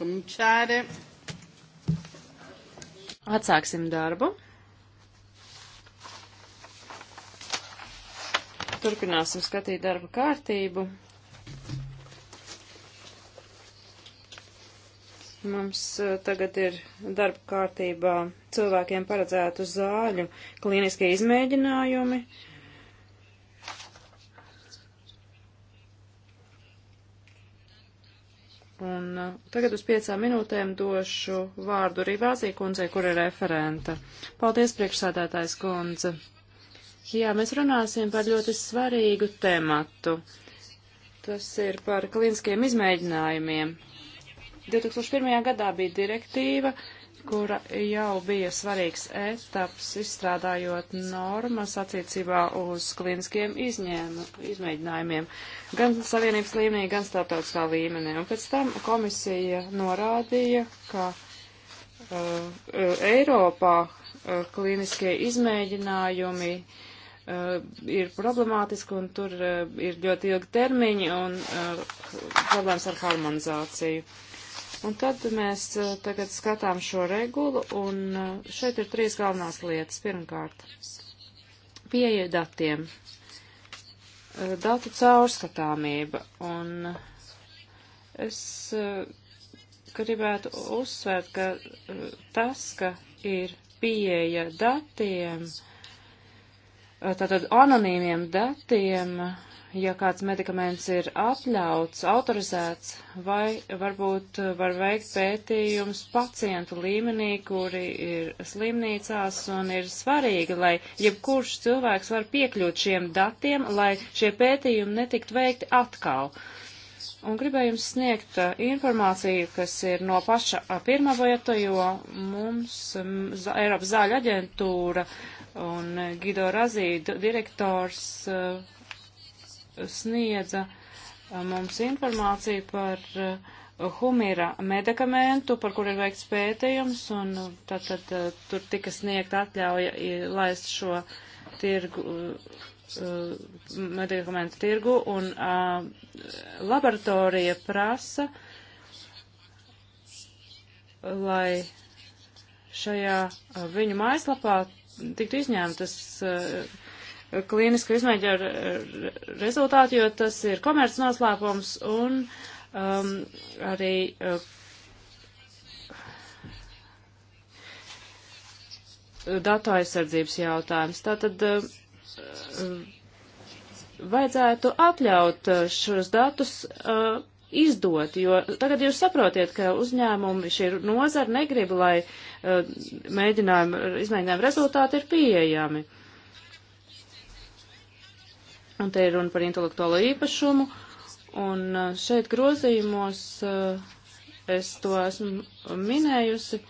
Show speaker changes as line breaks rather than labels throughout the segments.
cominciare. Atsāksim darbu. Turpināsim skatīt darba kārtību. Mums eh, tagad ir darba kārtībā cilvēkiem paredzētu zāļu klīniskie izmēģinājumi. Uh, Tagad uz piecām minūtēm došu vārdu Rivāzī kundzei, kur ir referenta. Paldies, priekšsādātājs kundze. Jā, mēs runāsim par ļoti svarīgu tematu. Tas ir par klīniskiem izmēģinājumiem. 2001. gadā bija direktīva, uh, kura jau bija svarīgs etaps izstrādājot normas attiecībā uz klīniskiem izņēmu, izmēģinājumiem gan savienības līmenī, gan starptautiskā līmenī. Un pēc tam komisija norādīja, ka uh, uh Eiropā uh, klīniskie izmēģinājumi uh, uh, ir problemātiski un tur uh, ir ļoti ilgi termiņi un uh, problēmas ar harmonizāciju. Un tad mēs eh, tagad skatām šo regulu, un eh, šeit ir trīs galvenās lietas. Pirmkārt, pieeja datiem, eh, datu caurskatāmība, un es gribētu uzsvērt, ka tas, ka ir pieeja datiem, tātad anonīmiem datiem, uh, ja kāds medikaments ir atļauts, autorizēts, vai varbūt var veikt pētījums pacientu līmenī, kuri ir slimnīcās un ir svarīgi, lai jebkurš cilvēks var piekļūt šiem datiem, lai šie pētījumi netikt veikti atkal. Un gribēju jums sniegt uh, informāciju, kas ir no paša uh, pirmā vieta, jo mums um, Eiropas zāļu aģentūra un uh, Gido Razī direktors uh, sniedza mums informāciju par humira medikamentu, par kur ir veikts pētījums, un tad, tad tur tika sniegta atļauja laist šo tirgu, medikamentu tirgu, un laboratorija prasa, lai šajā viņu mājaslapā tiktu izņemtas uh, klīnisku izmēģinājumu rezultātu, jo tas ir komerc noslēpums un um, arī. Uh, datu aizsardzības jautājums. Tātad uh, vajadzētu atļaut uh, šos datus uh, izdot, jo tagad jūs saprotiet, ka uzņēmumi šī nozara negrib, lai uh, mēģinājumi, izmēģinājumi rezultāti ir pieejami. Uh, Un te ir runa par intelektuālo īpašumu. Un uh, šeit grozījumos uh, es to esmu minējusi.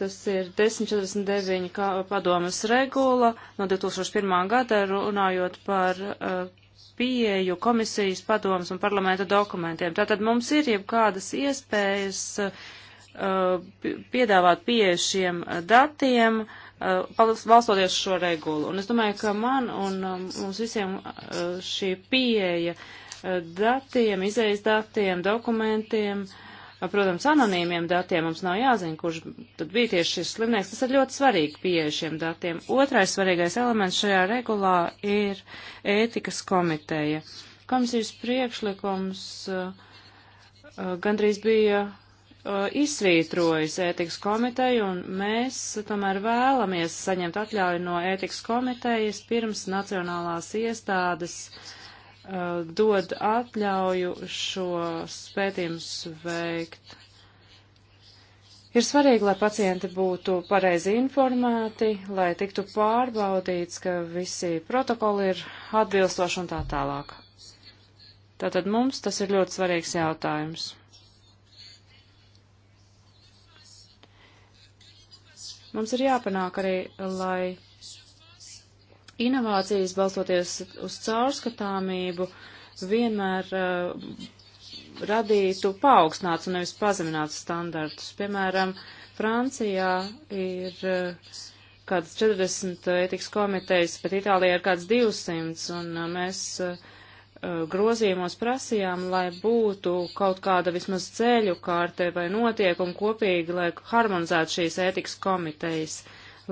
Tas ir 1049 padomas regula no 2001. gada runājot par uh, pieeju komisijas padomas un parlamenta dokumentiem. Tātad mums ir jau kādas iespējas piedāvāt pieeju šiem datiem uh, Uh, balstoties šo regulu. Un es domāju, ka man un um, mums visiem uh, šī pieeja uh, datiem, izējas datiem, dokumentiem, protams, anonīmiem datiem mums nav jāzina, kurš tad bija tieši šis slimnieks. Tas ir ļoti svarīgi pieeja šiem datiem. Otrais svarīgais elements šajā regulā ir ētikas komiteja. Komisijas priekšlikums gandrīz bija Uh, izsvītrojas ētikas komiteju, un mēs tomēr vēlamies saņemt atļauju no ētikas komitejas pirms nacionālās iestādes uh, dod atļauju šos pētījumus veikt. Ir svarīgi, lai pacienti būtu pareizi informēti, lai tiktu pārbaudīts, ka visi protokoli ir atbilstoši un tā tālāk. Tātad mums tas ir ļoti svarīgs jautājums. Mums ir jāpanāk arī, lai inovācijas balstoties uz caurskatāmību vienmēr uh, radītu paaugstināts un nevis pazemināts standartus. Piemēram, Francijā ir uh, kādas 40 etikas komitejas, bet Itālijā ir kāds 200, un uh, mēs uh, Uh, grozījumos prasījām, lai būtu kaut kāda vismaz ceļu kārte vai notiekuma kopīgi, lai harmonizētu šīs ētikas komitejas,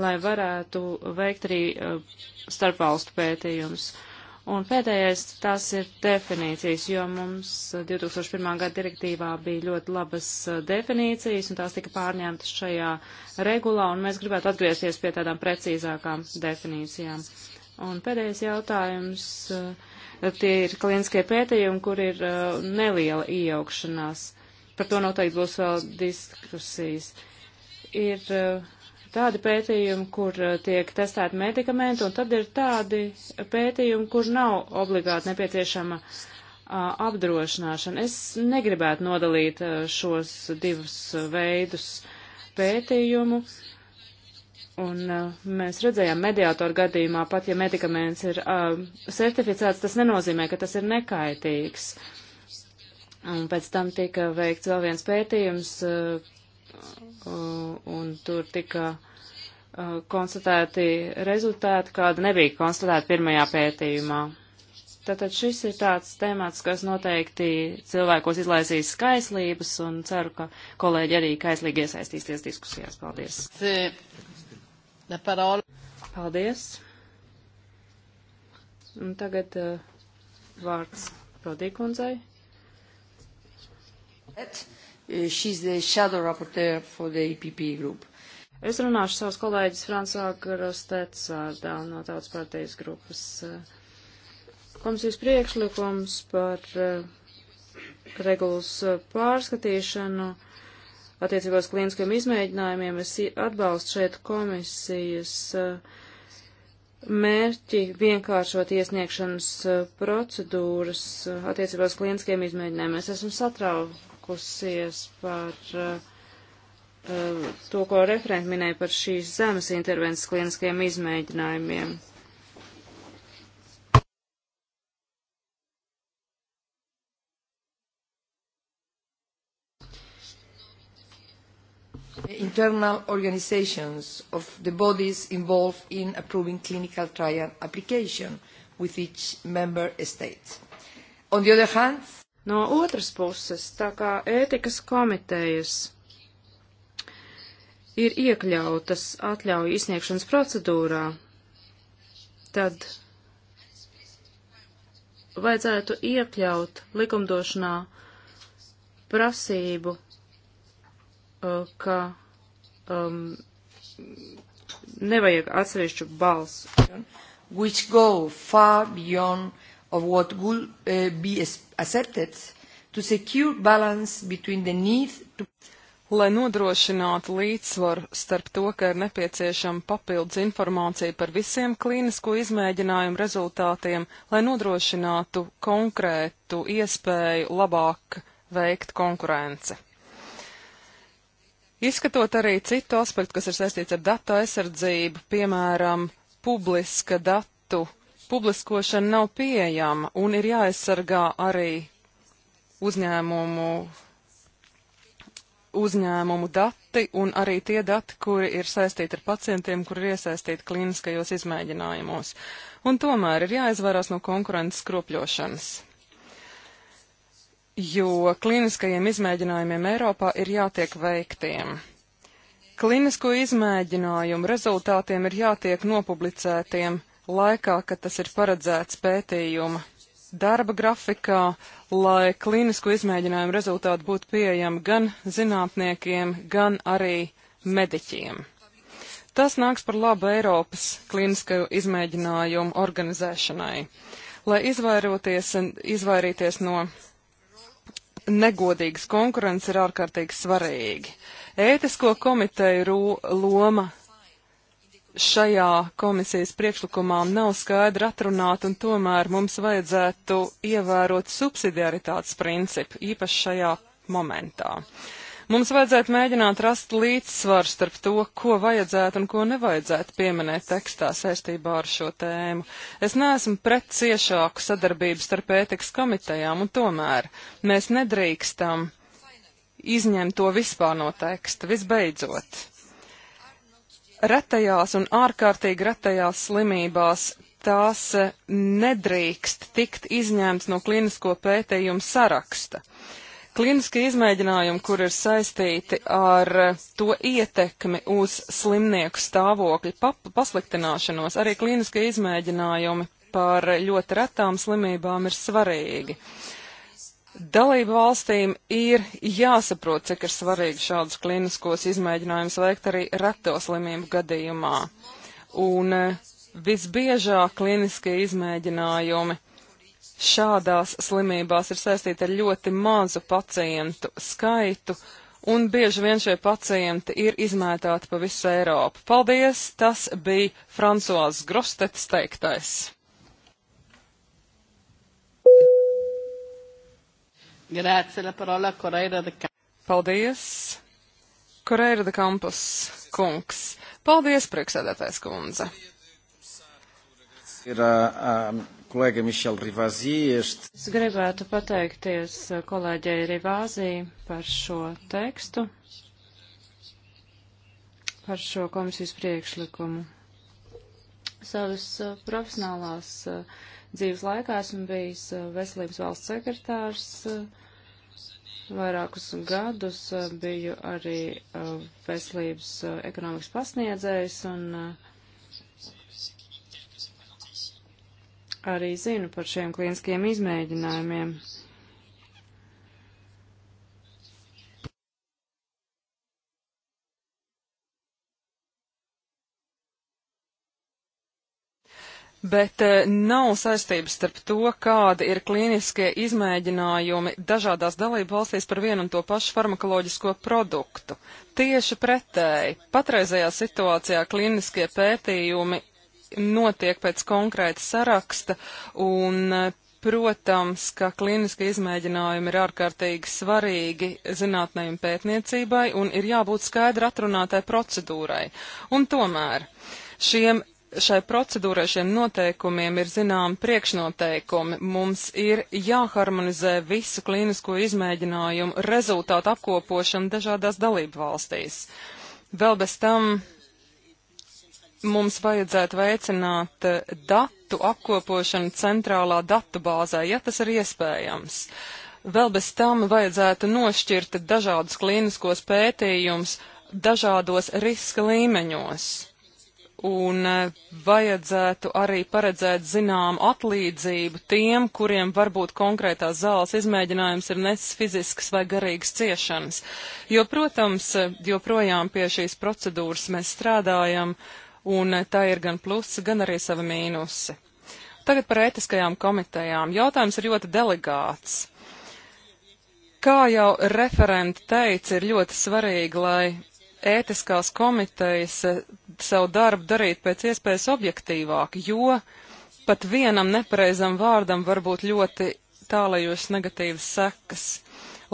lai varētu veikt arī uh, starpvalstu pētījumus. Un pēdējais tās ir definīcijas, jo mums 2001. Uh, gada direktīvā bija ļoti labas definīcijas, un tās tika pārņemtas šajā regulā, un mēs gribētu atgriezties pie tādām precīzākām definīcijām. Un pēdējais jautājums. Uh, tie ir klientiskie pētījumi, kur ir uh, neliela iejaukšanās. Par to noteikti būs vēl diskusijas. Ir uh, tādi pētījumi, kur uh, tiek testēti medikamenti, un tad ir tādi pētījumi, kur nav obligāti nepieciešama a, uh, apdrošināšana. Es negribētu nodalīt a, uh, šos divus veidus pētījumu. Uh, Un uh, mēs redzējām mediātoru gadījumā, pat ja medikaments ir uh, certificēts, tas nenozīmē, ka tas ir nekaitīgs. Un pēc tam tika veikts vēl viens pētījums, uh, uh, un tur tika uh, konstatēti rezultāti, kāda nebija konstatēta pirmajā pētījumā. Tātad šis ir tāds temats, kas noteikti cilvēkos izlaisīs skaislības, un ceru, ka kolēģi arī kaislīgi iesaistīsies diskusijās. Paldies! Sī. La parola. Paldies. Un tagad uh, vārds Prodīkundzei. Uh, she's the shadow rapporteur for the EPP group. Es runāšu savus kolēģus Francā Grostets vārdā no tautas partijas grupas. Uh, komisijas priekšlikums par uh, regulas pārskatīšanu attiecībā uz klientiskiem izmēģinājumiem. Es atbalstu šeit komisijas uh, mērķi vienkāršot iesniegšanas uh, procedūras uh, attiecībā uz klientiskiem izmēģinājumiem. Es esmu satraukusies par to, ko referenti minēja par šīs zemes intervences klientiskiem izmēģinājumiem. Internal organizations of the bodies involved in approving clinical trial application with each member state. On the other hand, No otras puses, tā kā ētikas komitejas ir iekļautas atļauju izsniegšanas procedūrā, tad vajadzētu iekļaut likumdošanā prasību Uh, ka um, nevajag atsevišķu balsu.
Which go far beyond of what would uh, be accepted to secure balance between the need to Lai nodrošinātu līdzsvaru starp to, ka ir nepieciešama papildus informācija par visiem klīnisko izmēģinājumu rezultātiem, lai nodrošinātu konkrētu iespēju labāk veikt konkurence. Izskatot arī citu aspektu, kas ir saistīts ar datu aizsardzību, piemēram, publiska datu publiskošana nav pieejama un ir jāaizsargā arī uzņēmumu, uzņēmumu dati un arī tie dati, kuri ir saistīti ar pacientiem, kuri ir iesaistīti klīniskajos izmēģinājumos. Un tomēr ir jāizvairās no konkurences skropļošanas jo kliniskajiem izmēģinājumiem Eiropā ir jātiek veiktiem. Klinisko izmēģinājumu rezultātiem ir jātiek nopublicētiem laikā, kad tas ir paredzēts pētījuma darba grafikā, lai klinisko izmēģinājumu rezultāti būtu pieejami gan zinātniekiem, gan arī mediķiem. Tas nāks par labu Eiropas klinisko izmēģinājumu organizēšanai. Lai izvairoties, izvairīties no negodīgas konkurences ir ārkārtīgi svarīgi. Ētisko komiteju loma šajā komisijas priekšlikumā nav skaidri atrunāta, un tomēr mums vajadzētu ievērot subsidiaritātes principu īpaši šajā momentā. Uh, Mums vajadzētu mēģināt rast līdzsvaru starp to, ko vajadzētu un ko nevajadzētu pieminēt tekstā saistībā ar šo tēmu. Es neesmu pret ciešāku sadarbību starp ētikas komitejām, un tomēr mēs nedrīkstam izņemt to vispār no teksta, visbeidzot retajās un ārkārtīgi retajās slimībās tās nedrīkst tikt izņemts no klinisko pētījumu saraksta. Kliniski izmēģinājumi, kur ir saistīti ar to ietekmi uz slimnieku stāvokļu pasliktināšanos, arī kliniski izmēģinājumi par ļoti retām slimībām ir svarīgi. Dalību valstīm ir jāsaprot, cik ir svarīgi šādus kliniskos izmēģinājumus veikt arī reto slimību gadījumā. Un eh, visbiežāk kliniskie izmēģinājumi šādās slimībās ir saistīta ar ļoti mazu pacientu skaitu, un bieži vien šie pacienti ir izmētāti pa visu Eiropu. Paldies! Tas bija Francois Grostets teiktais. Grāci, la parola Correira de Campos. Paldies, Correira de Campos kungs. Paldies, priekšsēdētājs kundze.
Ir, uh, um kolēģi Mišel Rivāzī. Este...
Es gribētu
pateikties eh, kolēģei Rivāzī par šo tekstu, par šo komisijas priekšlikumu. Savas eh, profesionālās eh, dzīves laikā esmu bijis veselības valsts sekretārs. Vairākus gadus biju arī veselības ekonomikas pasniedzējs un uh, arī zinu par šiem klientiskiem izmēģinājumiem.
Bet eh, nav saistības starp to, kādi ir klīniskie izmēģinājumi dažādās dalību valstīs par vienu un to pašu farmakoloģisko produktu. Tieši pretēji, patreizajā situācijā klīniskie pētījumi notiek pēc konkrēta saraksta, un, protams, ka kliniski izmēģinājumi ir ārkārtīgi svarīgi zinātnē un pētniecībai, un ir jābūt skaidri atrunātai procedūrai. Un tomēr šiem šai procedūrai, šiem noteikumiem ir zinām priekšnoteikumi. Mums ir jāharmonizē visu klīnisko izmēģinājumu rezultātu apkopošanu dažādās dalību valstīs. Vēl bez tam mums vajadzētu veicināt eh, datu apkopošanu centrālā datubāzē, ja tas ir iespējams. Vēl bez tam vajadzētu nošķirt dažādus klīniskos pētījumus dažādos riska līmeņos. Un eh, vajadzētu arī paredzēt zinām atlīdzību tiem, kuriem varbūt konkrētās zāles izmēģinājums ir nesis fizisks vai garīgs ciešanas. Jo, protams, eh, joprojām pie šīs procedūras mēs strādājam, uh, un tā ir gan pluss, gan arī sava mīnusi. Tagad par ētiskajām komitejām. Jautājums ir ļoti delegāts. Kā jau referenti teica, ir ļoti svarīgi, lai ētiskās komitejas eh, savu darbu darīt pēc iespējas objektīvāk, jo pat vienam nepareizam vārdam var būt ļoti tālajos negatīvas sekas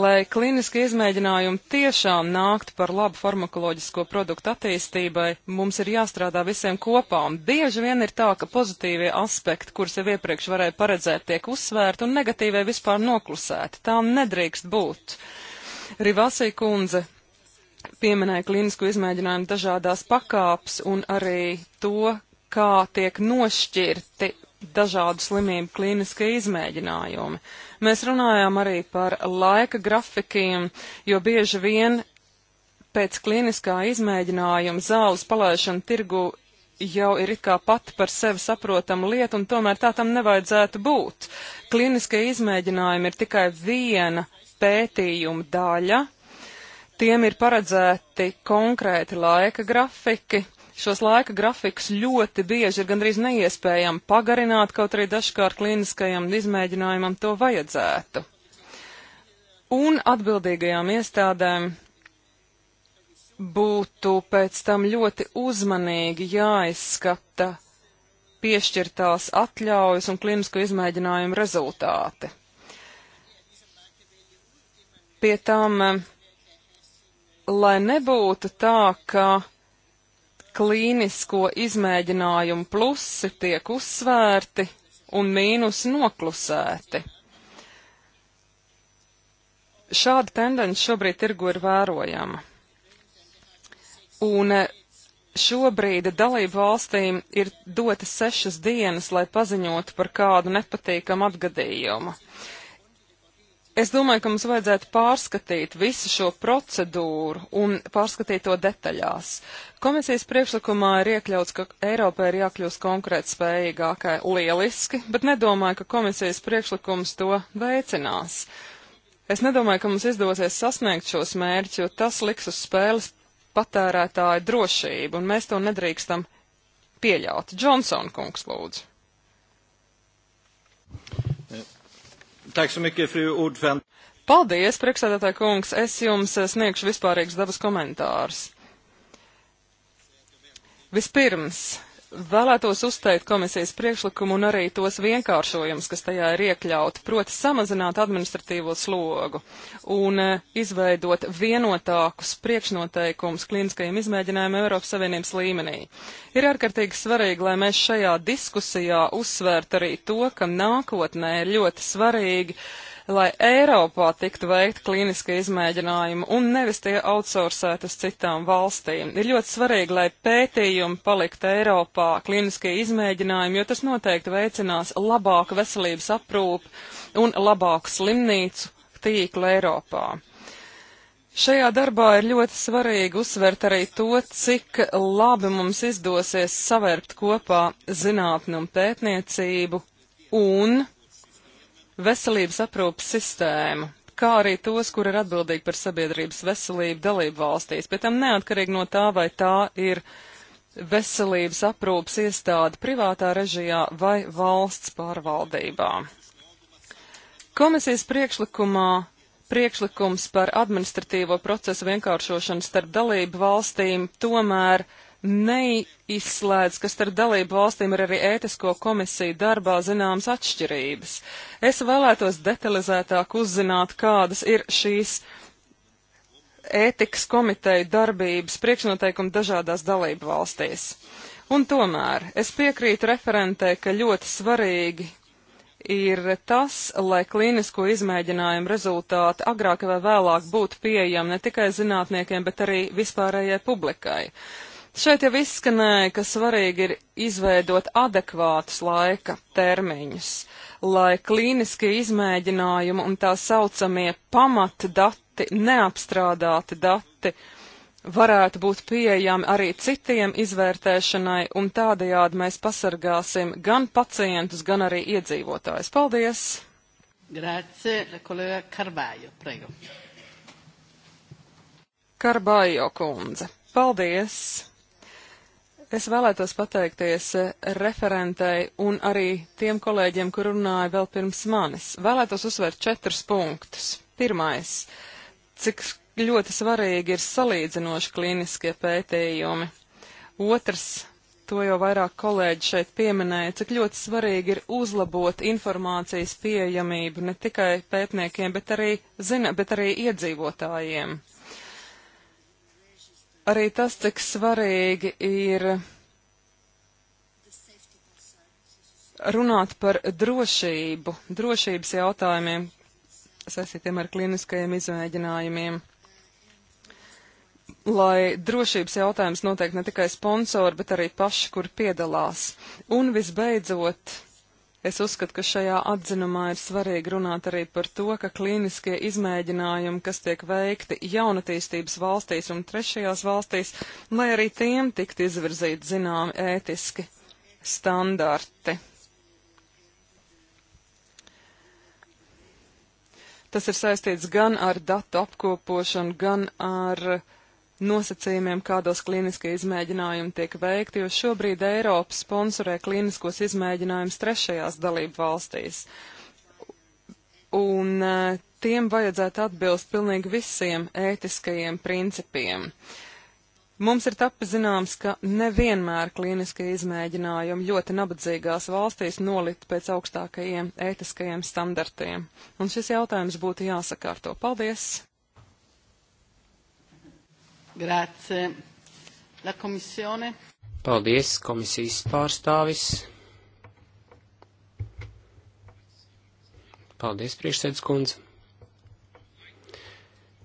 lai kliniski izmēģinājumi tiešām nāktu par labu farmakoloģisko produktu attīstībai, mums ir jāstrādā visiem kopā, un bieži vien ir tā, ka pozitīvie aspekti, kurus jau iepriekš varēja paredzēt, tiek uzsvērti un negatīvie vispār noklusēti. Tām nedrīkst būt. Rivasī kundze pieminēja klinisko izmēģinājumu dažādās pakāpes un arī to, kā tiek nošķirti dažādu slimību klīniskie izmēģinājumi. Mēs runājām arī par laika grafikiem, jo bieži vien pēc klīniskā izmēģinājuma zāles palaišana tirgu jau ir it kā pati par sevi saprotama lieta, un tomēr tā tam nevajadzētu būt. Klīniskie izmēģinājumi ir tikai viena pētījuma daļa. Tiem ir paredzēti konkrēti laika grafiki, Šos laika grafikus ļoti bieži ir gandrīz neiespējami pagarināt, kaut arī dažkārt klīniskajam izmēģinājumam to vajadzētu. Un atbildīgajām iestādēm būtu pēc tam ļoti uzmanīgi jāizskata piešķirtās atļaujas un klīnisko izmēģinājumu rezultāti. Pie tam, eh, lai nebūtu tā, ka klīnisko izmēģinājumu plusi tiek uzsvērti un mīnusi noklusēti. Šāda tendence šobrīd tirgu ir vērojama. Un eh, šobrīd dalību valstīm ir dotas sešas dienas, lai paziņotu par kādu nepatīkamu atgadījumu. Es domāju, ka mums vajadzētu pārskatīt visu šo procedūru un pārskatīt to detaļās. Komisijas priekšlikumā ir iekļauts, ka Eiropai ir jākļūst konkrēt spējīgākai lieliski, bet nedomāju, ka komisijas priekšlikums to veicinās. Es nedomāju, ka mums izdosies sasniegt šos mērķus, jo tas liks uz spēles patērētāju drošību, un mēs to nedrīkstam pieļaut. Johnson kungs, lūdzu. Paldies, priekšsēdētāji kungs. Es jums eh, sniegšu vispārīgs dabas komentārus. Vispirms, vēlētos uzteikt komisijas priekšlikumu un arī tos vienkāršojumus, kas tajā ir iekļauti, proti samazināt administratīvo slogu un eh, izveidot vienotākus priekšnoteikumus klīniskajiem izmēģinājumiem Eiropas Savienības līmenī. Ir ārkārtīgi svarīgi, lai mēs šajā diskusijā uzsvērt arī to, ka nākotnē ir ļoti svarīgi uh, lai Eiropā tiktu veikt klīniska izmēģinājuma un nevis tie outsourcēt uz citām valstīm. Ir ļoti svarīgi, lai pētījumi palikt Eiropā klīniskie izmēģinājumi, jo tas noteikti veicinās labāku veselības aprūpu un labāku slimnīcu tīklu Eiropā. Šajā darbā ir ļoti svarīgi uzsvert arī to, cik labi mums izdosies savērpt kopā zinātni un pētniecību un veselības aprūpas sistēmu kā arī tos, kur ir atbildīgi par sabiedrības veselību dalību valstīs, pēc tam neatkarīgi no tā, vai tā ir veselības aprūpas iestāde privātā režijā vai valsts pārvaldībā. Komisijas priekšlikumā priekšlikums par administratīvo procesu vienkāršošanu starp dalību valstīm tomēr uh, neizslēdz, ka starp dalību valstīm ir arī ētisko komisiju darbā zināmas atšķirības. Es vēlētos detalizētāk uzzināt, kādas ir šīs ētikas komiteju darbības priekšnoteikumi dažādās dalību valstīs. Un tomēr es piekrītu referentē, ka ļoti svarīgi ir tas, lai klīnisko izmēģinājumu rezultāti agrāk vai vēlāk būtu pieejami ne tikai zinātniekiem, bet arī vispārējai publikai. Šeit jau izskanēja, ka svarīgi ir izveidot adekvātus laika termiņus, lai klīniskie izmēģinājumi un tā saucamie pamata dati, neapstrādāti dati, varētu būt pieejami arī citiem izvērtēšanai, un tādējādi mēs pasargāsim gan pacientus, gan arī iedzīvotājus. Paldies!
Grazie, kolēģa Karvājo, prego.
Karvājo kundze, paldies! Es vēlētos pateikties eh, referentei un arī tiem kolēģiem, kur runāja vēl pirms manis. Vēlētos uzsvērt četrus punktus. Pirmais, cik ļoti svarīgi ir salīdzinoši klīniskie pētījumi. Otrs, to jau vairāk kolēģi šeit pieminēja, cik ļoti svarīgi ir uzlabot informācijas pieejamību ne tikai pētniekiem, bet arī, zina, bet arī iedzīvotājiem. Uh, arī tas, cik svarīgi ir runāt par drošību, drošības jautājumiem saistītiem ar kliniskajiem izmēģinājumiem. Lai drošības jautājums noteikti ne tikai sponsori, bet arī paši, kur piedalās. Un visbeidzot, Es uzskatu, ka šajā atzinumā ir svarīgi runāt arī par to, ka klīniskie izmēģinājumi, kas tiek veikti jaunatīstības valstīs un trešajās valstīs, lai arī tiem tikt izvirzīt zināmi ētiski standarti. Tas ir saistīts gan ar datu apkopošanu, gan ar uh, nosacījumiem, kādos klīniskie izmēģinājumi tiek veikti, jo šobrīd Eiropa sponsorē klīniskos izmēģinājumus trešajās dalību valstīs. Un eh, tiem vajadzētu atbilst pilnīgi visiem ētiskajiem principiem. Mums ir tapis zināms, ka nevienmēr klīniskie izmēģinājumi ļoti nabadzīgās valstīs nolikt pēc augstākajiem ētiskajiem standartiem, un šis jautājums būtu jāsakārto. Paldies! Grāce. La komisione.
Paldies, komisijas pārstāvis. Paldies, priekšsēdus kundze.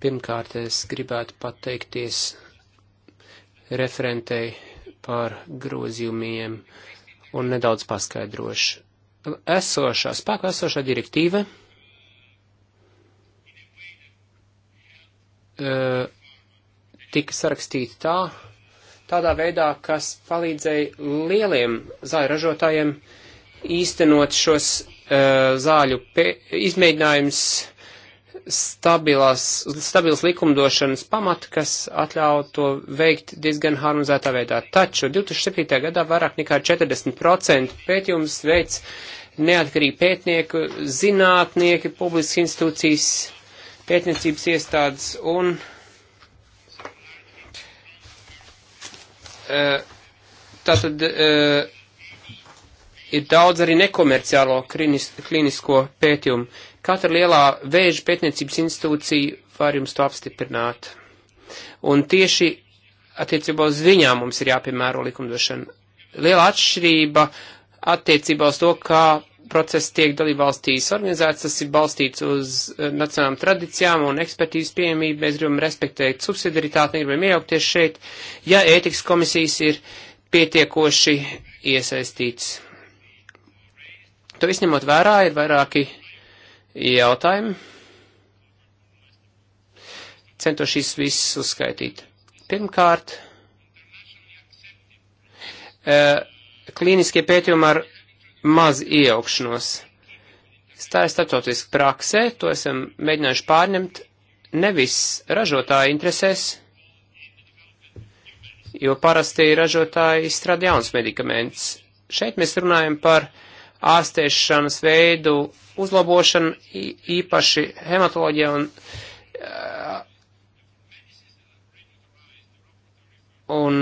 Pirmkārt, es gribētu pateikties referentei par grozījumiem un nedaudz paskaidrošu. Esošā, spēkā esošā direktīva uh, tika sarakstīti tā, tādā veidā, kas palīdzēja lieliem zāļu ražotājiem īstenot šos uh, zāļu izmēģinājums stabilās, stabilas likumdošanas pamata, kas atļauj to veikt diezgan harmonizētā veidā. Taču 2007. gadā vairāk nekā 40% pētījums veids neatkarīgi pētnieku, zinātnieki, publiskas institūcijas, pētniecības iestādes un uh, Tātad ir daudz arī nekomerciālo klinis, klinisko pētījumu. Katra lielā vēža pētniecības institūcija var jums to apstiprināt. Un tieši attiecībā uz viņām mums ir jāpiemēro likumdošana. Liela atšķirība attiecībā uz to, kā process tiek dalībvalstīs organizēts, tas ir balstīts uz eh, nacionālām tradicijām un ekspertīzes pieejamību. Mēs gribam respektēt subsidiaritāti, gribam iejaukties šeit, ja ētikas komisijas ir pietiekoši iesaistīts. To visņemot vērā ir vairāki jautājumi. Centošīs visus uzskaitīt. Pirmkārt, eh, klīniskie pētījumi ar maz iejaukšanos. Tā ir starptautiska praksē, to esam mēģinājuši pārņemt nevis ražotāja interesēs, jo parasti ražotāji izstrādā jauns medikaments. Šeit mēs runājam par ārstēšanas veidu uzlabošanu, īpaši hematoloģijā un, un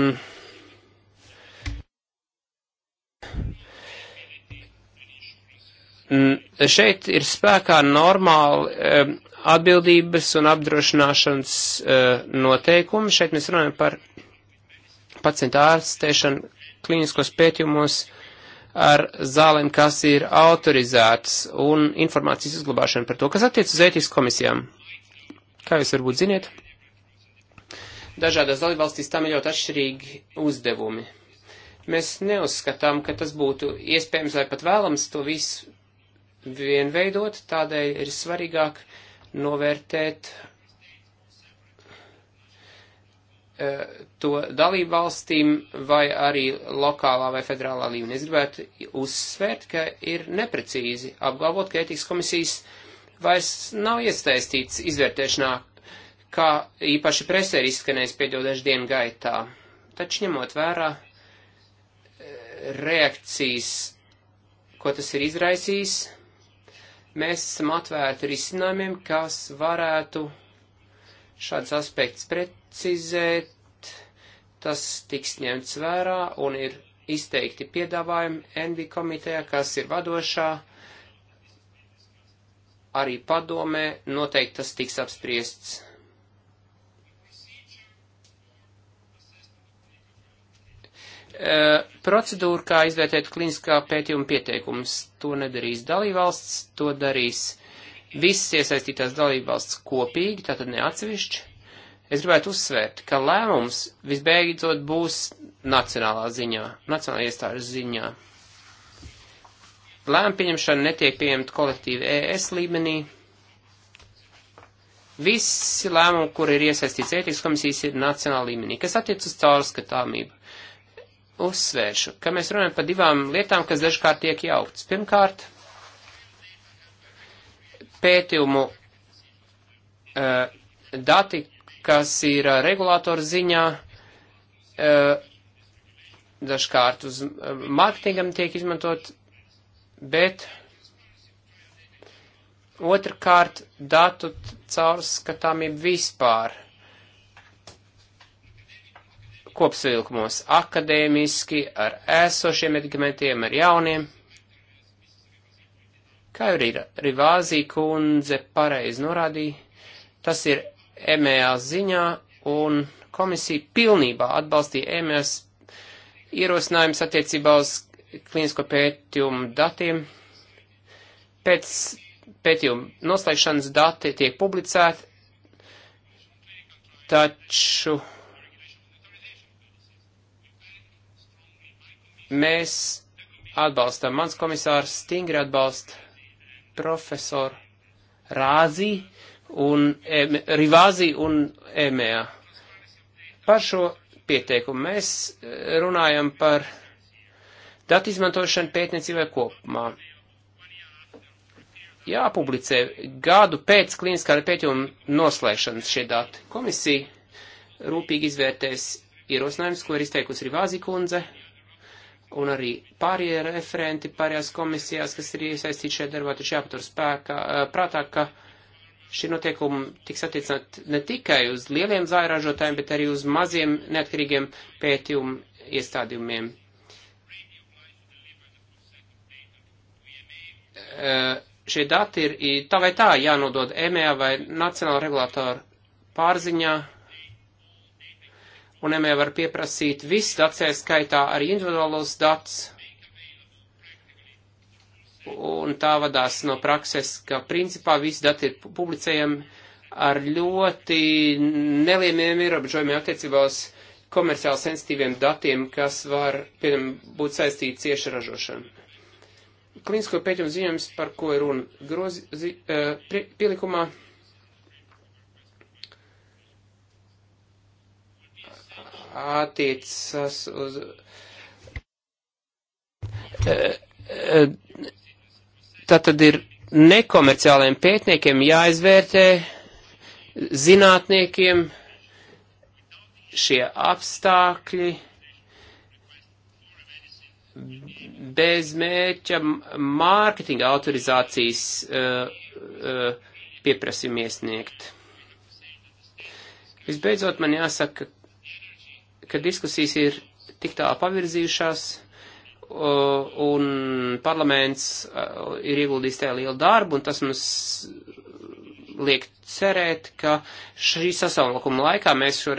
Mm, šeit ir spēkā normāli atbildības un apdrošināšanas eh, noteikumi. Šeit mēs runājam par pacientu ārstēšanu klīniskos pētījumos ar zālēm, kas ir autorizētas un informācijas uzglabāšana par to, kas attiec uz ētikas komisijām. Kā jūs varbūt ziniet, dažādās dalībvalstīs tam ir ļoti atšķirīgi uzdevumi. Mēs neuzskatām, ka tas būtu iespējams vai pat vēlams to visu vienveidot, tādēļ ir svarīgāk novērtēt e, to dalību valstīm vai arī lokālā vai federālā līmenī. Es gribētu uzsvērt, ka ir neprecīzi apgalvot, ka ētikas komisijas vairs nav iesaistīts izvērtēšanā, kā īpaši presē ir izskanējis pēdējo dažu dienu gaitā. Taču ņemot vērā e, reakcijas, ko tas ir izraisījis, Mēs esam atvērti risinājumiem, kas varētu šāds aspekts precizēt, tas tiks ņemts vērā un ir izteikti piedāvājumi NV komitejā, kas ir vadošā, arī padomē, noteikti tas tiks apspriests. Eh, procedūru, kā izvērtēt kliniskā pētījuma pieteikumus. To nedarīs dalībvalsts, to darīs visas iesaistītās dalībvalsts kopīgi, tātad neatsevišķi. Es gribētu uzsvērt, ka lēmums visbeidzot būs nacionālā ziņā, nacionālā iestāžu ziņā. Lēma pieņemšana netiek pieņemta kolektīvi ES līmenī. Visi lēmumi, kur ir iesaistīts ētikas komisijas, ir nacionāla līmenī, kas attiec uz caurskatāmību uzsvēršu, ka mēs runājam par divām lietām, kas dažkārt tiek jauktas. Pirmkārt, pētījumu uh, dati, kas ir uh, regulātora ziņā, uh, dažkārt uz marketingam tiek izmantot, bet otrkārt datu caurskatāmība vispār kopsavilkumos akadēmiski, ar esošiem medikamentiem, ar jauniem. Kā jau ir Rivāzī kundze pareizi norādīja, tas ir e MEA ziņā un komisija pilnībā atbalstīja e MES ierosinājums attiecībā uz klīnisko pētījumu datiem. Pēc pētījuma noslēgšanas dati tiek publicēti, taču Mēs atbalstam, mans komisārs stingri atbalsta profesoru Rāzī un e, Rivāzī un Emea. Par šo pieteikumu mēs e, runājam par datu izmantošanu pētniecībai kopumā. Jāpublicē gadu pēc klīniskā pētījuma noslēgšanas šie dati. Komisija rūpīgi izvērtēs ierosinājumus, ko ir izteikusi Rivāzī kundze, un arī pārējie referenti pārējās komisijās, kas ir iesaistīti šajā darbā, taču jāpatur spēkā, prātā, ka šie notiekumi tiks attiecināt ne tikai uz lieliem zāļu ražotājiem, bet arī uz maziem neatkarīgiem pētījumu iestādījumiem. Šie dati ir tā vai tā jānodod EMEA vai Nacionāla regulātora pārziņā un ME var pieprasīt visu datu, skaitā arī individuālos datus, un tā vadās no prakses, ka principā visi dati ir publicējami ar ļoti nelieliem ierobežojumiem attiecībā uz komerciāli sensitīviem datiem, kas var, piemēram, būt saistīti cieši ražošanu. Klinisko pētījumu ziņojums, par ko ir runa grozi, zi, uh, pielikumā, attiecas uz. Eh, eh, tā tad ir nekomerciāliem pētniekiem jāizvērtē zinātniekiem šie apstākļi bez mērķa mārketinga autorizācijas uh, eh, uh, pieprasījumu iesniegt. Visbeidzot, man jāsaka, ka diskusijas ir tik tā pavirzījušās, un parlaments ir ieguldījis tajā lielu darbu, un tas mums liek cerēt, ka šī sasaukuma laikā mēs šo,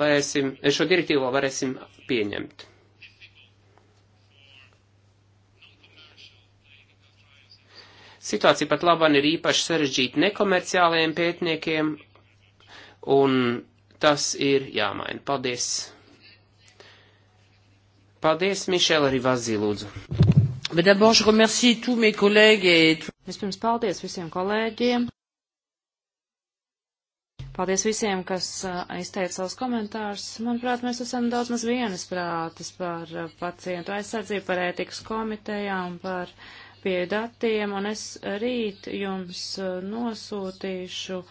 varēsim, šo direktīvu varēsim pieņemt. Situācija pat labāk ir īpaši sarežģīta nekomerciālajiem pētniekiem, un tas ir jāmaina. Paldies! Paldies, Mišēl, arī Vazī lūdzu.
Bet d'abord, je remercie tous mes collègues et tout... Vispirms paldies visiem kolēģiem. Paldies visiem, kas izteica savus komentārus. Manuprāt, mēs esam daudz maz vienisprātis par pacientu aizsardzību, par ētikas komitejām, par pie datiem, un es rīt jums nosūtīšu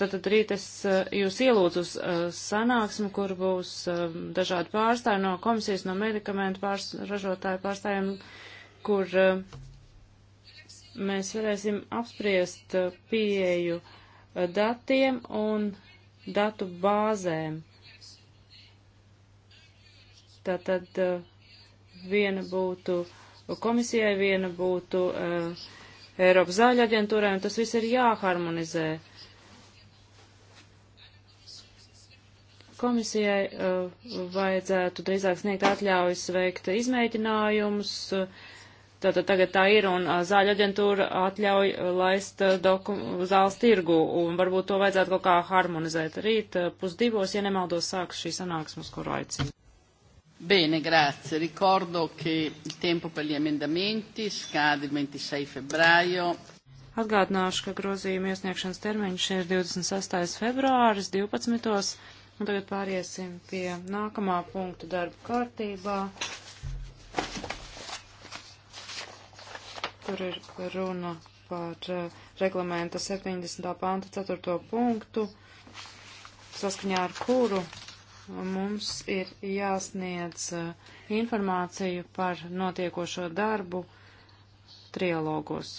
Tātad rīt es eh, jūs ielūdzu uz eh, sanāksmi, kur būs eh, dažādi pārstāvi no komisijas, no medikamentu pārs, ražotāju pārstāvjiem, kur mēs varēsim apspriest pieeju datiem un datu bāzēm. Tātad viena būtu komisijai, viena būtu Eiropas zāļu aģentūrai, un tas viss ir jāharmonizē. Uh, Komisijai uh, vajadzētu drīzāk sniegt atļaujas veikt izmēģinājumus. Uh, tātad tagad tā ir, un uh, zāļu aģentūra atļauj uh, laist zāles tirgu, un varbūt to vajadzētu kaut kā harmonizēt. Rīt pusdivos, ja nemaldos, sāks šī sanāksmes, kuru aicinu. Bene, grazie. Ricordo che il tempo per gli emendamenti scade il 26 febbraio. Atgādināšu, ka grozījuma iesniegšanas termiņš ir 26. februāris 12. Un tagad pāriesim pie nākamā punktu darba kārtībā. Tur ir runa par uh, reglamenta 70. panta 4. punktu, saskaņā ar kuru mums ir jāsniedz uh, informāciju par notiekošo darbu trialogos.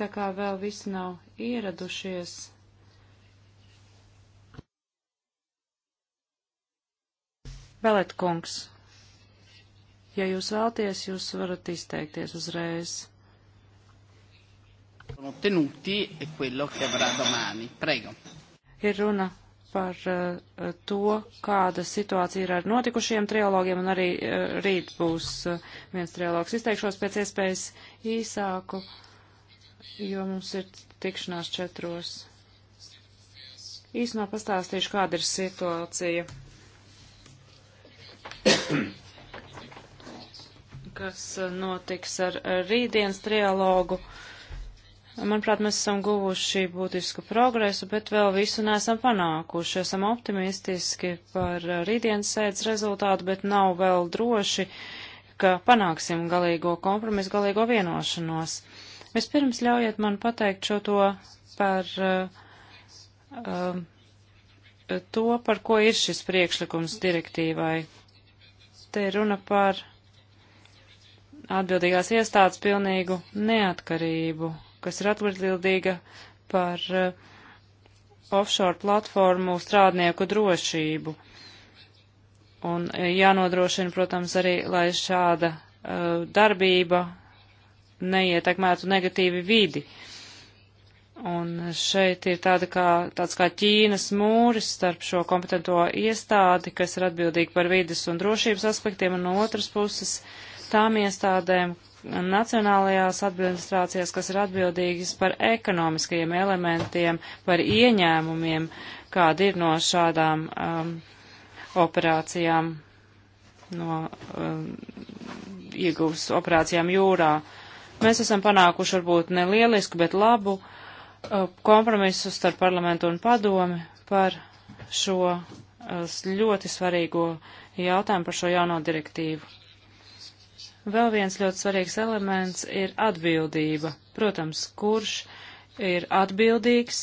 Tā kā vēl visi nav ieradušies, Belet kungs, ja jūs vēlties, jūs varat izteikties uzreiz.
E
ir runa par uh, to, kāda situācija ir ar notikušiem trilogiem, un arī uh, rīt būs uh, viens trilogs. Izteikšos pēc iespējas īsāku, jo mums ir tikšanās četros. Īsumā pastāstīšu, kāda ir situācija kas uh, notiks ar rītdienas trialogu. Manuprāt, mēs esam guvuši būtisku progresu, bet vēl visu nesam panākuši. Esam optimistiski par uh, rītdienas sēdes rezultātu, bet nav vēl droši, ka panāksim galīgo kompromisu, galīgo vienošanos. Vispirms ļaujiet man pateikt šo to par uh, um, to, par ko ir šis priekšlikums direktīvai. Te ir runa par atbildīgās iestādes pilnīgu neatkarību, kas ir atbildīga par uh, offshore platformu strādnieku drošību. Un eh, jānodrošina, protams, arī, lai šāda uh, darbība neietekmētu negatīvi vidi. Uh, Un šeit ir tāda kā, tāds kā Ķīnas mūris starp šo kompetento iestādi, kas ir atbildīgi par vides un drošības aspektiem, un no otras puses tām iestādēm nacionālajās administrācijās, kas ir atbildīgas par ekonomiskajiem elementiem, par ieņēmumiem, kādi ir no šādām um, operācijām, no um, ieguvas operācijām jūrā. Mēs esam panākuši varbūt nelielisku, bet labu uh, Uh, kompromisu starp parlamentu un padomi par šo uh, ļoti svarīgo jautājumu par šo jauno direktīvu. Vēl viens ļoti svarīgs elements ir atbildība. Protams, kurš ir atbildīgs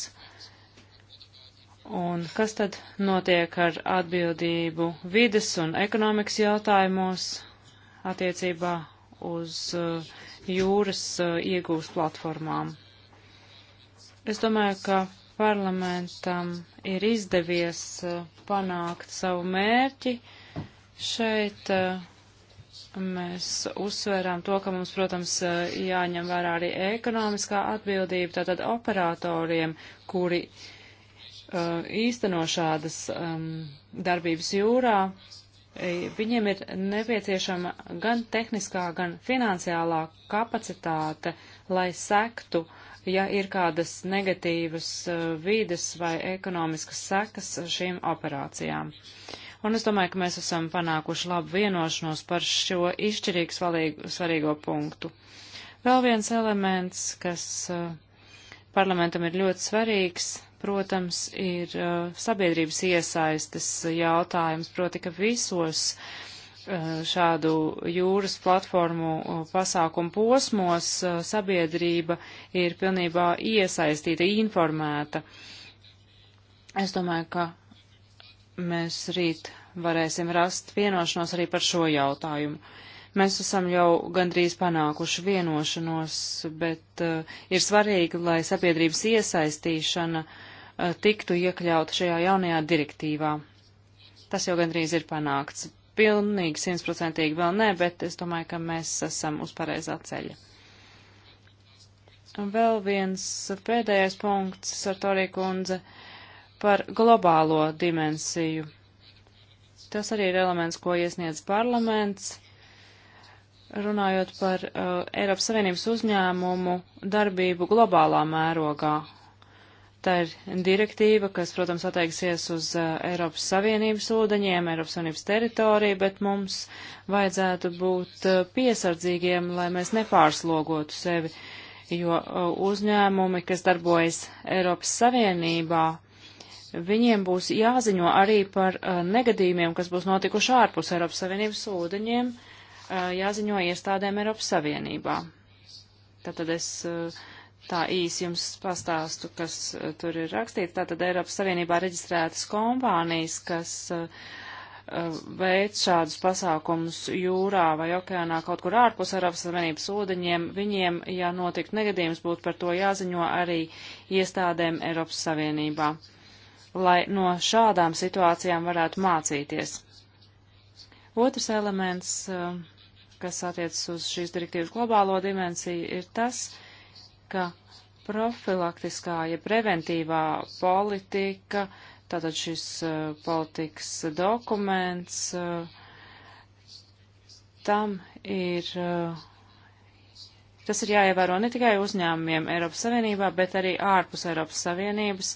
un kas tad notiek ar atbildību vides un ekonomikas jautājumos attiecībā uz uh, jūras iegūst platformām. Es domāju, ka parlamentam ir izdevies uh, panākt savu mērķi. Šeit uh, mēs uzsvērām to, ka mums, protams, uh, jāņem vērā arī ekonomiskā atbildība, tātad operatoriem, kuri īsteno šādas um, darbības jūrā, e, viņiem ir nepieciešama gan tehniskā, gan finansiālā kapacitāte, lai sektu uh, ja ir kādas negatīvas uh, vīdes vai ekonomiskas sekas šīm operācijām. Un es domāju, ka mēs esam panākuši labu vienošanos par šo izšķirīgi svalīgu, svarīgo punktu. Vēl viens elements, kas uh, parlamentam ir ļoti svarīgs, protams, ir uh, sabiedrības iesaistes jautājums, proti, ka visos uh, Eh, šādu jūras platformu eh, pasākumu posmos eh, sabiedrība ir pilnībā iesaistīta, informēta. Es domāju, ka mēs rīt varēsim rast vienošanos arī par šo jautājumu. Mēs esam jau gandrīz panākuši vienošanos, bet uh, ir svarīgi, lai sabiedrības iesaistīšana uh, tiktu iekļauta šajā jaunajā direktīvā. Tas jau gandrīz ir panākts pilnīgi simtprocentīgi vēl nē, bet es domāju, ka mēs esam uz pareizā ceļa. Un vēl viens pēdējais punkts, Sartorija kundze, par globālo dimensiju. Tas arī ir elements, ko iesniedz parlaments, runājot par uh, Eiropas Savienības uzņēmumu darbību globālā mērogā Tā ir direktīva, kas, protams, attieksies uz uh, Eiropas Savienības ūdeņiem, Eiropas Savienības teritoriju, bet mums vajadzētu būt uh, piesardzīgiem, lai mēs nepārslogotu sevi, jo uh, uzņēmumi, kas darbojas Eiropas Savienībā, viņiem būs jāziņo arī par negadījumiem, kas būs notikuši ārpus Eiropas Savienības ūdeņiem, jāziņo iestādēm Eiropas Savienībā. Tātad es uh, tā īsi jums pastāstu, kas eh, tur ir rakstīts. Tātad Eiropas Savienībā reģistrētas kompānijas, kas eh, eh, veic šādus pasākumus jūrā vai okeānā kaut kur ārpus Eiropas Savienības ūdeņiem, viņiem, ja notiktu negadījums, būtu par to jāziņo arī iestādēm Eiropas Savienībā, lai no šādām situācijām varētu mācīties. Otrs elements, kas attiecas uz šīs direktīvas globālo dimensiju, ir tas, ka ka profilaktiskā, ja preventīvā politika, tātad šis uh, politikas dokuments, uh, tam ir, uh, tas ir jāievēro ne tikai uzņēmumiem Eiropas Savienībā, bet arī ārpus Eiropas Savienības,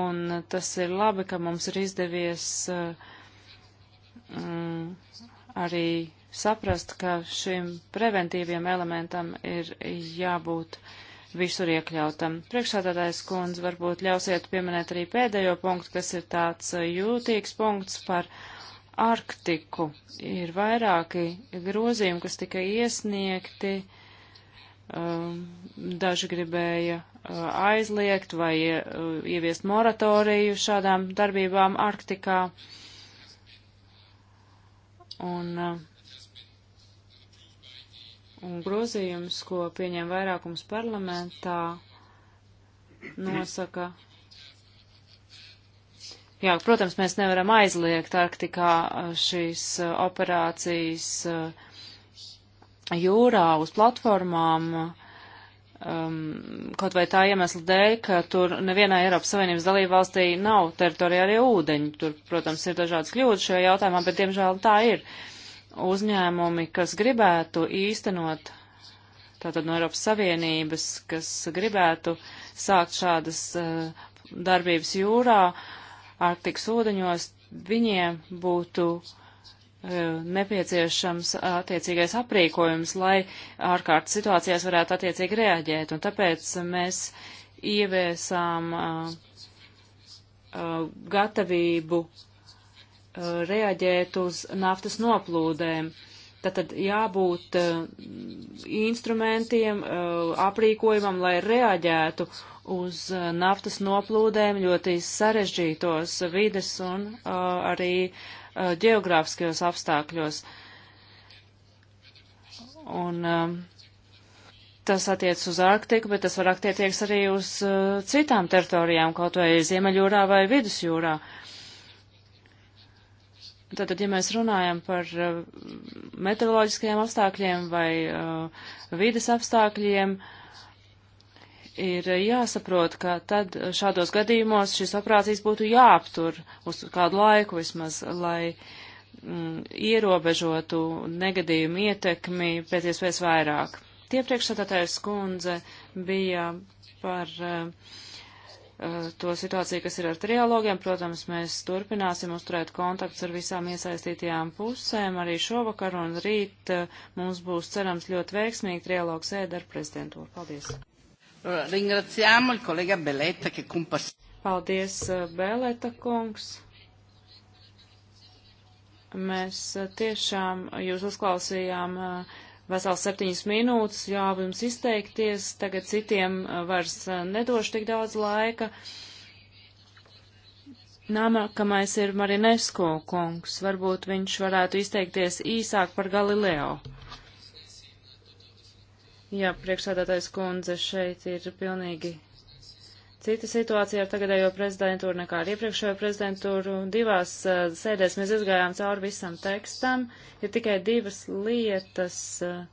un tas ir labi, ka mums ir izdevies um, arī saprast, ka šim preventīviem elementam ir jābūt uh, visur iekļautam. Priekšsādātājs kundze, varbūt ļausiet pieminēt arī pēdējo punktu, kas ir tāds uh, jūtīgs punkts par Arktiku. Ir vairāki grozījumi, kas tika iesniegti. Um, daži gribēja uh, aizliegt vai uh, ieviest moratoriju šādām darbībām Arktikā. Un uh, Un grozījums, ko pieņem vairākums parlamentā, nosaka. Jā, protams, mēs nevaram aizliegt Arktikā uh, šīs uh, operācijas uh, jūrā uz platformām, um, kaut vai tā iemesla dēļ, ka tur nevienā Eiropas Savienības dalībvalstī nav teritoriālie ūdeņi. Tur, protams, ir dažādas kļūdas šajā jautājumā, bet, diemžēl, tā ir. Uh, uzņēmumi, kas gribētu īstenot, tātad no Eiropas Savienības, kas gribētu sākt šādas uh, darbības jūrā, Arktikas ūdeņos, viņiem būtu eh, nepieciešams attiecīgais aprīkojums, lai ārkārtas situācijās varētu attiecīgi reaģēt. Un tāpēc mēs ieviesām uh, uh, gatavību Uh, reaģēt uz naftas noplūdēm. Tātad jābūt uh, instrumentiem, uh, aprīkojumam, lai reaģētu uz naftas noplūdēm ļoti sarežģītos vides un arī ģeogrāfiskajos apstākļos. Un um, tas attiec uz Arktiku, bet tas var attiekties arī uz citām teritorijām, kaut vai Ziemeļjūrā vai Vidusjūrā. Uh, Tātad, ja mēs runājam par uh, meteoroloģiskajiem apstākļiem vai uh, vides apstākļiem, ir jāsaprot, ka tad šādos gadījumos šīs operācijas būtu jāaptur uz kādu laiku vismaz, lai mm, ierobežotu negadījumu ietekmi pēc iespējas vairāk. Tie priekšsatātais kundze bija par uh, Eh, to situāciju, kas ir ar trialogiem. Protams, mēs turpināsim uzturēt kontakts ar visām iesaistītajām pusēm. Arī šovakar un rīt eh, mums būs cerams ļoti veiksmīgi trialogs ēd ar prezidentūru. Paldies! Paldies, eh, Bēlēta kungs! Mēs tiešām jūs uzklausījām uh, vesels septiņas minūtes, ļāva jums izteikties, tagad citiem eh, vairs eh, nedošu tik daudz laika. Nākamais ir Marinesko kungs, varbūt viņš varētu izteikties īsāk par Galileo. Jā, priekšsādātais kundze šeit ir pilnīgi Cita situācija ar tagadējo prezidentūru nekā ar iepriekšējo prezidentūru. Divās uh, sēdēs mēs izgājām cauri visam tekstam. Ir tikai divas lietas, uh,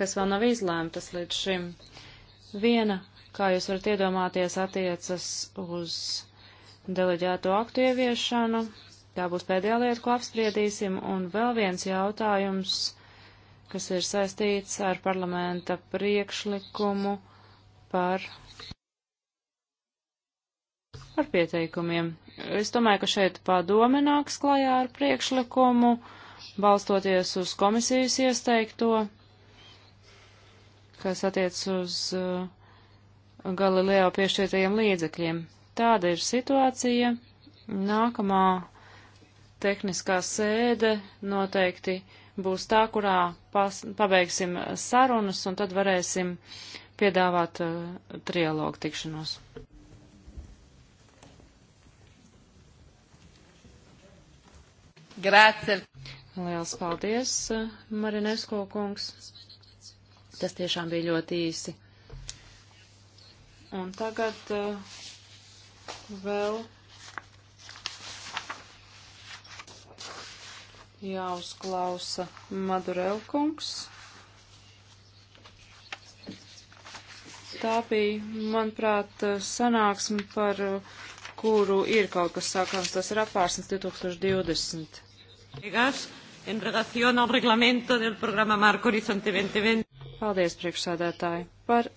kas vēl nav izlēmtas līdz šim. Viena, kā jūs varat iedomāties, attiecas uz deleģēto aktu ieviešanu. Tā būs pēdējā lieta, ko apspriedīsim. Un vēl viens jautājums, kas ir saistīts ar parlamenta priekšlikumu par, par pieteikumiem. Es domāju, ka šeit padome nāks klajā ar priekšlikumu, balstoties uz komisijas iesteikto, kas attiec uz uh, Galileo piešķirtajiem līdzekļiem. Tāda ir situācija. Nākamā tehniskā sēde noteikti būs tā, kurā pas, pabeigsim sarunas un tad varēsim piedāvāt uh, trialogu tikšanos. Grācer. Liels paldies, uh, Marinesko kungs. Tas tiešām bija ļoti īsi. Un tagad uh, vēl jāuzklausa Madurelkungs. kungs. Tā bija, manuprāt, sanāksme, par kuru ir kaut kas sākams, tas ir apvārsnes 2020. Paldies, priekšsādētāji. Par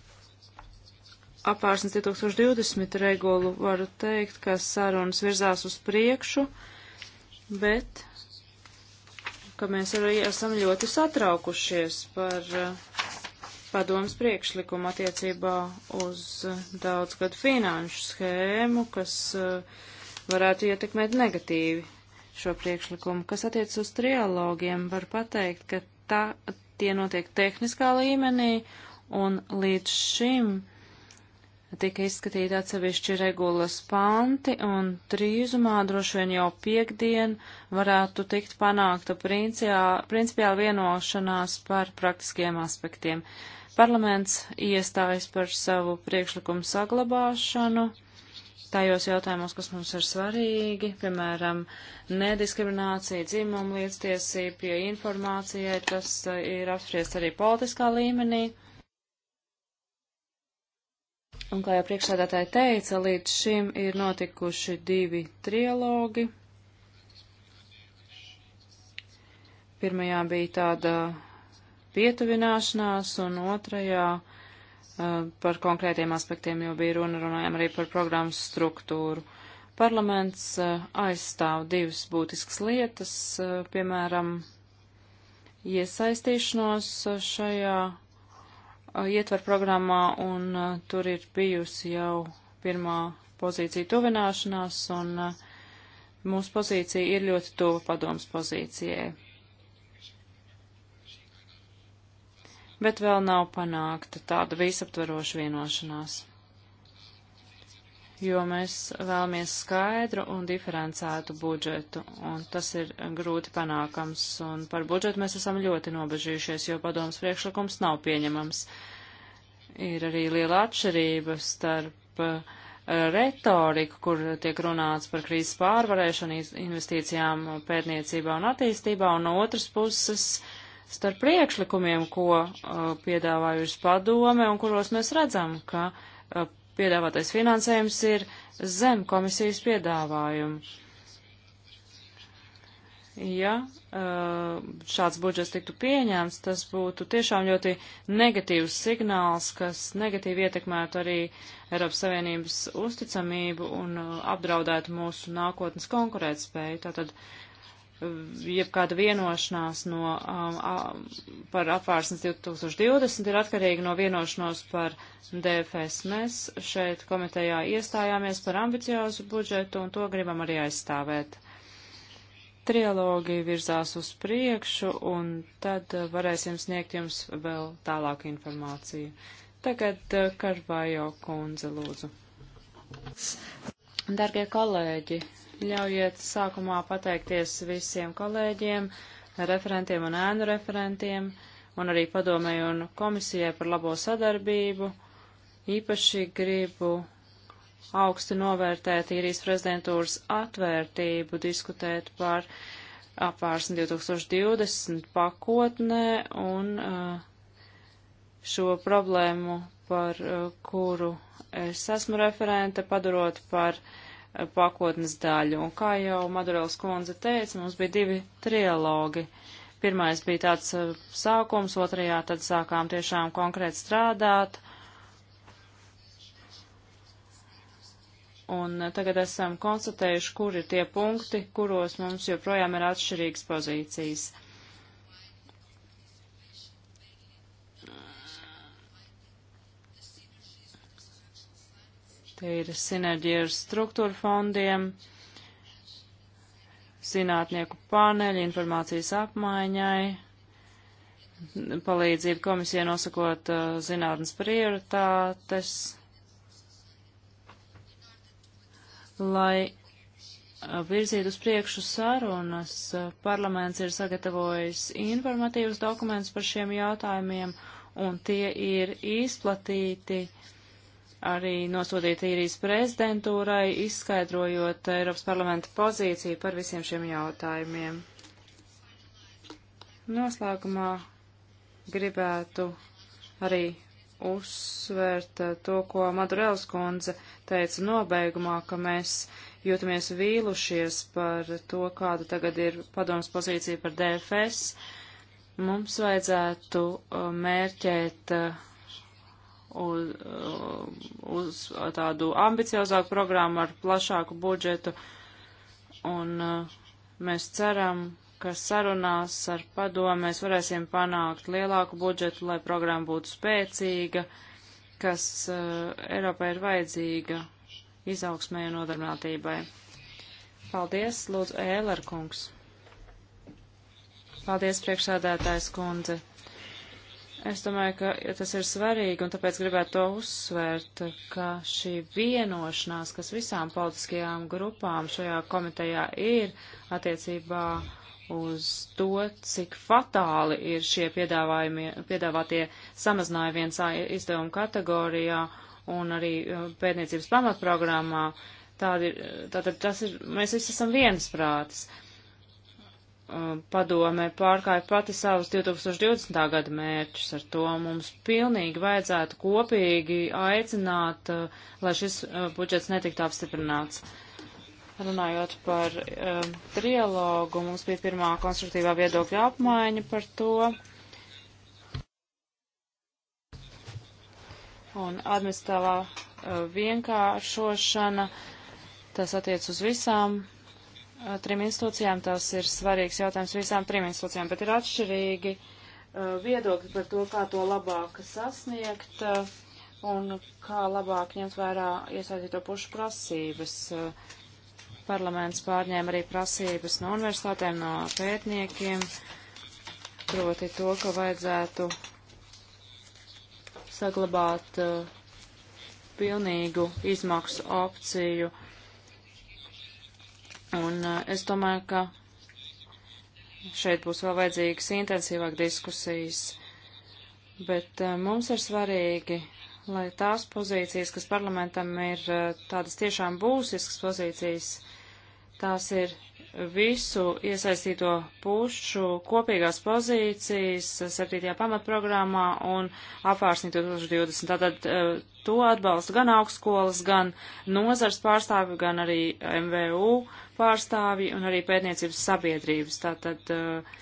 apvārsnes 2020 regulu varu teikt, ka sarunas virzās uz priekšu, bet ka mēs arī esam ļoti satraukušies par uh, padomas priekšlikumu attiecībā uz daudzgadu finanšu schēmu, kas uh, varētu ietekmēt negatīvi šo priekšlikumu. Kas attiec uz trialogiem, var pateikt, ka tā, tie notiek tehniskā līmenī, un līdz šim tika izskatīti atsevišķi regulas panti, un trīzumā droši vien jau piekdien varētu tikt panākta principiāla vienošanās par praktiskiem aspektiem. Uh, Parlaments iestājas par savu priekšlikumu saglabāšanu tajos jautājumos, kas mums ir svarīgi, piemēram, nediskriminācija, dzimuma līdztiesība, pie informācijai, tas uh, ir apspriest arī politiskā līmenī. Un, kā jau priekšsēdētāji teica, līdz šim ir notikuši divi trilogi. Pirmajā bija tāda pietuvināšanās, un otrajā eh, par konkrētiem aspektiem jau bija runa, runājām arī par programmas struktūru. Parlaments eh, aizstāv divas būtiskas lietas, eh, piemēram, iesaistīšanos šajā ietver programmā, un tur ir bijusi jau pirmā pozīcija tuvināšanās, un mūsu pozīcija ir ļoti tuva padomas pozīcijai. bet vēl nav panākta tāda visaptveroša vienošanās. Jo mēs vēlamies skaidru un diferencētu budžetu, un tas ir grūti panākams, un par budžetu mēs esam ļoti nobežījušies, jo padomas priekšlikums nav pieņemams. Ir arī liela atšķirība starp uh, retoriku, kur tiek runāts par krīzes pārvarēšanu, investīcijām pētniecībā un attīstībā, un no otras puses uh, starp priekšlikumiem, ko uh, piedāvājusi padome un kuros mēs redzam, ka uh, piedāvātais finansējums ir zem komisijas piedāvājumu. Ja uh, šāds budžets tiktu pieņemts, tas būtu tiešām ļoti negatīvs signāls, kas negatīvi ietekmētu arī Eiropas Savienības uzticamību un uh, apdraudētu mūsu nākotnes konkurētspēju. Tātad uh, jebkāda vienošanās no, um, par apvārsnes 2020 ir atkarīga no vienošanos par DFS. Mēs šeit komitejā iestājāmies par ambiciozu budžetu un to gribam arī aizstāvēt. Trialogi virzās uz priekšu un tad uh, varēsim sniegt jums vēl tālāku informāciju. Tagad uh, Karvajo kundze lūdzu. Dargie kolēģi, Ļaujiet sākumā pateikties visiem kolēģiem, referentiem un ēnu referentiem, un arī padomēju un komisijai par labo sadarbību. Īpaši gribu augstu novērtēt īrijas prezidentūras atvērtību diskutēt par apvārsni 2020 pakotnē un uh, šo problēmu, par uh, kuru es esmu referente, padarot par uh, pakotnes daļu. Un kā jau Madurels kundze teica, mums bija divi trialogi. Pirmais bija tāds uh, sākums, otrajā tad sākām tiešām konkrēti strādāt. Un uh, tagad esam konstatējuši, kur ir tie punkti, kuros mums joprojām ir atšķirīgas pozīcijas. ka ir sinerģija ar struktūra fondiem, zinātnieku paneļi, informācijas apmaiņai, palīdzību komisijai nosakot uh, zinātnes prioritātes, lai uh, virzītu uz priekšu sarunas. Uh, parlaments ir sagatavojis informatīvus dokumentus par šiem jautājumiem, un tie ir izplatīti uh, arī nosūtīt īrijas prezidentūrai, izskaidrojot Eiropas parlamenta pozīciju par visiem šiem jautājumiem. Noslēgumā gribētu arī uzsvērt eh, to, ko Madurels kundze teica nobeigumā, ka mēs jūtamies vīlušies par to, kāda tagad ir padomas pozīcija par DFS. Mums vajadzētu eh, mērķēt uh, uz, uz tādu ambiciozāku programmu ar plašāku budžetu, un uh, mēs ceram, ka sarunās ar padomu mēs varēsim panākt lielāku budžetu, lai programma būtu spēcīga, kas uh, Eiropai ir vajadzīga izaugsmē un nodarbinātībai. Paldies, lūdzu, Ēler kungs. Paldies, priekšsādātājs kundze. Es domāju, ka ja tas ir svarīgi, un tāpēc gribētu to uzsvērt, ka šī vienošanās, kas visām politiskajām grupām šajā komitejā ir attiecībā uz to, cik fatāli ir šie piedāvātie samazinājumi viensā izdevuma kategorijā un arī uh, pētniecības pamatprogrammā. Tādi, tātad tas ir, mēs visi esam viensprātis. Um, padome pārkāja pati savus 2020. gada mērķus. Ar to mums pilnīgi vajadzētu kopīgi aicināt, uh, lai šis uh, budžets netiktu apstiprināts. Runājot par um, trialogu, mums bija pirmā konstruktīvā viedokļa apmaiņa par to. Un administratīvā uh, vienkāršošana, tas attiec uz visām trim institūcijām. Tas ir svarīgs jautājums visām trim institūcijām, bet ir atšķirīgi uh, viedokļi par to, kā to labāk sasniegt uh, un kā labāk ņemt vērā iesaistīto pušu prasības. Uh, parlaments pārņēma arī prasības no universitātēm, no pētniekiem, proti to, ka vajadzētu saglabāt pilnīgu izmaksu opciju uh, Un uh, es domāju, ka šeit būs vēl vajadzīgas intensīvāk diskusijas, bet uh, mums ir svarīgi, lai tās pozīcijas, kas parlamentam ir uh, tādas tiešām būsiskas pozīcijas, tās ir visu iesaistīto pušu kopīgās pozīcijas 7. pamatprogrammā un apvārsnī 2020. Tātad to atbalsta gan augstskolas, gan nozars pārstāvi, gan arī MVU pārstāvji un arī pētniecības sabiedrības. Tātad uh,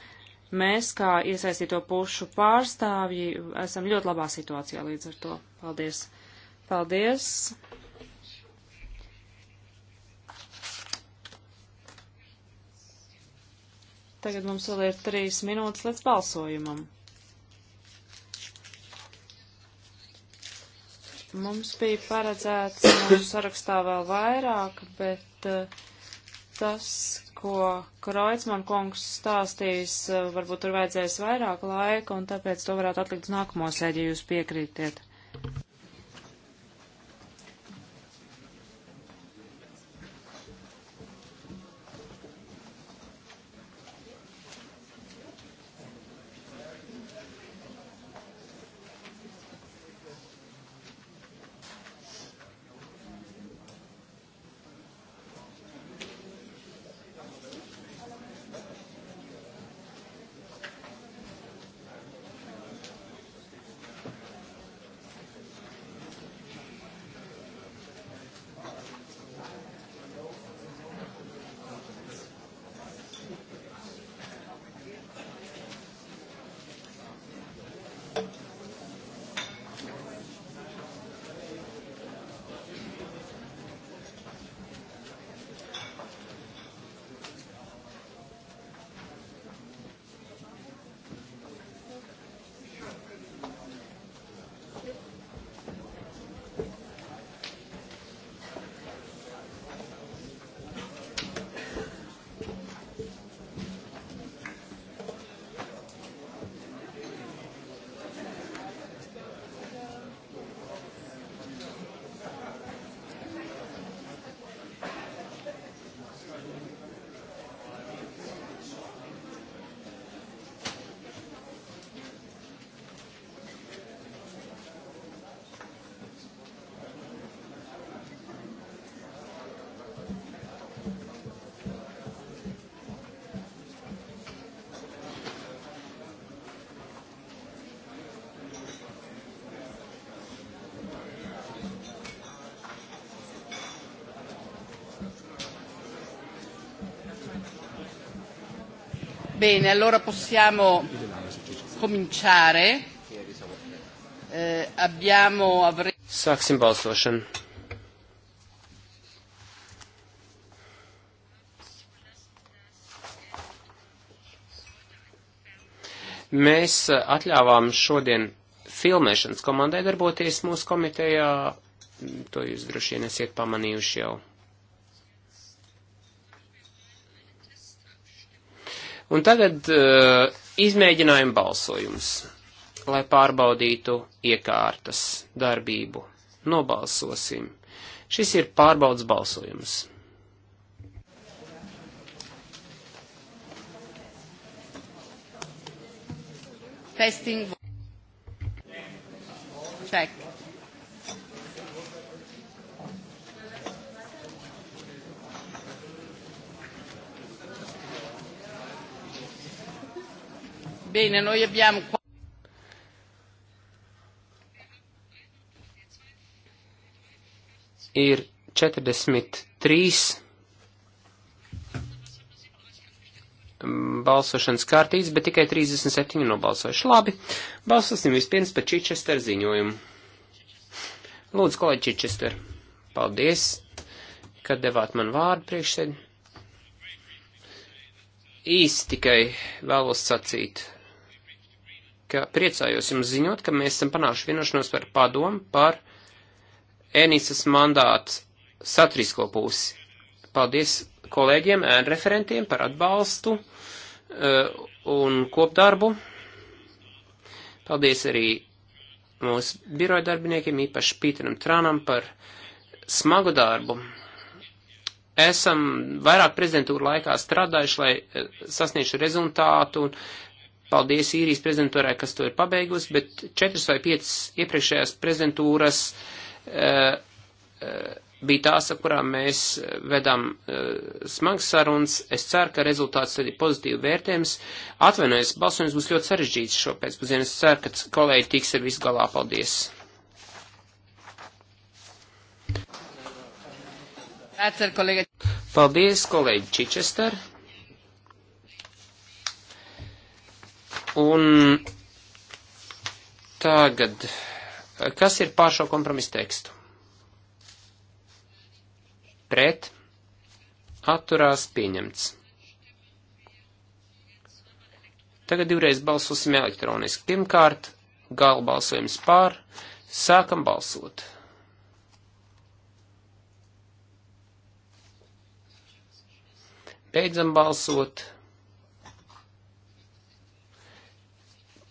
mēs, kā iesaistīto pušu pārstāvji, esam ļoti labā situācijā līdz ar to. Paldies! Paldies! Tagad mums vēl ir trīs minūtes līdz balsojumam. Mums bija paredzēts mūsu sarakstā vēl vairāk, bet uh, tas, ko Kreutzmann kungs stāstīs, varbūt tur vajadzēs vairāk laika, un tāpēc to varētu atlikt uz nākamo sēdi, ja jūs piekrītiet. Bene, allora
possiamo cominciare. Eh,
abbiamo avremo...
Sāksim balsošanu. Mēs atļāvām šodien filmēšanas komandai darboties mūsu komitejā. To jūs droši vien esiet pamanījuši jau. Un tagad uh, izmēģinājuma balsojums, lai pārbaudītu iekārtas darbību. Nobalsosim. Šis ir pārbaudas balsojums.
Testing. Check. Bene, noi abbiamo...
Ir 43 balsošanas kārtības, bet tikai 37 nobalsojuši. Labi, balsosim vispirms par Čičester ziņojumu. Lūdzu, kolēģi Čičester, paldies, ka devāt man vārdu priekšsēdi. Īsti tikai vēlos sacīt, ka priecājos jums ziņot, ka mēs esam panākuši vienošanos par padomu par Enisas mandātu saturisko pusi. Paldies kolēģiem, referentiem par atbalstu eh, un kopdarbu. Paldies arī mūsu biroja darbiniekiem, īpaši Pīteram Trānam par smagu darbu. Esam vairāk prezidentūru laikā strādājuši, lai eh, sasniegšu rezultātu un uh, Paldies īrijas prezidentūrai, kas to ir pabeigusi, bet četras vai piecas iepriekšējās prezidentūras uh, uh, bija tās, ar kurām mēs vedām uh, eh, smags sarunas. Es ceru, ka rezultāts ir pozitīvi vērtējums. Atvainojos, balsojums būs ļoti sarežģīts šo pēcpusdienu. Es ceru, ka kolēģi tiks ar visu galā. Paldies! Paldies, kolēģi Čičester! Un tagad, kas ir pār šo kompromisu tekstu? Pret, atturās, pieņemts. Tagad divreiz balsosim elektroniski. Pirmkārt, gala balsojums pār, sākam balsot. Beidzam balsot.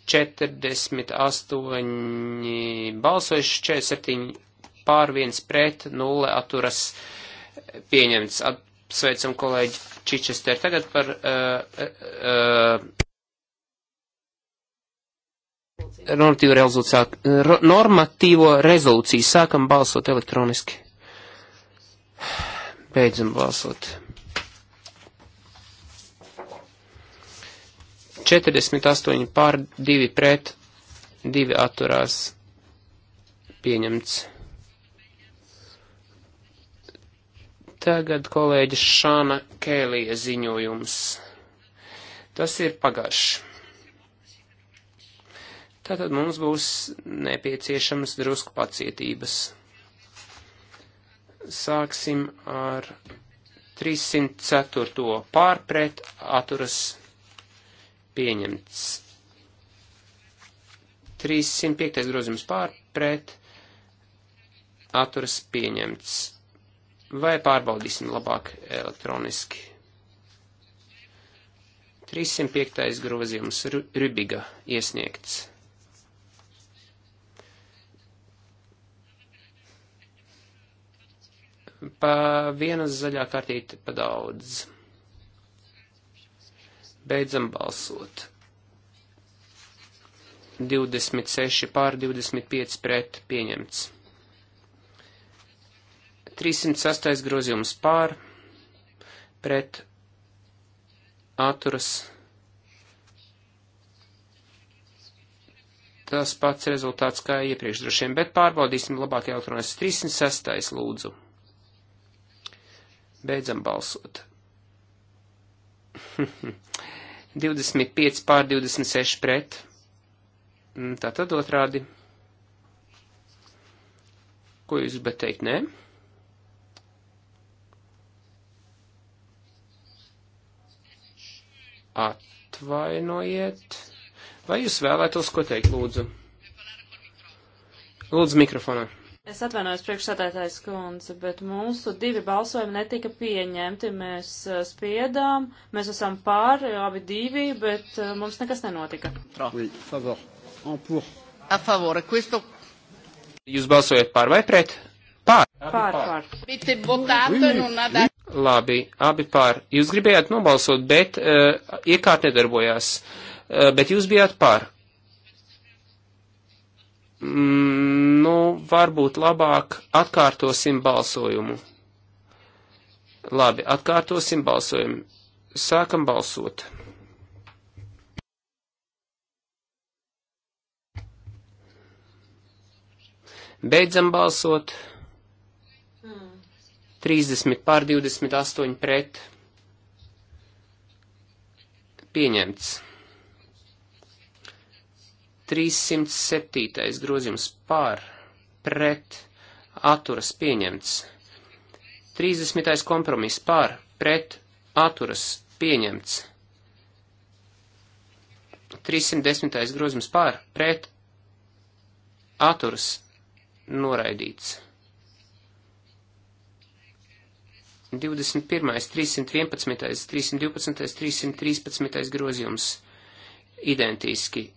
48 balsojuši, 47 pār 1 pret, 0 atturas pieņemts. Apsveicam kolēģi Čičester. Tagad par. Uh, uh, normatīvo rezolūciju, normatīvo rezolūciju sākam balsot elektroniski. Beidzam balsot. 48 pār 2 pret 2 atturās pieņemts. Tagad kolēģis Šāna Kēlija ziņojums. Tas ir pagašs. Tātad mums būs nepieciešams drusku pacietības. Sāksim ar 304. pārpret atturas pieņemts. 305. grozījums pār pret atturas pieņemts. Vai pārbaudīsim labāk elektroniski? 305. grozījums Rubiga iesniegts. Pa vienas zaļā kartīte pa daudz. Beidzam balsot. 26 pār 25 pret pieņemts. 308 grozījums pār pret atturas. Tas pats rezultāts kā iepriekš droši vien, bet pārbaudīsim labāk elektronis 306 lūdzu. Beidzam balsot. 25 pār 26 pret. Mm, tā tad otrādi. Ko jūs gribat teikt? Nē. Atvainojiet. Vai jūs vēlētos ko teikt, lūdzu? Lūdzu, mikrofonā.
Es atvainojos priekšsādātājs kundze, bet mūsu divi balsojumi netika pieņemti. Mēs uh, spiedām, mēs esam pār, abi divi, bet uh, mums nekas nenotika.
Oui, favor. A
favore, questo.
Jūs balsojat pār vai pret? Pār. Pār, pār.
pār.
Labi, abi pār. Jūs gribējāt nobalsot, bet uh, iekārt nedarbojās, uh, bet jūs bijāt pār. Mm, nu, varbūt labāk atkārtosim balsojumu. Labi, atkārtosim balsojumu. Sākam balsot. Beidzam balsot. 30 pār 28 pret. Pieņemts. 307. grozījums pār, pret, atturas pieņemts. 30. kompromiss pār, pret, atturas pieņemts. 310. grozījums pār, pret, atturas noraidīts. 21., 311., 312., 313. grozījums identiski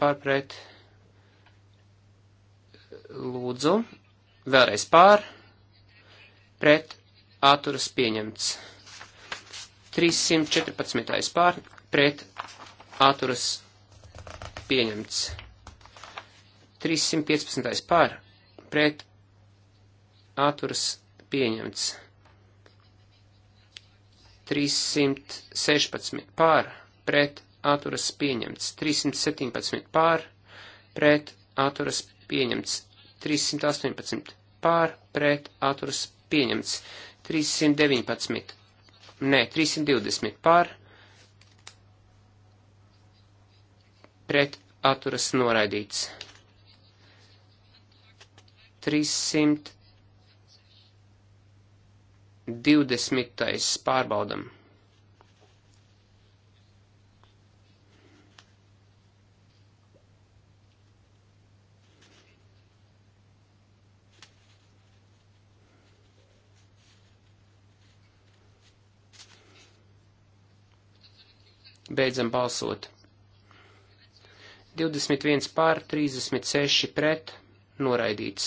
pārpret, lūdzu, vēlreiz pār, pret, atturas pieņemts. 314. pār, pret, atturas pieņemts. 315. pār, pret, atturas pieņemts. 316 pār, pret, atturas pieņemts 317 pār, pret atturas pieņemts 318 pār, pret atturas pieņemts 319, nē, 320 pār, pret atturas noraidīts 320. pārbaudam. Beidzam balsot. 21 pār 36 pret noraidīts.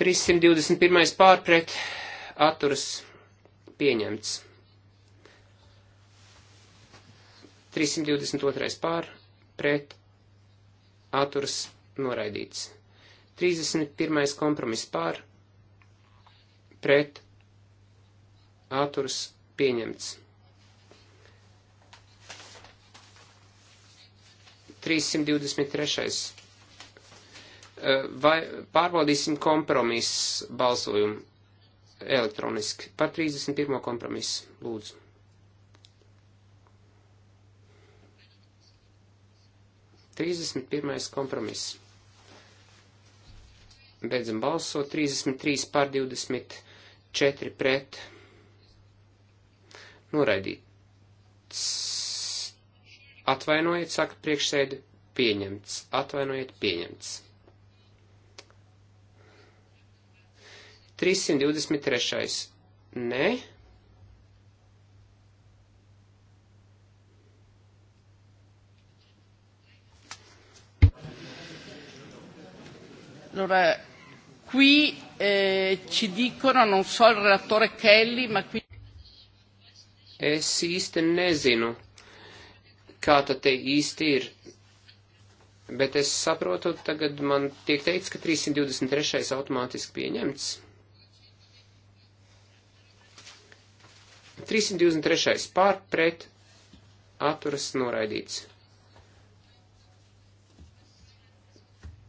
321 pār pret atturas pieņemts. 322 pār pret atturas noraidīts. 31. kompromiss pār pret atturas pieņemts. 323. Vai pārbaudīsim kompromisu balsojumu elektroniski par 31. kompromisu, lūdzu. Trīsdesmit pirmais kompromiss. Beidzam balsot. Trīsdesmit trīs pār divdesmit četri pret noraidīts. Atvainojiet, saka priekšsēdi, pieņemts. Atvainojiet, pieņemts. 323. Nē.
Allora, qui eh,
ci dicono, non so il relatore Kelly, ma qui. Es īsti nezinu, kā tad te īsti ir. Bet es saprotu, tagad man tiek teikts, ka 323. automātiski pieņemts. 323. pār pret atturas noraidīts.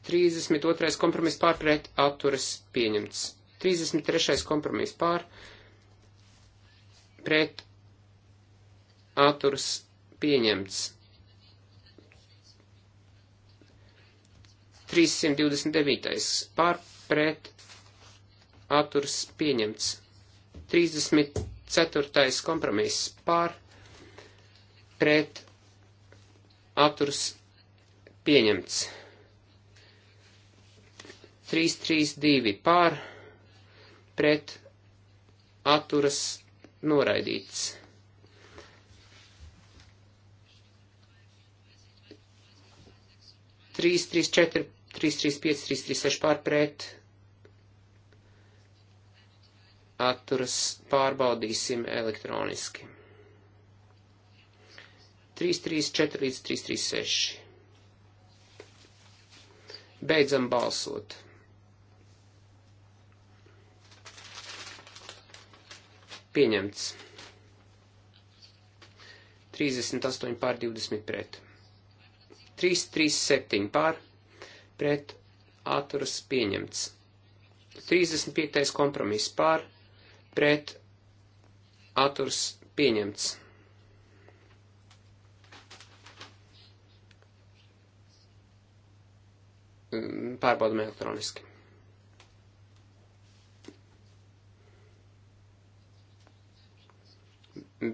32. kompromiss pār pret atturas pieņemts. 33. kompromiss pār pret atturs pieņemts. 329. pār pret atturs pieņemts. 34. kompromiss pār pret atturs pieņemts. 332 pār pret atturas noraidīts. 3, 3, 4, 3, 3, 5, 3, 3, 6 pārpret. Atturas pārbaudīsim elektroniski. 3, 3, 4 līdz 3, 3, 6. Beidzam balsot. Pieņemts. 38 pār 20 pret. 337 pār pret atturas pieņemts. 35. kompromiss pār pret atturas pieņemts. Mm, pārbaudam elektroniski.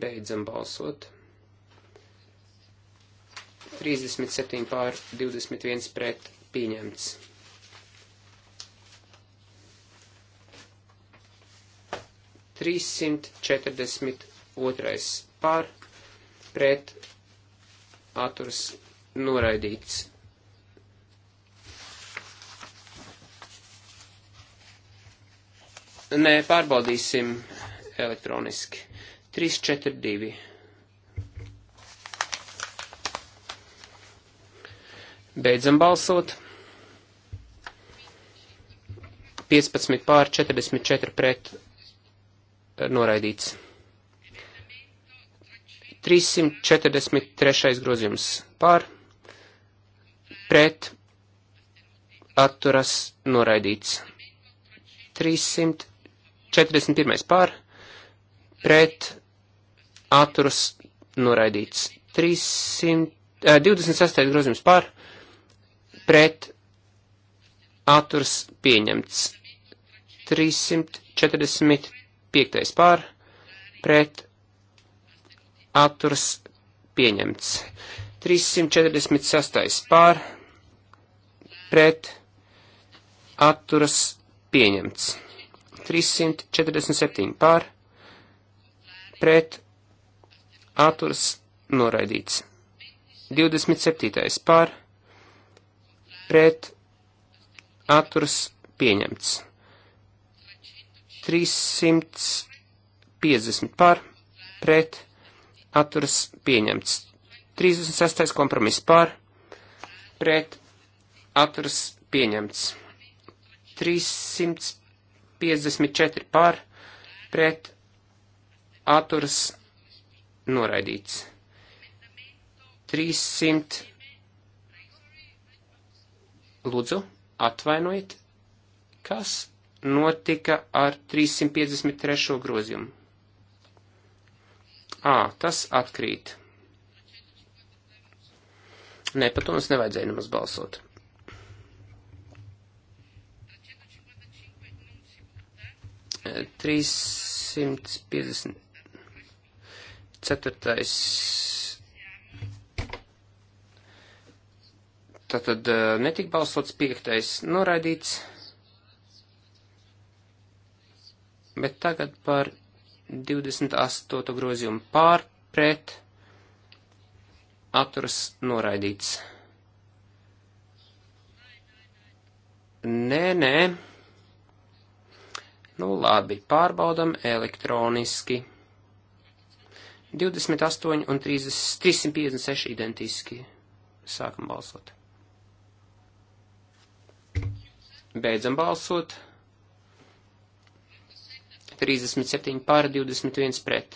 Beidzam balsot. 37 pār 21 pret pieņemts. Trīsimt četrdesmit otrais pār pret atturs noraidīts. Nē, pārbaudīsim elektroniski. 342. Beidzam balsot. 15 pār 44 pret eh, noraidīts. 343. grozījums pār pret atturas noraidīts. 341. pār pret atturas noraidīts. 300, eh, 26. grozījums pār pret atturs pieņemts. 345 pār pret atturs pieņemts. 346 pār pret atturas pieņemts. 347 pār pret atturas noraidīts. 27. pār pret atturas pieņemts. 350 par pret atturas pieņemts. 36. kompromiss par pret atturas pieņemts. 354 par pret atturas noraidīts. 300 Lūdzu, atvainojiet, kas notika ar 353. grozījumu? Ā, tas atkrīt. Nē, par to mums nevajadzēja nemaz balsot. Trīs. 154. Tātad eh, netika balsots piektais noraidīts, bet tagad par 28. grozījumu pār pret atturas noraidīts. Nē, nē. Nu labi, pārbaudam elektroniski. 28 un 30, 356 identiski. Sākam balsot. Beidzam balsot. 37 pār 21 pret.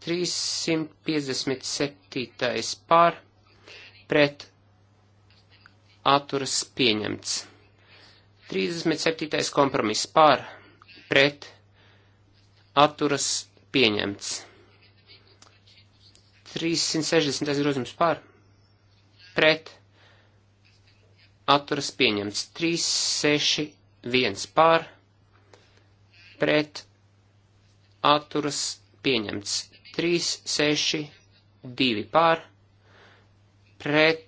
Trīssimt piecdesmit septītais pār pret atturas pieņemts. 37. kompromiss pār pret atturas pieņemts. 360. grozījums par, pret, atturas pieņemts. 361 par, pret, atturas pieņemts. 362 par, pret,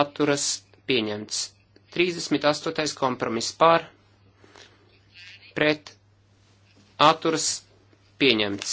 atturas pieņemts. 38. kompromiss par, pret, atturas pieņemts.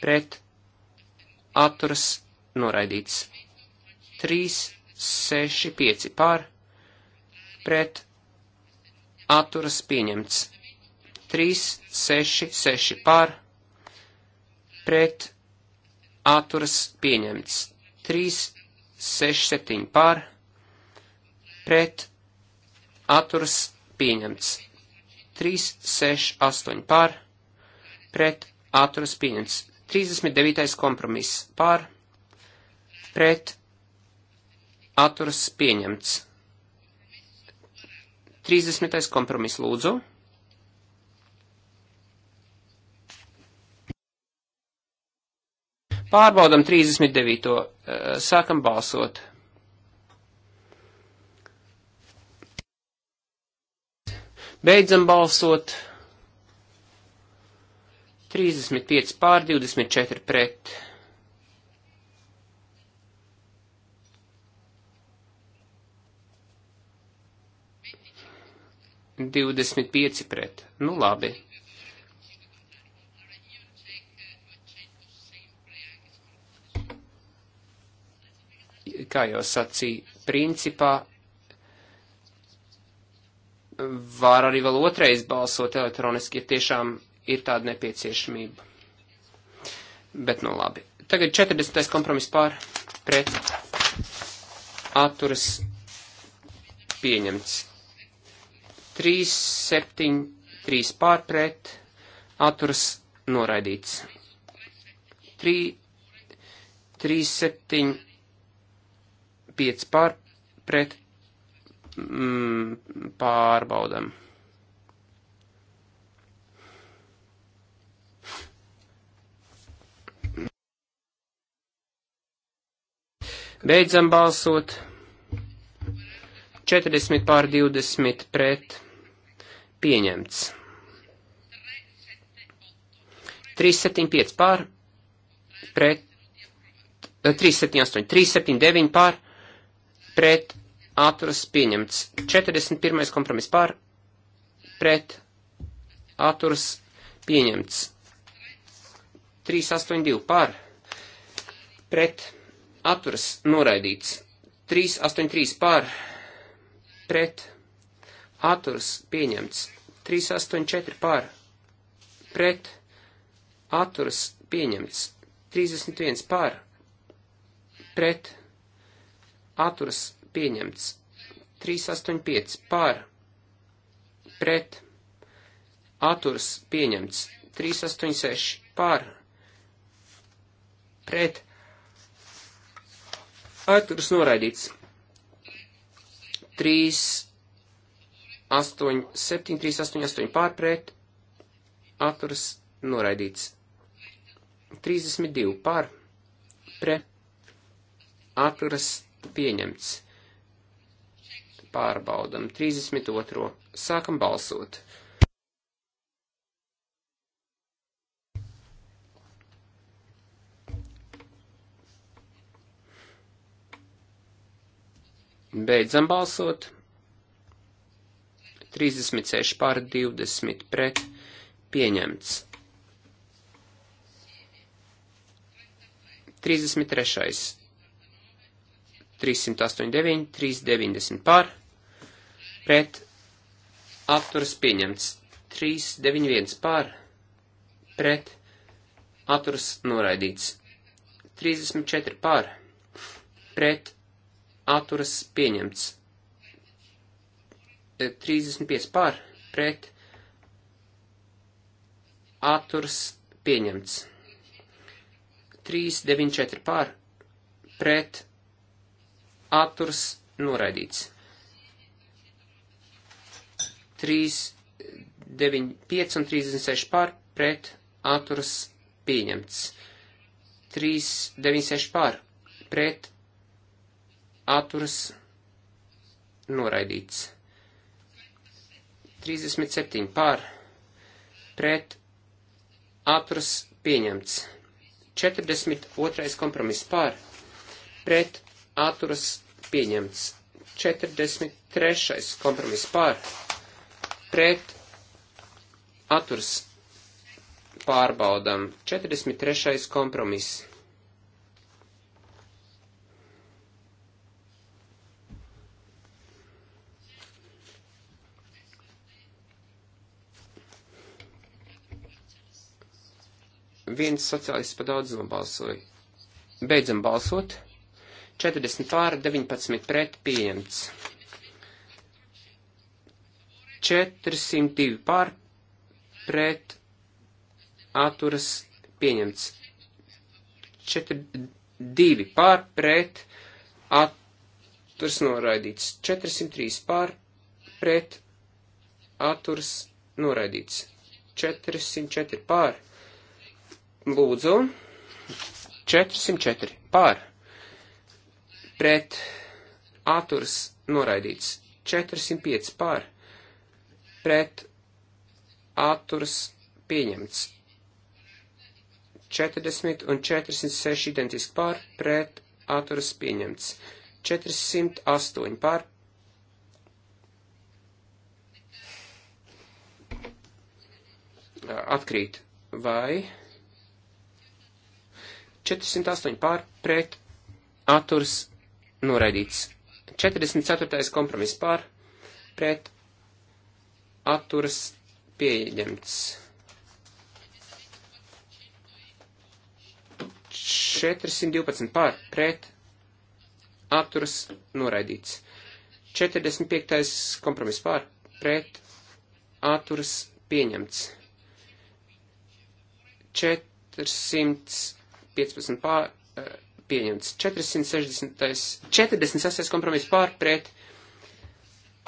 pret atturas noraidīts. 3, 6, 5 pār pret atturas pieņemts. 3, 6, 6 pār pret atturas pieņemts. 3, 6, 7 pār pret atturas pieņemts. 3, 6, 8 pār pret atturas pieņemts. 39. kompromiss pār, pret, atturas pieņemts. 30. kompromiss lūdzu. Pārbaudam 39. Eh, sākam balsot. Beidzam balsot. 35 pār 24 pret. Divdesmit pieci pret. Nu labi. Kā jau sacīja, principā var arī vēl otrais balsot elektroniski, ja tiešām ir tāda nepieciešamība. Bet nu labi. Tagad 40. kompromiss pār pret atturas pieņemts. 3, 7, 3 pār pret atturas noraidīts. 3, 3, 7, 5 pār pret mm, pārbaudam. Beidzam balsot. 40 pār 20 pret pieņemts. 375 pār pret 378, eh, 379 pār pret atturas pieņemts. 41. kompromiss pār pret atturas pieņemts. 382 pār pret atturas pieņemts atturas noraidīts. 383 pār pret atturas pieņemts. 384 pār pret atturas pieņemts. 31 pār pret atturas pieņemts. 385 pār pret atturas pieņemts. 386 pār pret Atturas noraidīts. 3, 8, 7, 3, 8, 8 pārpret. Atturas noraidīts. 32 pār. Pre. Atturas pieņemts. Pārbaudam. 32. Sākam balsot. Beidzam balsot. 36 pār 20 pret pieņemts. 33. 389, 390 pār pret atturas pieņemts. 391 pār pret atturas noraidīts. 34 pār pret atturas pieņemts. 35 e, par, pret, atturas pieņemts. 394 par, pret, atturas noraidīts. 395 un 36 par, pret, atturas pieņemts. 396 par, pret, atturas noraidīts. 37 pār pret atturas pieņemts. 42. kompromiss pār pret atturas pieņemts. 43. kompromiss pār pret atturas pārbaudam. 43. kompromiss. Viens sociālists pa daudz nobalsoja. Beidzam balsot. 40 pār, 19 pret, pieņemts. 402 pār, pret, atturas, pieņemts. 42 pār, pret, atturas noraidīts. 403 pār, pret, atturas noraidīts. 404 pār, Lūdzu, 404 pār, pret, atturs noraidīts, 405 pār, pret, atturs pieņemts, 40 un 406 identiski pār, pret, atturs pieņemts, 408 pār, atkrīt vai 408 pār pret atturs noraidīts. 44. kompromiss pār pret atturs pieņemts. 412 pār pret atturs noraidīts. 45. kompromiss pār pret atturs pieņemts. 400 15 pār, eh, pieņemts 460, 46. kompromiss pār, pret,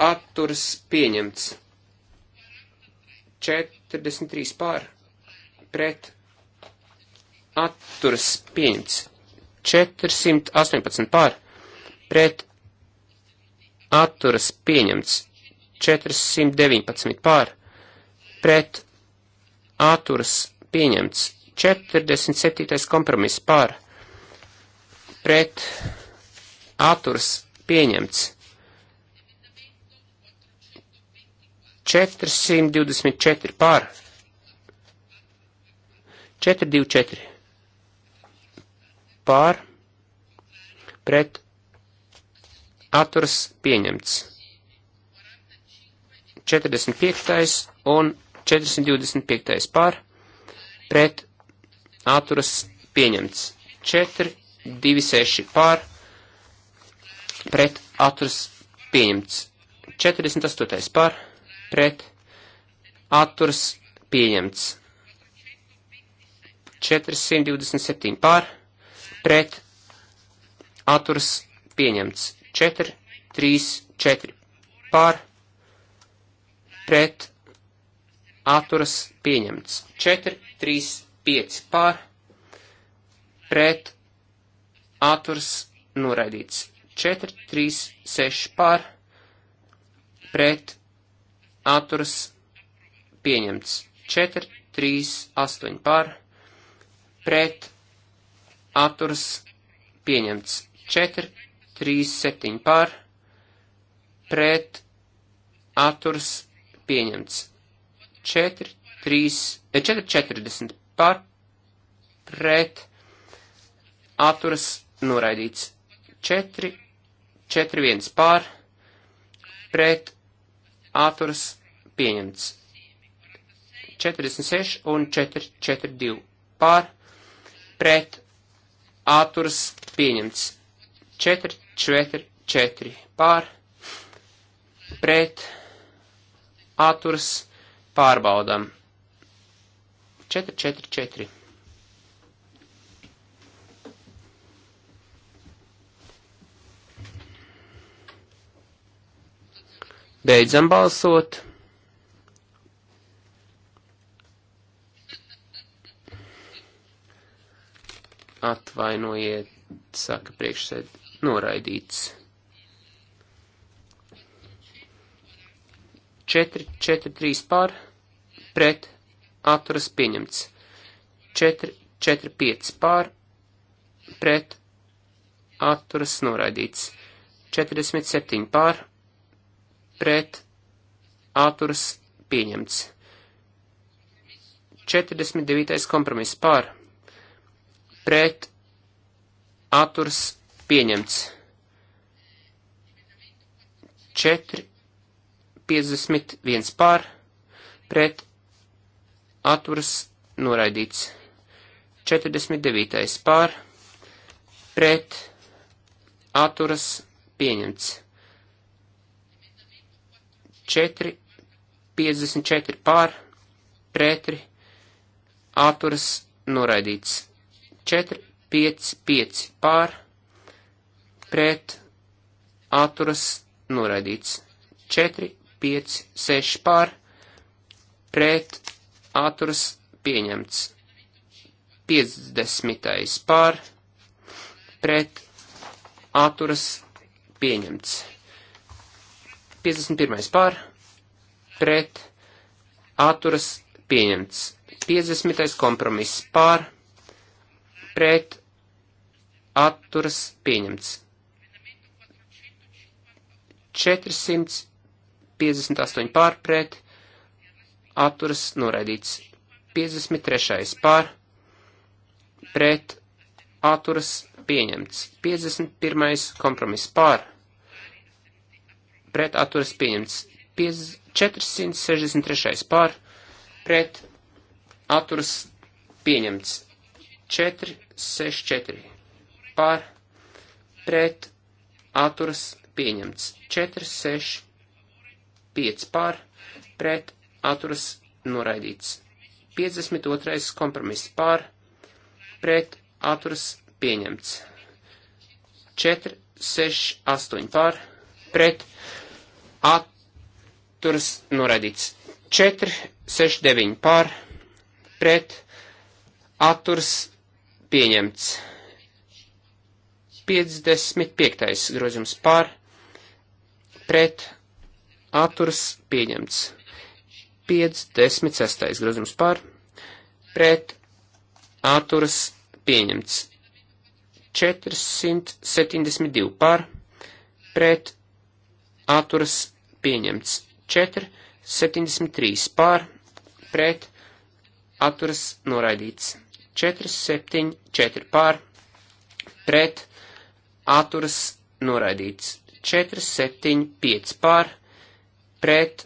atturs pieņemts 43 pār, pret, atturs pieņemts 418 pār, pret, atturs pieņemts 419 pār, pret, atturs pieņemts 47. kompromiss par pret atturs pieņemts. 424 par 424 par pret atturs pieņemts 45. un 425. par pret atturas pieņemts 4, 2, 6 pār, pret atturas pieņemts 48 pār, pret atturas pieņemts 427 pār, pret atturas pieņemts 4, 3, 4 pār, pret atturas pieņemts 4, 3, 4. 5 pār, pret, atturs, noraidīts. 4, 3, 6 pār, pret, atturs, pieņemts. 4, 3, 8 pār, pret, atturs, pieņemts. 4, 3, 7 pār, pret, atturs, pieņemts. 4, 3, 4, 40 par pret atturas noraidīts 4, 4, 1 par pret atturas pieņemts 46 un 4, 4, 2 par pret atturas pieņemts 4, 4, 4 par pret atturas pārbaudam. 444. Beidzam balsot. Atvainojiet, saka priekšsēd, noraidīts. 4, 4, 3 pār, pret, atturas pieņemts. 4, 4, 5 pār, pret, atturas noraidīts. 47 pār, pret, atturas pieņemts. 49. kompromiss pār, pret, atturas pieņemts. 4, 51 pār, pret, atturas noraidīts. 49. pār pret atturas pieņemts. 4, 54 pār pretri atturas noraidīts. 4, 5, 5 pār pret atturas noraidīts. 4, 5, 6 pār pret atturas pieņemts. 50. pār pret atturas pieņemts. 51. pār pret atturas pieņemts. 50. kompromiss pār pret atturas pieņemts. 458 pār pret atturas noraidīts. 53. pār pret atturas pieņemts. 51. kompromiss pār pret atturas pieņemts. 463. pār pret atturas pieņemts. 464. pār pret atturas pieņemts. 465 pār pret atturas noraidīts. 52. kompromiss pār, pret, atturas pieņemts. 4, 6, 8 pār, pret, atturas noraidīts. 4, 6, 9 pār, pret, atturas pieņemts. 55. grozījums pār, pret, atturas pieņemts. 56. grozījums par, pret, atturas pieņemts. 472 par, pret, atturas pieņemts. 473 par, pret, atturas noraidīts. 474 par, pret, atturas noraidīts. 475 par, pret,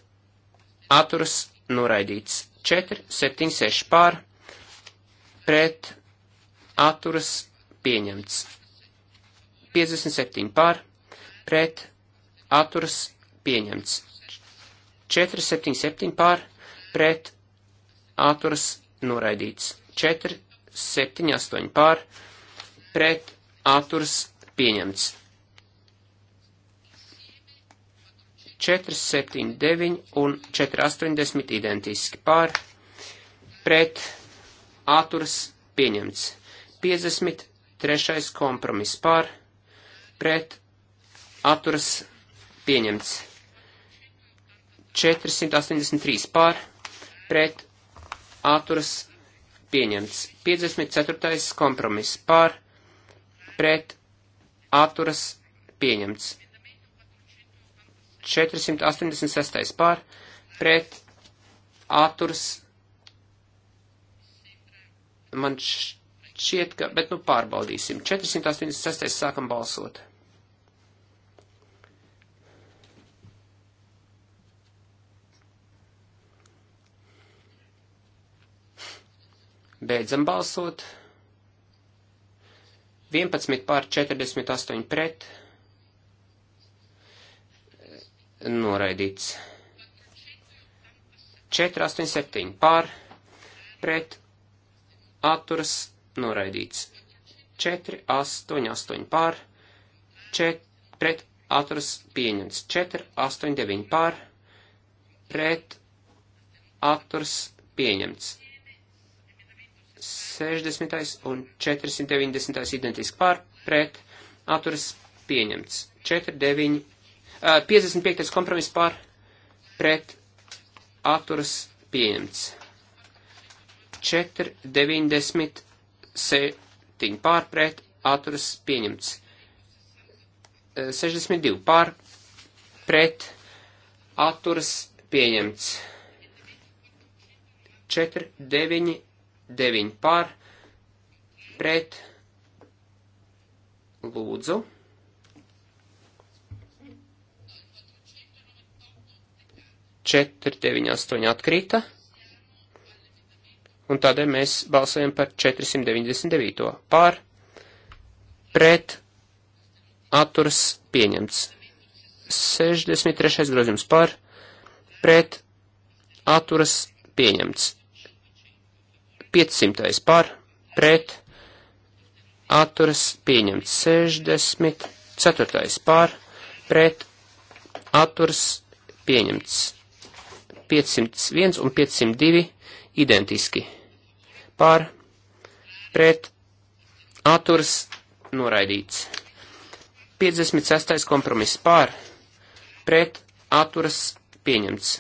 atturas noraidīts 4, 7, 6 pār, pret atturas pieņemts 57 pār, pret atturas pieņemts 4, 7, 7 pār, pret atturas noraidīts 4, 7, 8 pār, pret atturas pieņemts 479 un 480 identiski pār, pret, atturas pieņemts. 53. kompromis pār, pret, atturas pieņemts. 483 pār, pret, atturas pieņemts. 54. kompromis pār, pret, atturas pieņemts. 486. pār pret atturs. Man šķiet, ka, bet nu pārbaudīsim. 486. sākam balsot. Beidzam balsot. 11 pār 48 pret noraidīts. 4, 8, 7 pār, pret, atturas, noraidīts. 4, 8, 8 pār, 4, pret, atturas, pieņemts. 4, 8, 9 pār, pret, atturas, pieņemts. 60. un 490. identiski pār, pret, atturas, pieņemts. 4, 9, 55. Eh, kompromiss par pret atturas pieņemts. 4,97 pār pret atturas pieņemts. 62 eh, pār pret atturas pieņemts. 4,99 pār pret lūdzu. 4, 9, 8 atkrīta, un tādēļ mēs balsojam par 499. pār, pret, atturas pieņemts. 63. grozījums pār, pret, atturas pieņemts. 500. pār, pret, atturas pieņemts. 64. pār, pret, atturas pieņemts. 501 un 502 identiski. Pār, pret, atturs, noraidīts. 56. kompromiss pār, pret, atturs, pieņemts.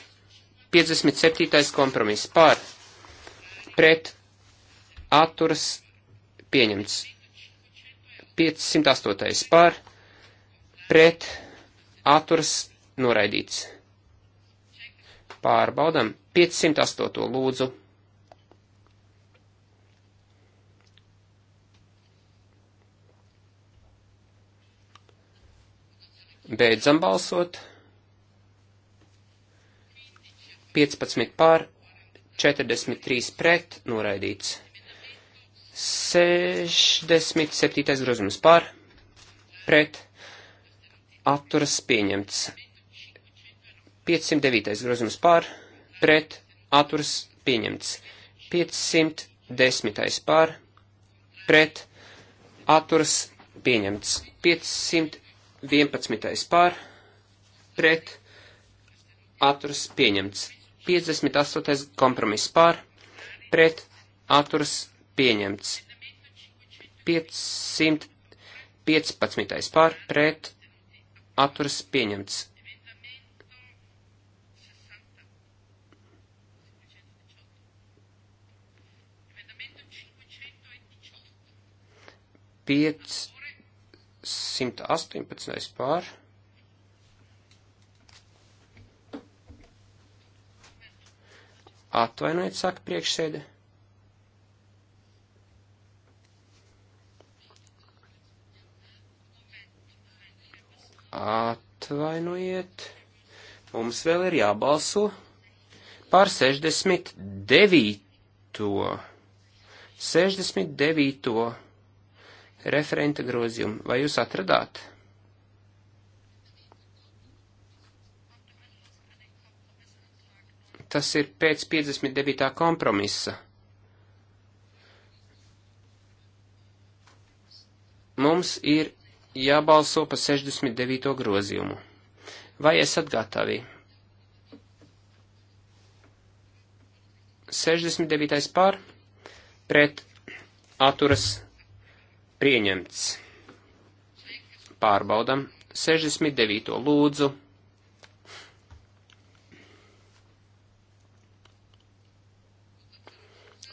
57. kompromiss pār, pret, atturs, pieņemts. 508. pār, pret, atturs, noraidīts. Pārbaudam 508. lūdzu. Beidzam balsot. 15 pār, 43 pret, noraidīts. 67. grozījums pār, pret, atturas pieņemts. 509. grozījums pār, pret, atturas pieņemts. 510. pār, pret, atturas pieņemts. 511. pār, pret, atturas pieņemts. 58. kompromiss pār, pret, atturas pieņemts. 515. pār, pret, atturas pieņemts. 518 pār. Atvainojiet, saka priekšsēde. Atvainojiet, mums vēl ir jābalso par 69. 69 referenta grozījumu. Vai jūs atradāt? Tas ir pēc 59. kompromisa. Mums ir jābalso pa 69. grozījumu. Vai esat gatavi? 69. pār pret atturas Pieņemts. Pārbaudam. 69. lūdzu.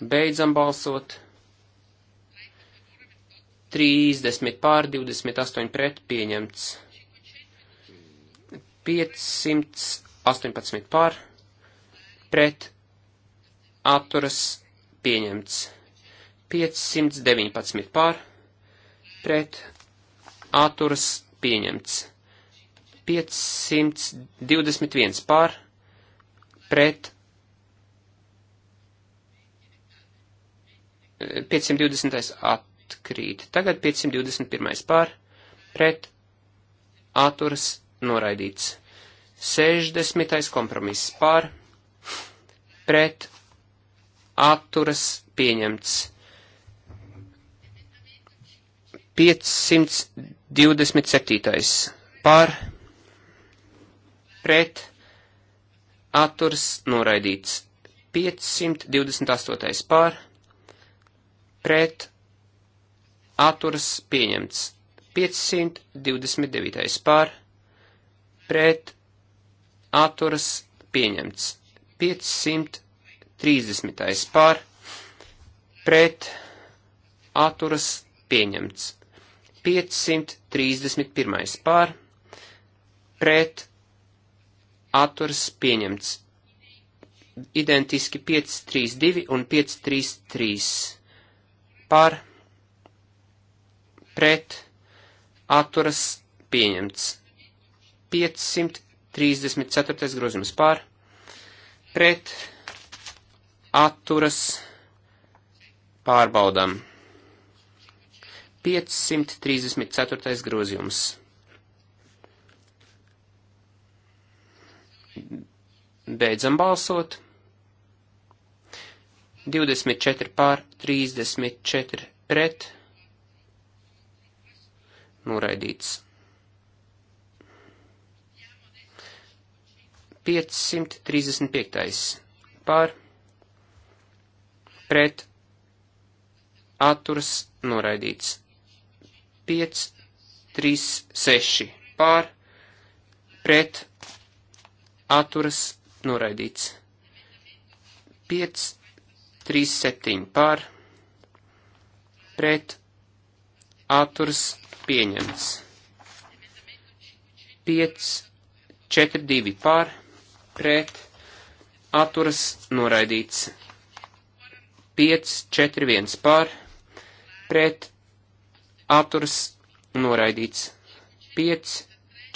Beidzam balsot. 30 pār 28 pret pieņemts. 518 pār pret atturas pieņemts. 519 pār pret atturas pieņemts. 521 pār pret 520 atkrīt. Tagad 521 pār pret atturas noraidīts. 60. kompromiss pār pret atturas pieņemts. 527. par pret atturs noraidīts. 528. par pret atturs pieņemts. 529. par pret atturs pieņemts. 530. par pret atturs pieņemts. 531. pār, pret, atturs pieņemts. Identiski 532 un 533 pār, pret, atturas pieņemts. 534. grozījums pār, pret, atturas pārbaudām. 534. grozījums. Beidzam balsot. 24 pār 34 pret. Noraidīts. 535. pār pret. Atturs noraidīts. 5, 3, 6 pār, pret, atturas, noraidīts. 5, 3, 7 pār, pret, atturas, pieņemts. 5, 4, 2 pār, pret, atturas, noraidīts. 5, 4, 1 pār, pret, Atturas noraidīts. 5,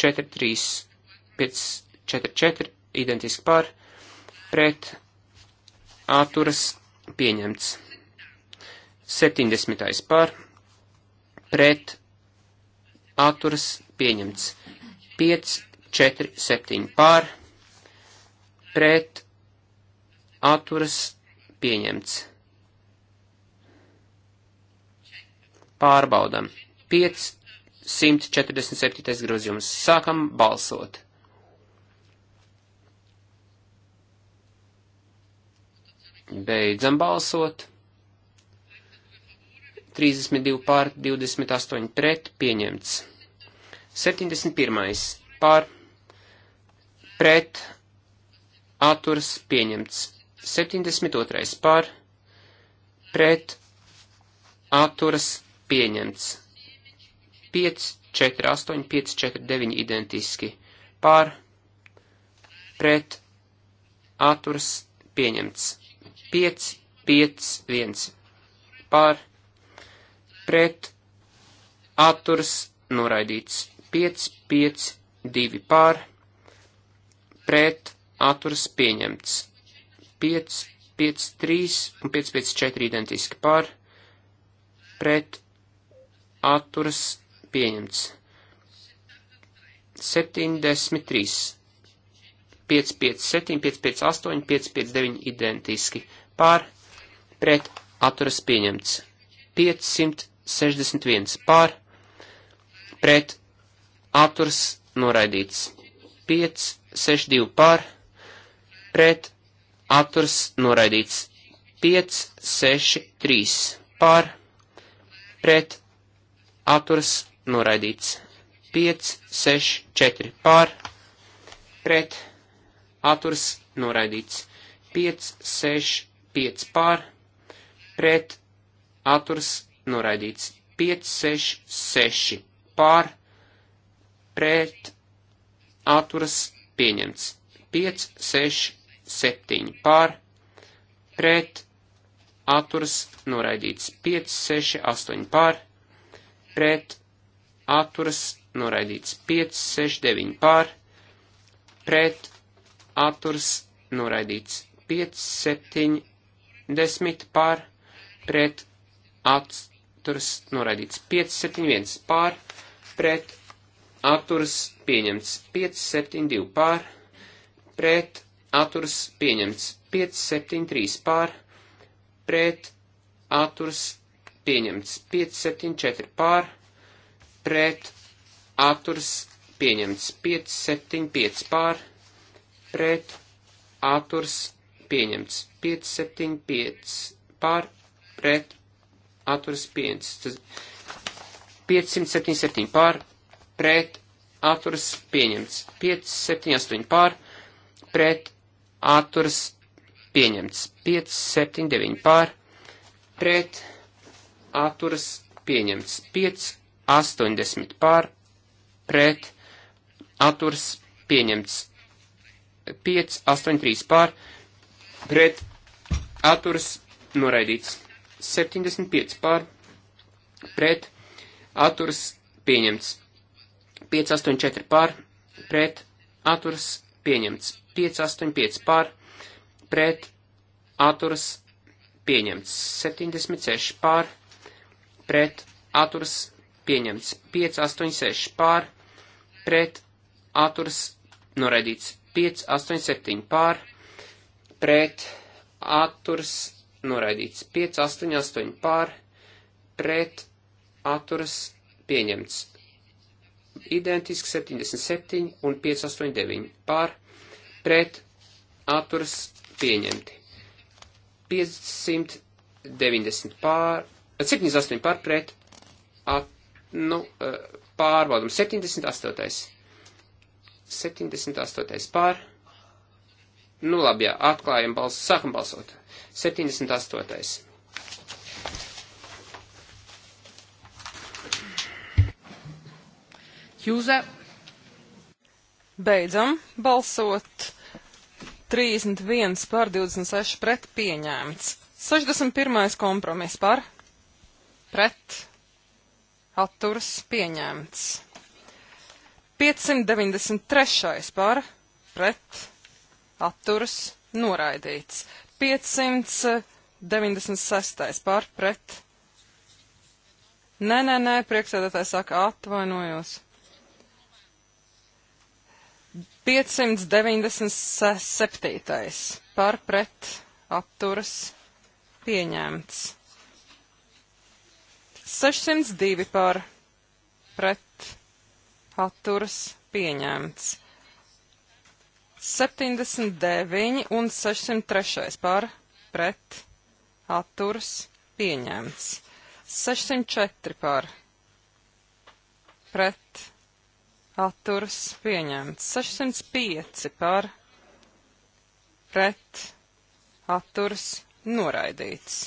4, 3, 5, 4, 4, identiski pār, pret, atturas, pieņemts. 70. pār, pret, atturas, pieņemts. 5, 4, 7 pār, pret, atturas, pieņemts. Pārbaudam. 547. grozījums. Sākam balsot. Beidzam balsot. 32 pār 28 pret pieņemts. 71. pār pret atturs pieņemts. 72. pār pret atturs pieņemts 5, 4, 8, 5, 4, 9 identiski pār, pret, atturs pieņemts 5, 5, 1 pār, pret, atturs noraidīts 5, 5, 2 pār, pret, atturs pieņemts 5, 5, 3 un 5, 5, 4 identiski pār, pret, atturas pieņemts. 73, 557, 558, 559 identiski. Pār, pret, atturas pieņemts. 561 pār, pret, atturas noraidīts. 562 pār, pret, atturas noraidīts. 563 pār, pret, atturas noraidīts. 5, 6, 4 pār, pret, atturas noraidīts. 5, 6, 5 pār, pret, atturas noraidīts. 5, 6, 6 pār, pret, atturas pieņemts. 5, 6, 7 pār, pret, atturas noraidīts. 5, 6, 8 pār, pret, pret, atturas, noraidīts 5, 6, 9 pār, pret, atturas, noraidīts 5, 7, 10 pār, pret, atturas, noraidīts 5, 7, 1 pār, pret, atturas, pieņemts 5, 7, 2 pār, pret, atturas, pieņemts 5, 7, 3 pār, pret, atturas, pieņemts pieņemts 574 pār, pret atturs pieņemts 575 pār, pret atturs pieņemts 575 pār, pret atturs 5. 577 pār, pret atturs pieņemts 578 pār, pret atturs pieņemts 579 pār, pret atturs pieņemts atturas pieņemts 5, 80 pār, pret, atturas pieņemts 5, 83 pār, pret, atturas noraidīts 75 pār, pret, atturas pieņemts 5, 84 pār, pret, atturas pieņemts 5, 85 pār, pret, atturas pieņemts 76 pār, pret, pret atturas pieņemts. 5, 8, 6 pār pret atturas noraidīts. 5, 8, 7 pār pret atturas noraidīts. 5, 8, 8 pār pret atturas pieņemts. Identiski 77 un 589 pār pret atturas pieņemti. 590 pār 78 par pret, at, nu, eh, pārbaudam, 78. 78. pār. Nu labi, jā, atklājam balsu, sākam balsot. 78.
Jūze. Beidzam balsot. 31 pār 26 pret pieņēmts. 61. kompromiss par pret, atturs pieņemts. 593. par, pret, atturs noraidīts. 596. par, pret. Nē, nē, nē, priekšsēdētājs saka, atvainojos. 597. par, pret, atturs pieņemts. 602 par pret atturas pieņemts. 79 un 603 par pret atturas pieņemts. 604 par pret atturas pieņemts. 605 par pret atturas noraidīts.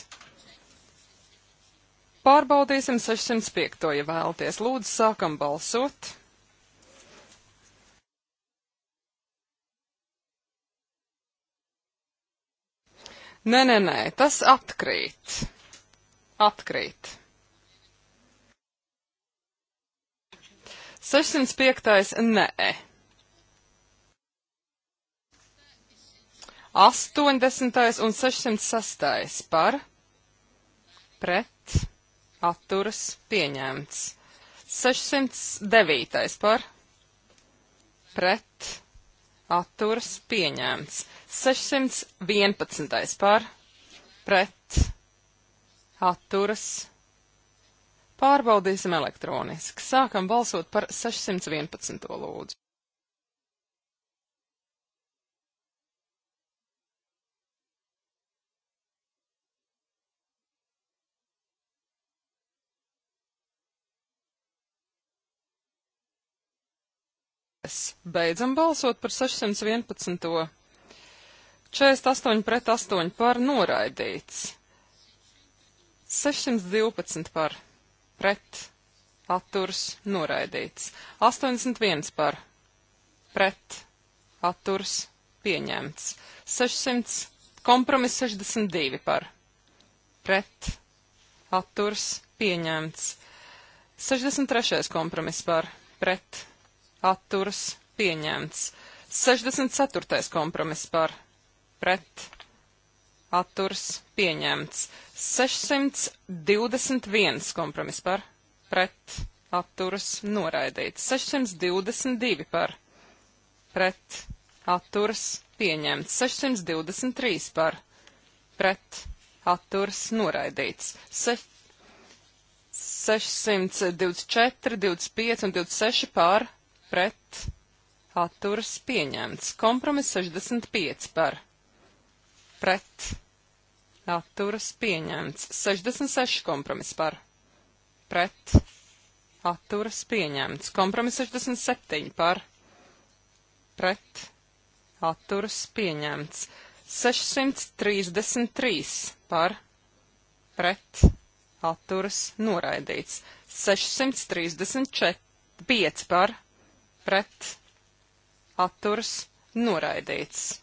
Pārbaudīsim 605, ja vēlaties. Lūdzu, sākam balsot. Nē, nē, nē, tas atkrīt. Atkrīt. 605. nē. 80. un 606. par pret atturas pieņemts. 609. par pret atturas pieņemts. 611. par pret atturas pārbaudīsim elektroniski. Sākam balsot par 611. lūdzu. grupas. Beidzam balsot par 611. 48 pret 8 par noraidīts. 612 par pret atturs noraidīts. 81 par pret atturs pieņemts. 600 kompromis 62 par pret atturs pieņemts. 63. kompromis par pret atturas pieņemts. 64. kompromiss par pret atturas pieņemts. 621 kompromiss par pret atturas noraidīts. 622 par pret atturas pieņemts. 623 par pret atturas noraidīts. Se 624, 25 un 26 par pret pret atturas pieņemts. Kompromiss 65 par pret atturas pieņemts. 66 kompromiss par pret atturas pieņemts. Kompromiss 67 par pret atturas pieņemts. 633 par pret atturas noraidīts. 635 par pret atturs noraidīts.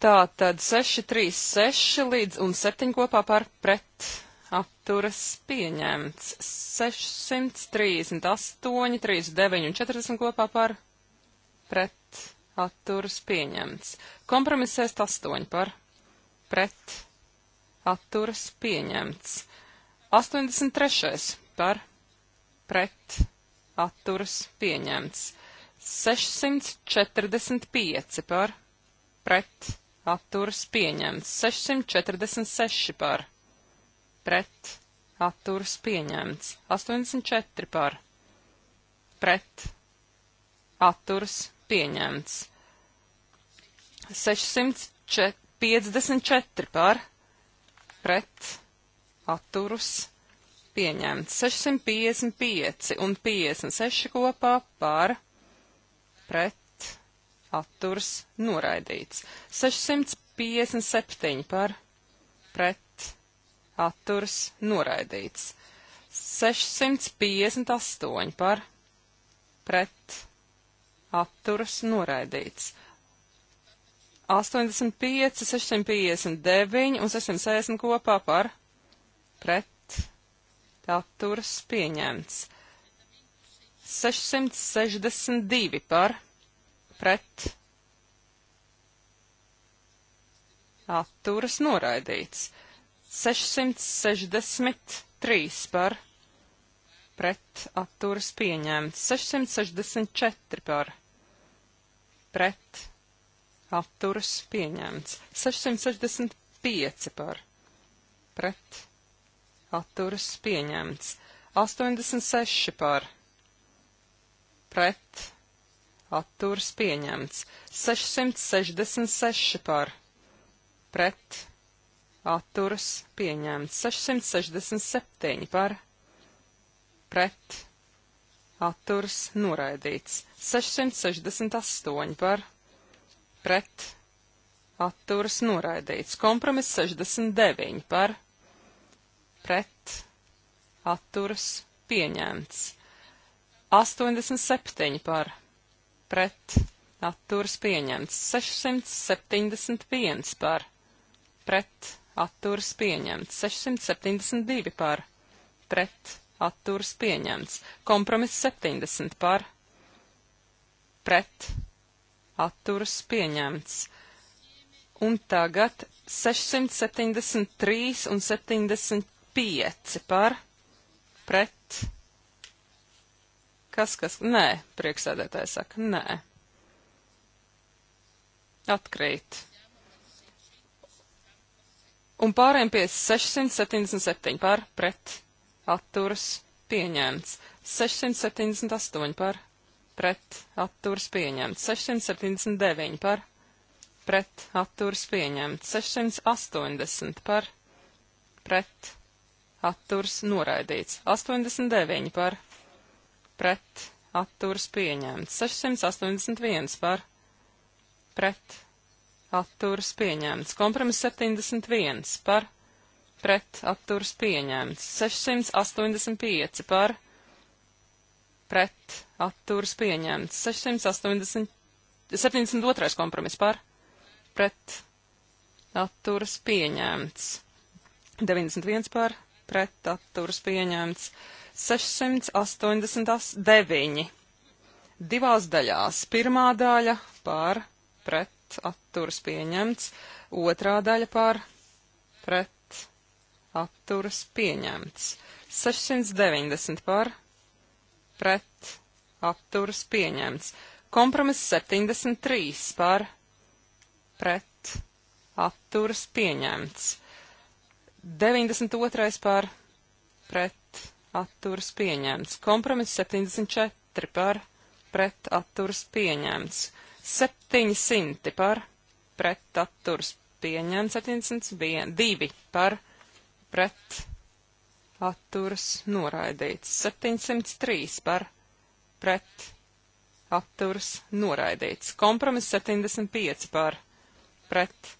Tātad 636 līdz un 7 kopā par pret atturas pieņemts. 638, 39 un 40 kopā par pret atturas pieņemts. Kompromisēs 8 par pret atturas pieņemts. 83 par pret atturas pieņemts. 645 par pret atturas pieņemts. 646 par pret atturas pieņemts. 84 par pret atturas pieņemts. 654 par pret atturas pieņemts pieņemts 655 un 56 kopā par pret atturs noraidīts. 657 par pret atturs noraidīts. 658 par pret atturs noraidīts. 85, 659 un 660 kopā par pret atturas pieņemts. 662 par pret atturas noraidīts. 663 par pret atturas pieņemts. 664 par pret atturas pieņemts. 665 par pret atturas pieņemts. 86 par pret atturas pieņemts. 666 par pret atturas pieņemts. 667 par pret atturas noraidīts. 668 par pret atturas noraidīts. Kompromiss 69 par pret pret, atturas, pieņemts. 87 par, pret, atturas, pieņemts. 671 par, pret, atturas, pieņemts. 672 par, pret, atturas, pieņemts. Kompromiss 70 par, pret, atturas, pieņemts un tagad 673 un 74 5 par pret. Kas, kas? Nē, prieksēdētāji saka, nē. Atkrīt. Un pārējiem pie 677 par pret. Atturas pieņemts. 678 par pret. Atturas pieņemts. 679 par pret. Atturas pieņemts. 680 par pret atturs noraidīts. 89 par pret atturs pieņemts. 681 par pret atturs pieņemts. Kompromiss 71 par pret atturs pieņemts. 685 par pret atturs pieņemts. 680, 72. kompromiss par pret atturs pieņemts. 91 par pret pretatturas pieņemts 689. Divās daļās. Pirmā daļa par pretatturas pieņemts, otrā daļa par pretatturas pieņemts. 690 par pretatturas pieņemts. Kompromiss 73 par pretatturas pieņemts. 92. par pret atturas pieņemts. Kompromiss 74 par pret atturas pieņemts. 700 par pret atturas pieņemts. 702 par pret atturas noraidīts. 703 par pret atturas noraidīts. Kompromiss 75 par pret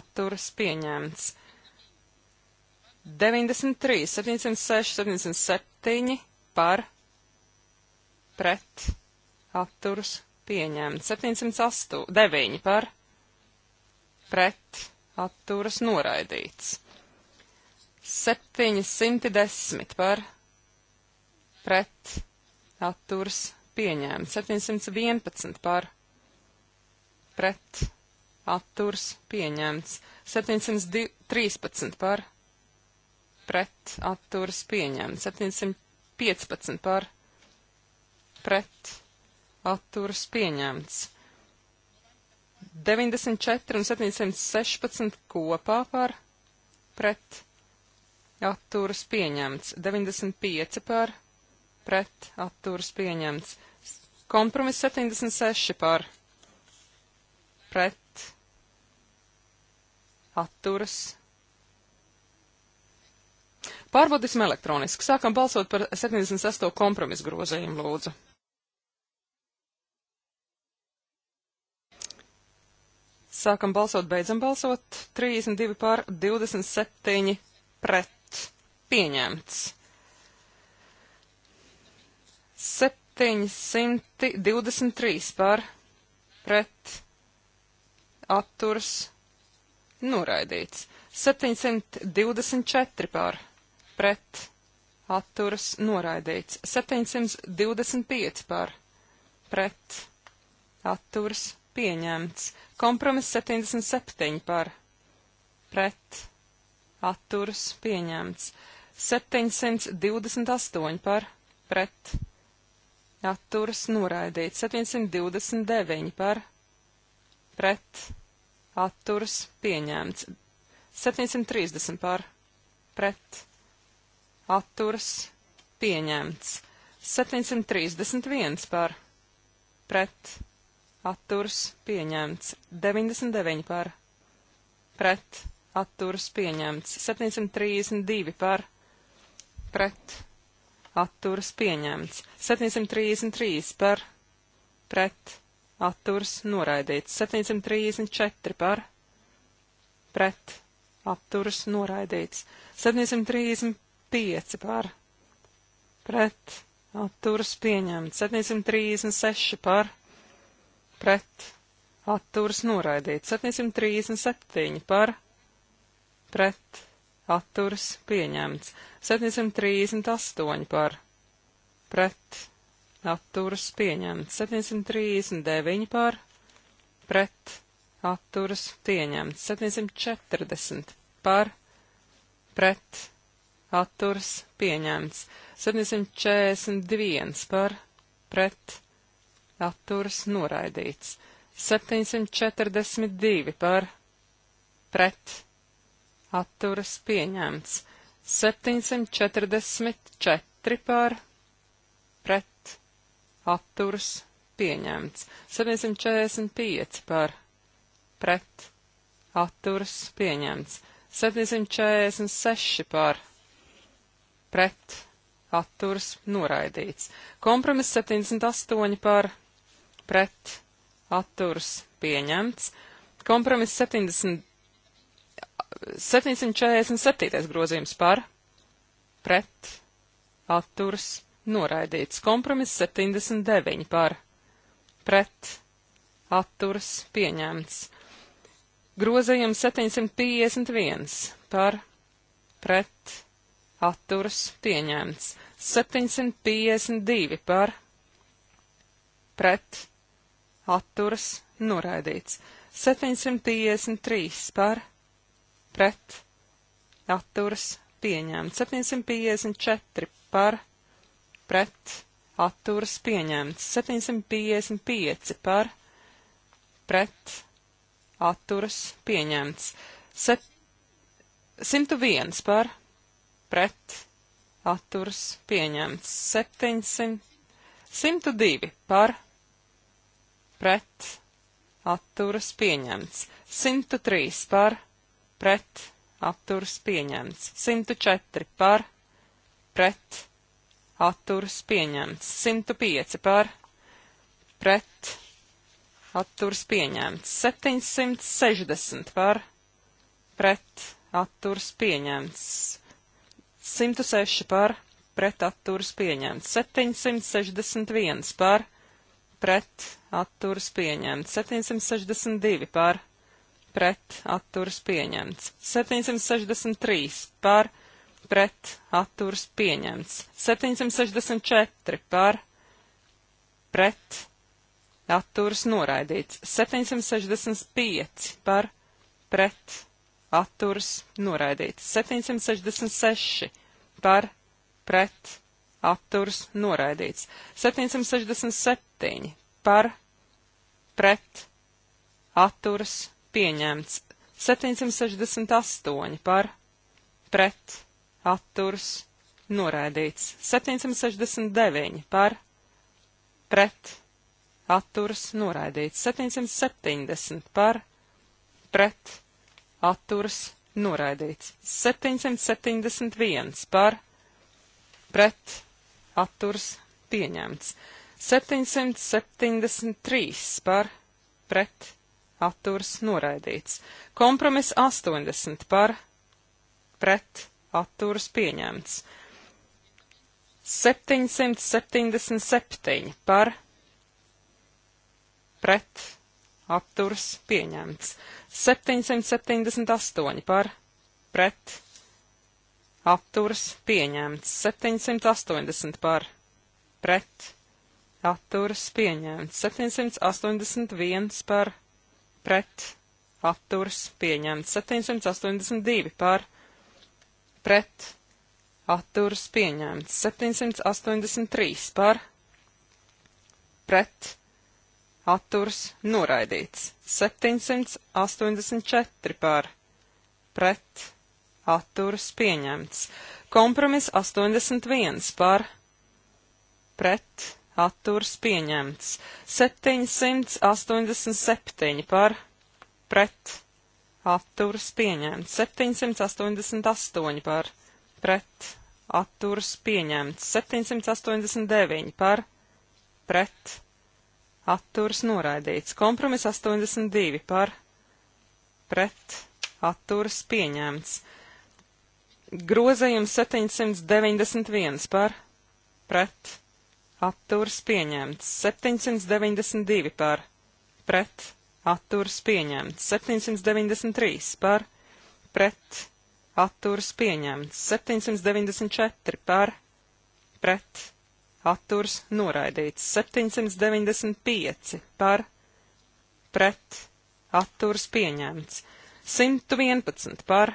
atturas pieņemts. 93, 706, 707 par pret atturus pieņemts. 709 par pret atturus noraidīts. 710 par pret atturus pieņemts. 711 par pret atturus pieņemts. 713 par pret pret atturas pieņemts. 715 par pret atturas pieņemts. 94 un 716 kopā par pret atturas pieņemts, 95 par pret atturas pieņemts, kompromis 76 par pret atturas Pārbaudīsim elektroniski. Sākam balsot par 76. kompromisu grozījumu, lūdzu. Sākam balsot, beidzam balsot. 32 pār 27 pret. Pieņemts. 723 pār pret. Atturs. Noraidīts. 724 pār pret pret atturas noraidīts. 725 par pret atturas pieņemts. Kompromiss 77 par pret atturas pieņemts. 728 par pret atturas noraidīts. 729 par pret atturas pieņemts. 730 par pret atturas pieņemts atturs pieņemts. 731 par pret atturs pieņemts. 99 par pret atturs pieņemts. 732 par pret atturs pieņemts. 733 par pret atturs noraidīts. 734 par pret atturs noraidīts. 735 5 par pret atturas pieņemts, 736 par pret atturas noraidīts, 737 par pret atturas pieņemts, 738 par pret atturas pieņemts, 739 par pret atturas pieņemts, 740 par pret atturs pieņemts. 741 par pret atturs noraidīts. 742 par pret atturas pieņemts. 744 par pret atturas pieņemts. 745 par pret atturas pieņemts. 746 par pret pret atturs noraidīts. Kompromiss 78 par pret atturs pieņemts. Kompromiss 70, 747 grozījums par pret atturs noraidīts. Kompromiss 79 par pret atturs pieņemts. Grozījums 751 par pret atturs atturas pieņemts. 752 par pret atturas noraidīts. 753 par pret atturas pieņemts. 754 par pret atturas pieņemts. 755 par pret atturas pieņemts. Set 101 par pret atturs pieņemts. 700, 102 par pret atturs pieņemts. 103 par pret atturs pieņemts. 104 par pret atturs pieņemts. 105 par pret atturs pieņemts. 760 par pret atturs pieņemts. 106 par pretatturas pieņemts, 761 par pretatturas pieņemts, 762 par pretatturas pieņemts, 763 par pretatturas pieņemts, 764 par pretatturas noraidīts, 765 par pretatturas atturas noraidīts. 766 par pret atturas noraidīts. 767 par pret atturas pieņemts. 768 par pret atturas noraidīts. 769 par pret atturas noraidīts. 770 par pret atturas noraidīts atturas noraidīts. 771 par pret atturas pieņemts. 773 par pret atturas noraidīts. Kompromiss 80 par pret atturas pieņemts. 777 par pret atturas pieņemts. 778 par pret atturas pieņemts. 780 par pret atturas pieņemts. 781 par pret atturas pieņemts. 782 par pret atturas pieņemts. 783 par pret atturs noraidīts. 784 par pret atturs pieņemts. Kompromis 81 par pret atturs pieņemts. 787 par pret atturs pieņemts. 788 par pret atturs pieņemts. 789 par pret atturs pieņemts atturas noraidīts. Kompromiss 82 par pret atturas pieņemts. Grozējums 791 par pret atturas pieņemts. 792 par pret atturas pieņemts. 793 par pret atturas pieņemts. 794 par pret atturs noraidīts. 795 par pret atturs pieņemts. 111 par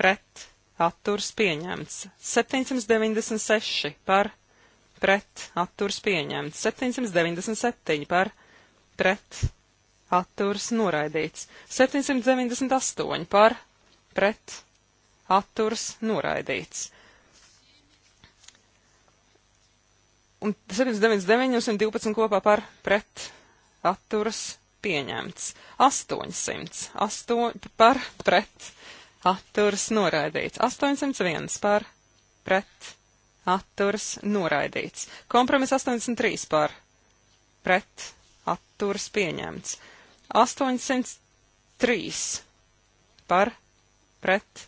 pret atturs pieņemts. 796 par pret atturs pieņemts. 797 par pret atturs noraidīts. 798 par pret atturs noraidīts. Un 799 un 112 kopā par pret atturas pieņemts. 800 asto, par pret atturas noraidīts. 801 par pret atturas noraidīts. Kompromiss 83 par pret atturas pieņemts. 803 par pret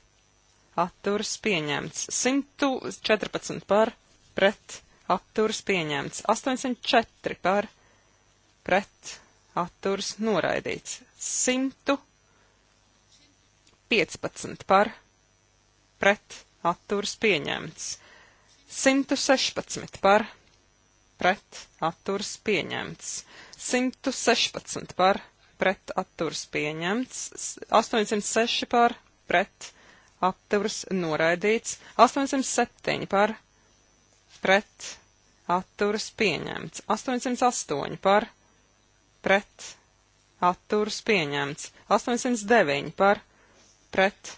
atturas pieņemts. 114 par pret atturs pieņemts. 804 par pret atturs noraidīts. 115 par pret atturs pieņemts. 116 par pret atturs pieņemts. 116 par pret atturs pieņemts. 806 par pret atturs noraidīts. 807 par pret atturas pieņemts. 808 par pret atturas pieņemts. 809 par pret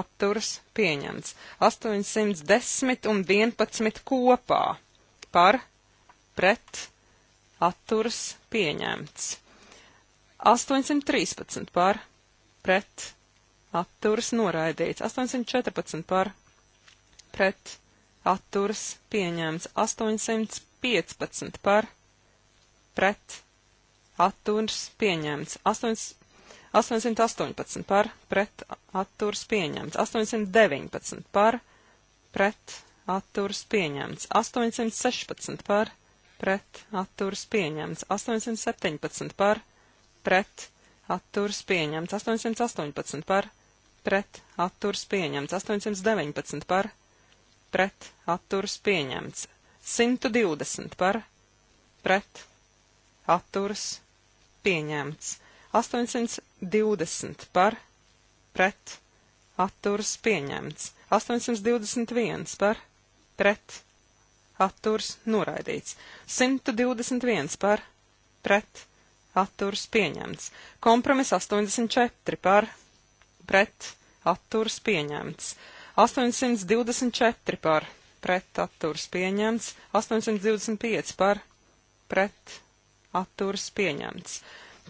atturas pieņemts. 810 un 11 kopā par pret atturas pieņemts. 813 par pret atturas noraidīts. 814 par pret atturas pieņemts atturas pieņemts 815 par pret atturas pieņemts 8, 818 par pret atturas pieņemts 819 par pret atturas pieņemts 816 par pret atturas pieņemts 817 par pret atturas pieņemts 818 par pret atturas pieņemts 819 par pret pret atturas pieņemts. 120 par pret atturas pieņemts. 820 par pret atturas pieņemts. 821 par pret atturas noraidīts. 121 par pret atturas pieņemts. Kompromiss 84 par pret atturas pieņemts. 824 par pret atturs pieņemts, 825 par pret atturs pieņemts.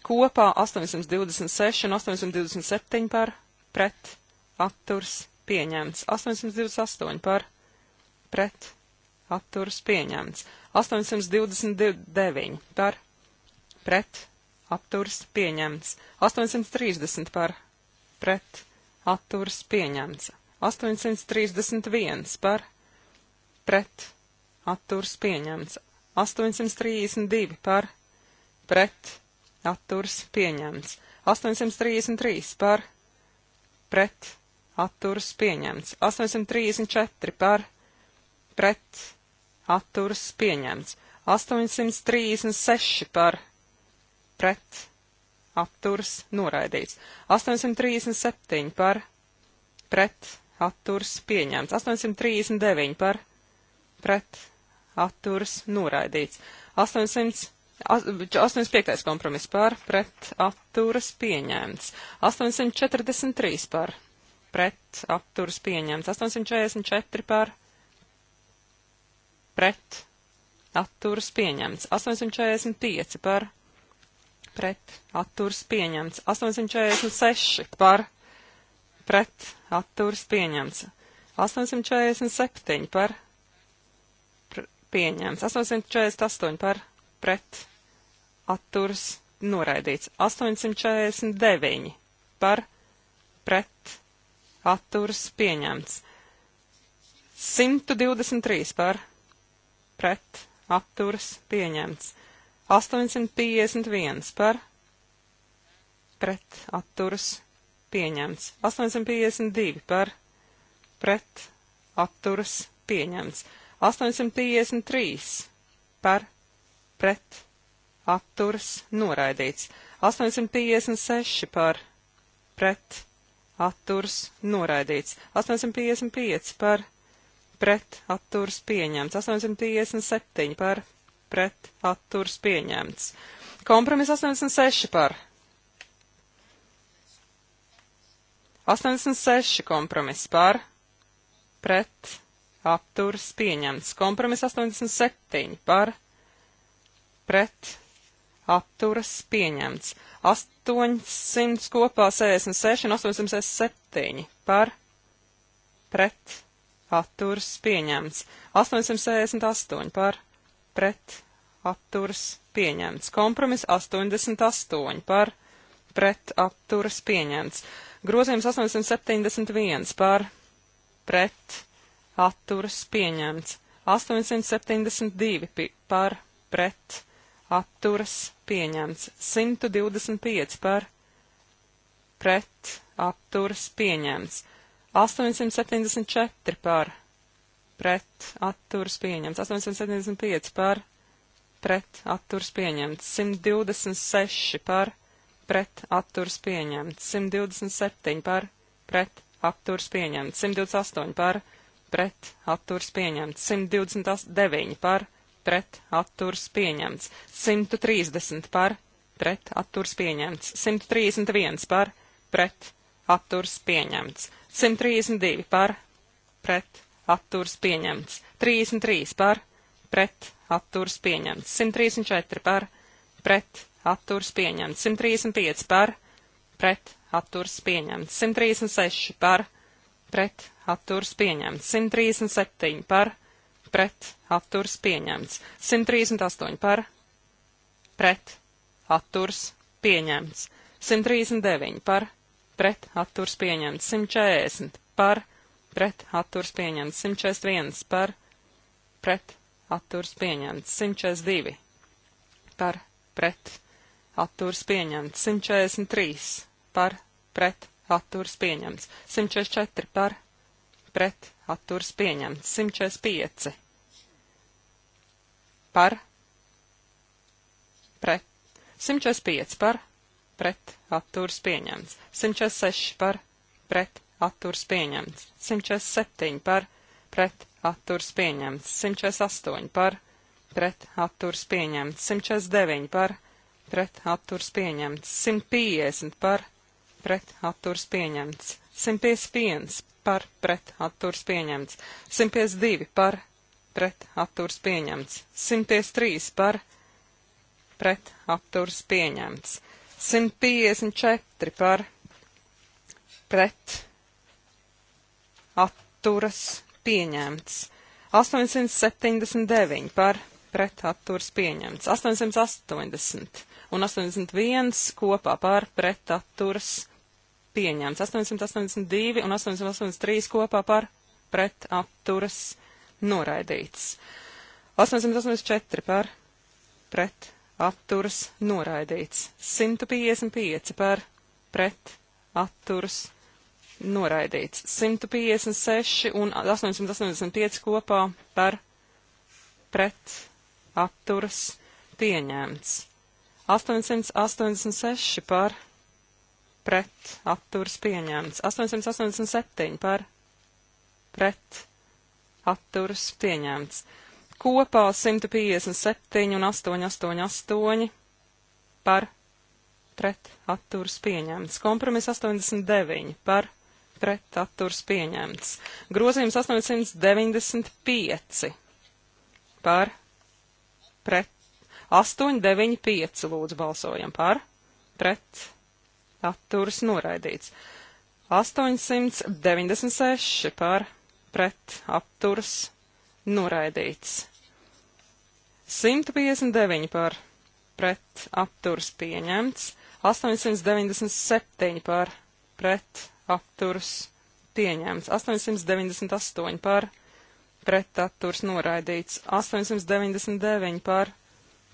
Kopā 826 un 827 par pret atturs pieņemts, 828 par pret atturs pieņemts, 829 par pret atturs pieņemts, 830 par pret atturs pieņemts. 831 par pret atturs pieņemts. 832 par pret atturs pieņemts. 833 par pret atturs pieņemts. 834 par pret atturs pieņemts. 836 par pret atturs noraidīts. 837 par pret atturs pieņemts atturs pieņemts. 839 par pret atturs noraidīts. 800, 85. kompromiss par pret atturs pieņemts. 843 par pret atturs pieņemts. 844 par pret atturs pieņemts. 845 par pret atturs pieņemts. 846 par pret pret atturas pieņemts. 847 par pr pieņemts. 848 par pret atturas noraidīts. 849 par pret atturas pieņemts. 123 par pret atturas pieņemts. 851 par pret atturas pieņemts. 852 par pret atturas pieņemts. 853 par pret atturas noraidīts. 856 par pret atturas noraidīts. 855 par pret atturas pieņemts. 857 par pret atturas pieņemts. Kompromiss 86 par 86 kompromiss par, pret, apturas pieņemts. Kompromiss 87 par, pret, apturas pieņemts. 800 kopā 66 un 867 par, pret, apturas pieņemts. 868 par, pret, apturas pieņemts. Kompromiss 88 par, pret, apturas pieņemts. Grozījums 871 par pret atturas pieņemts. 872 par pret atturas pieņemts. 125 par pret atturas pieņemts. 874 par pret atturas pieņemts. 875 par pret atturas pieņemts. 126 par pret pret atturs pieņemts, 127 par pret atturs pieņemts, 128 par pret atturs pieņemts, 129 par pret atturs pieņemts, 130 par pret atturs pieņemts, 131 par pret atturs pieņemts, 132 par pret atturs pieņemts, 33 par pret atturs pieņemts, 134 par pret atturs pieņemts. 135 par, pret, atturs pieņemts. 136 par, pret, atturs pieņemts. 137 par, pret, atturs pieņemts. 138 par, pret, atturs pieņemts. 139 par, pret, atturs pieņemts. 140 par, pret, atturs pieņemts. 141 par, pret, atturs pieņemts. 142 par, pret, atturs pieņemts, 143 par pret atturs pieņemts, 144 par pret atturs pieņemts, 145 par pret, 145 par pret atturs pieņemts, 146 par pret atturs pieņemts, 147 par pret atturs pieņemts, 148 par pret atturs pieņemts, 149 par pret pret atturs pieņemts, 150 par pret atturs pieņemts, 151 par pret atturs pieņemts, 152 par pret atturs pieņemts, 153 par pret atturs pieņemts, 154 par pret atturas pieņemts, 879 par pret atturs pieņemts, 880 un 81 kopā par pretaturas pieņemts. 882 un 883 kopā par pretaturas noraidīts. 884 par pretaturas noraidīts. 155 par pretaturas noraidīts. 156 un 885 kopā par pret atturas pieņēmts. 886 par pret atturs pieņemts. 887 par pret atturs pieņemts. Kopā 157 un 888 par pret atturs pieņemts. Kompromiss 89 par pret atturs pieņemts. Grozījums 895 par pret 8, 9, 5 lūdzu balsojam par, pret, atturas noraidīts. 896 par, pret, atturas noraidīts. 159 par, pret, atturas pieņemts. 897 par, pret, atturas pieņemts. 898 par, pret, atturas noraidīts. 899 par, pret,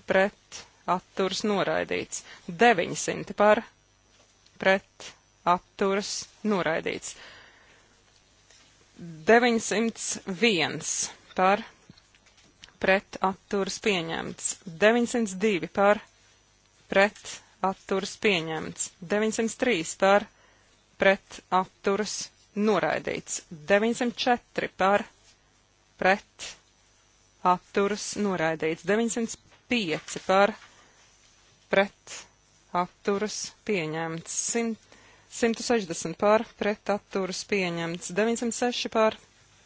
pret atturas noraidīts. 900 par pret atturas noraidīts. 901 par pret atturas pieņemts. 902 par pret atturas pieņemts. 903 par pret atturas noraidīts. 904 par pret atturas noraidīts. 905 105 par pret atturas pieņemts, 160 par pret atturas pieņemts, 906 par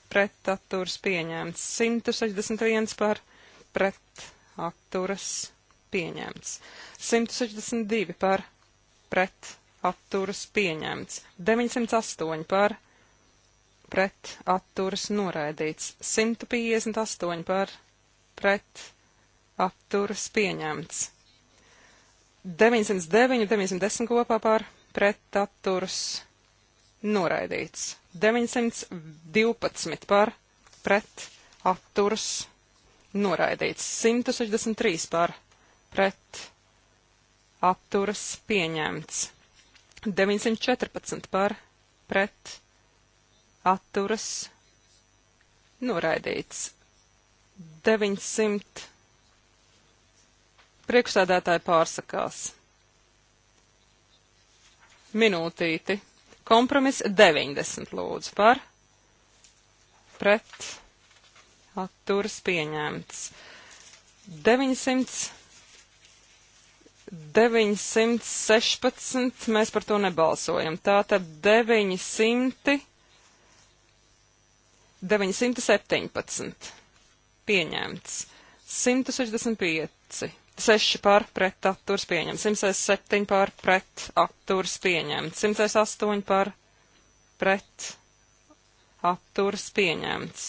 pret atturas pieņemts, 161 par pret atturas pieņemts, 162 par pret atturas pieņemts, 908 par pret pret atturas noraidīts, 158 par pret atturas pieņemts. 909, 910 kopā par pret atturas noraidīts. 912 par pret atturas noraidīts. 163 par pret atturas pieņemts. 914 par pret atturas noraidīts. 900 Priekšsēdētāji pārsakās. Minūtīti. Kompromiss 90 lūdzu par. Pret. Atturas pieņemts. 900. 916 mēs par to nebalsojam. Tātad 900. 917 pieņemts. 165 106 pār pret atturs pieņemts, 107 pār pret atturs pieņemts, 108 pār pret atturs pieņemts.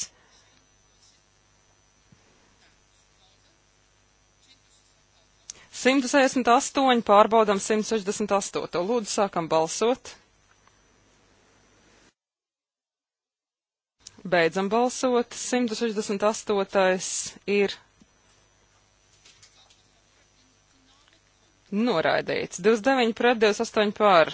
Simtu sešdesmit astoņi pārbaudām simt sešdesmit astoto. Lūdzu, sākam balsot. Beidzam balsot. 168. ir Noraidīts. 29 pret 28 pār.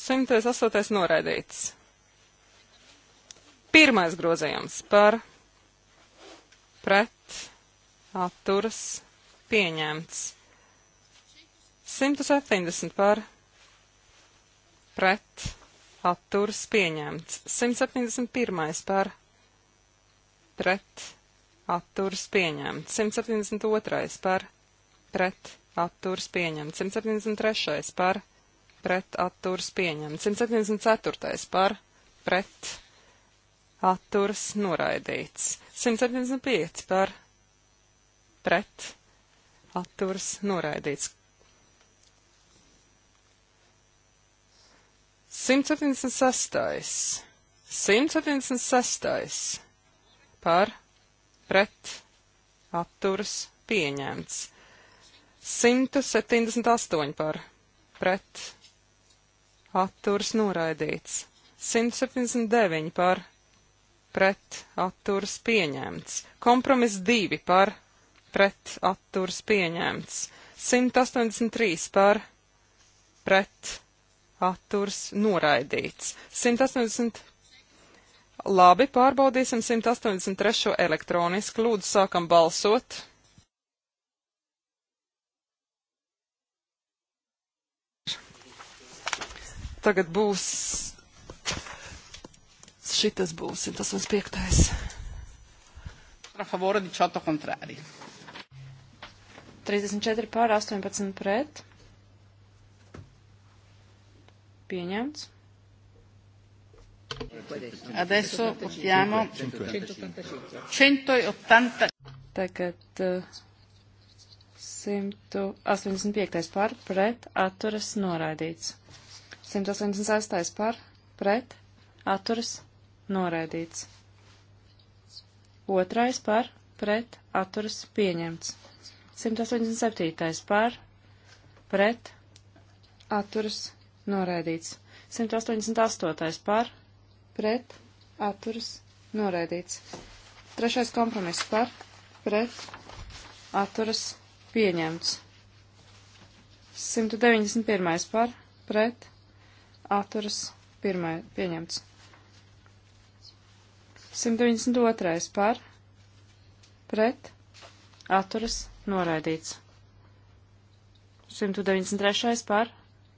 Simtais astotais noraidīts. Pirmais grozījums par pret atturas pieņemts. 170 par pret atturs pieņemts. 171. par pret atturs pieņemts. 172. par pret atturs pieņemts. 173. par pret atturs pieņemts. 174. par pret atturs noraidīts. 175. par pret atturs noraidīts. 176. 176. par pret atturas pieņemts. 178 par pret atturas noraidīts. 179 par pret atturas pieņemts. Kompromis 2 par pret atturas pieņemts. 183 par pret atturas pieņemts atturs noraidīts. 180. Labi, pārbaudīsim 183. elektroniski. Lūdzu, sākam balsot. Tagad būs. Šitas būs 185.
A favore 18 contrari.
34 pār 18 pret. Pieņemts. Adesso votiamo 180. Tagad uh, eh, 185. par pret atturas noraidīts. 186. par pret atturas noraidīts. Otrais par pret atturas pieņemts. 187. par pret atturas pieņemts noraidīts. 188. par, pret, atturas, noraidīts. Trešais kompromiss par, pret, atturas, pieņemts. 191. par, pret, atturas, pirmai, pieņemts. 192. par, pret, atturas, noraidīts. 193. par,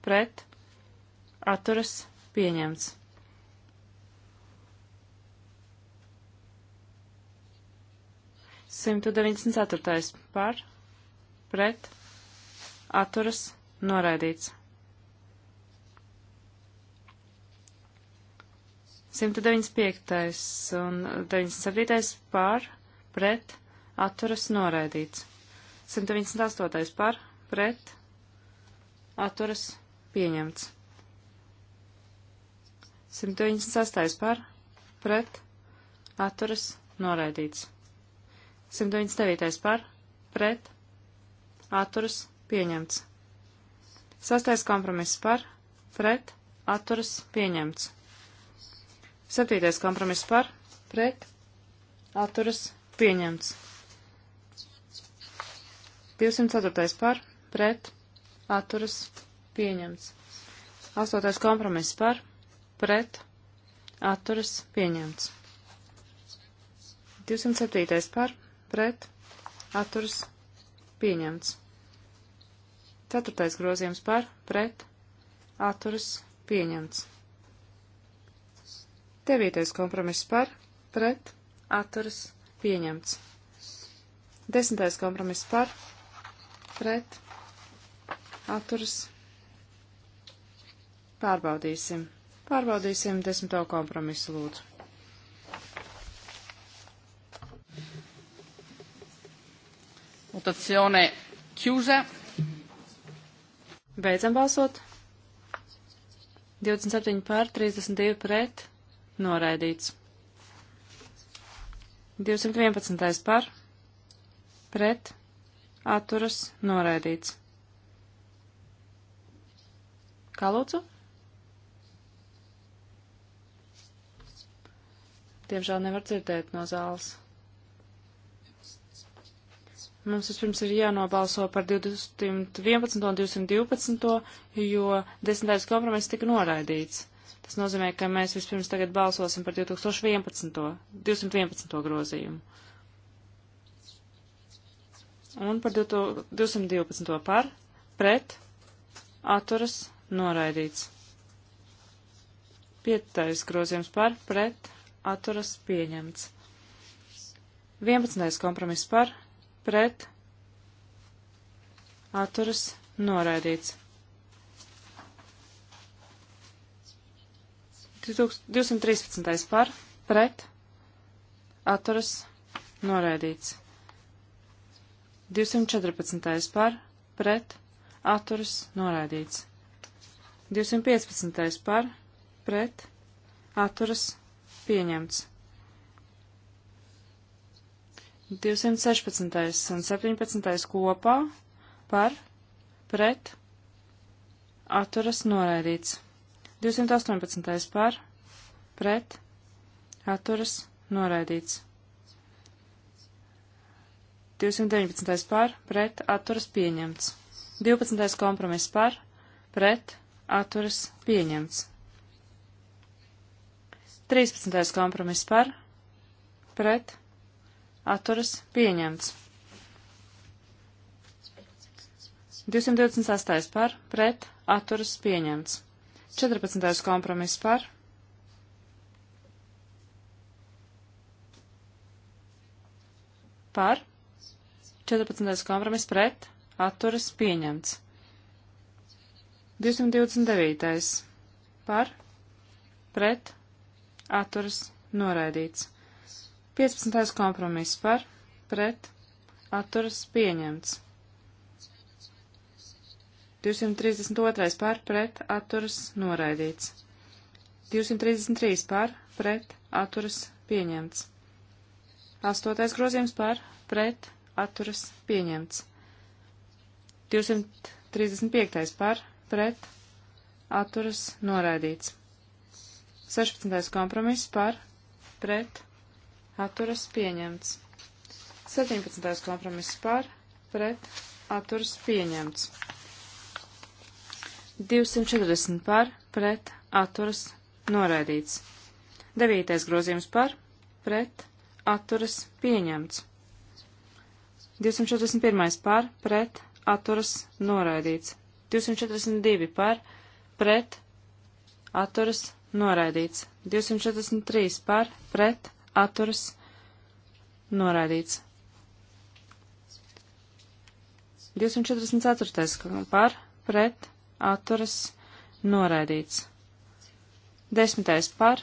pret, atturas pieņemts. Simtu deviņdesmit ceturtais par, pret, atturas noraidīts. 195. un 97. pār, pret, atturas noraidīts. 198. pār, pret, atturas pieņemts. 198 par, pret, atturas, noraidīts. 199 par, pret, atturas, pieņemts. Sastais kompromiss par, pret, atturas, pieņemts. Septītais kompromiss par, pret, atturas, pieņemts. 204 par, pret, atturas, pieņemts. Astotais kompromiss par, pret atturas pieņemts. 207. par pret atturas pieņemts. 4. grozījums par pret atturas pieņemts. 9. kompromiss par pret atturas pieņemts. 10. kompromiss par pret atturas pieņemts pārbaudīsim. Pārbaudīsim desmito kompromisu lūdzu. Votazione chiusa. Beidzam balsot. 27 pār, 32 pret, noraidīts. 211 par, pret, atturas, noraidīts. Kā lūdzu? diemžēl nevar dzirdēt no zāles. Mums vispirms ir jānobalso par 211 un 212, jo desmitais kompromiss tika noraidīts. Tas nozīmē, ka mēs vispirms tagad balsosim par 2011, 211 grozījumu. Un par 212 par, pret, atturas, noraidīts. Piektais grozījums par, pret, atturas pieņemts. 11. kompromiss par, pret, atturas noraidīts. 213. par, pret, atturas noraidīts. 214. par, pret, atturas noraidīts. 215. par, pret, atturas noraidīts pieņemts. 216. un 17. kopā par pret atturas noraidīts. 218. par pret atturas noraidīts. 219. par pret atturas pieņemts. 12. kompromiss par pret atturas pieņemts. 13. kompromiss par, pret, atturas pieņemts. 228. par, pret, atturas pieņemts. 14. kompromiss par, par, 14. kompromiss pret, atturas pieņemts. 229. par, pret, atturas noraidīts. 15. kompromiss par, pret, atturas pieņemts. 232. par, pret, atturas noraidīts. 233. par, pret, atturas pieņemts. 8. grozījums par, pret, atturas pieņemts. 235. par, pret, atturas noraidīts. 16. kompromiss par pret atturas pieņemts. 17. kompromiss par pret atturas pieņemts. 240 par pret atturas noraidīts. 9. grozījums par pret atturas pieņemts. 241 par pret atturas noraidīts. 242 par pret atturas noraidīts noraidīts. 243 par, pret, atturas, noraidīts. 244 par, pret, atturas, noraidīts. 10 par,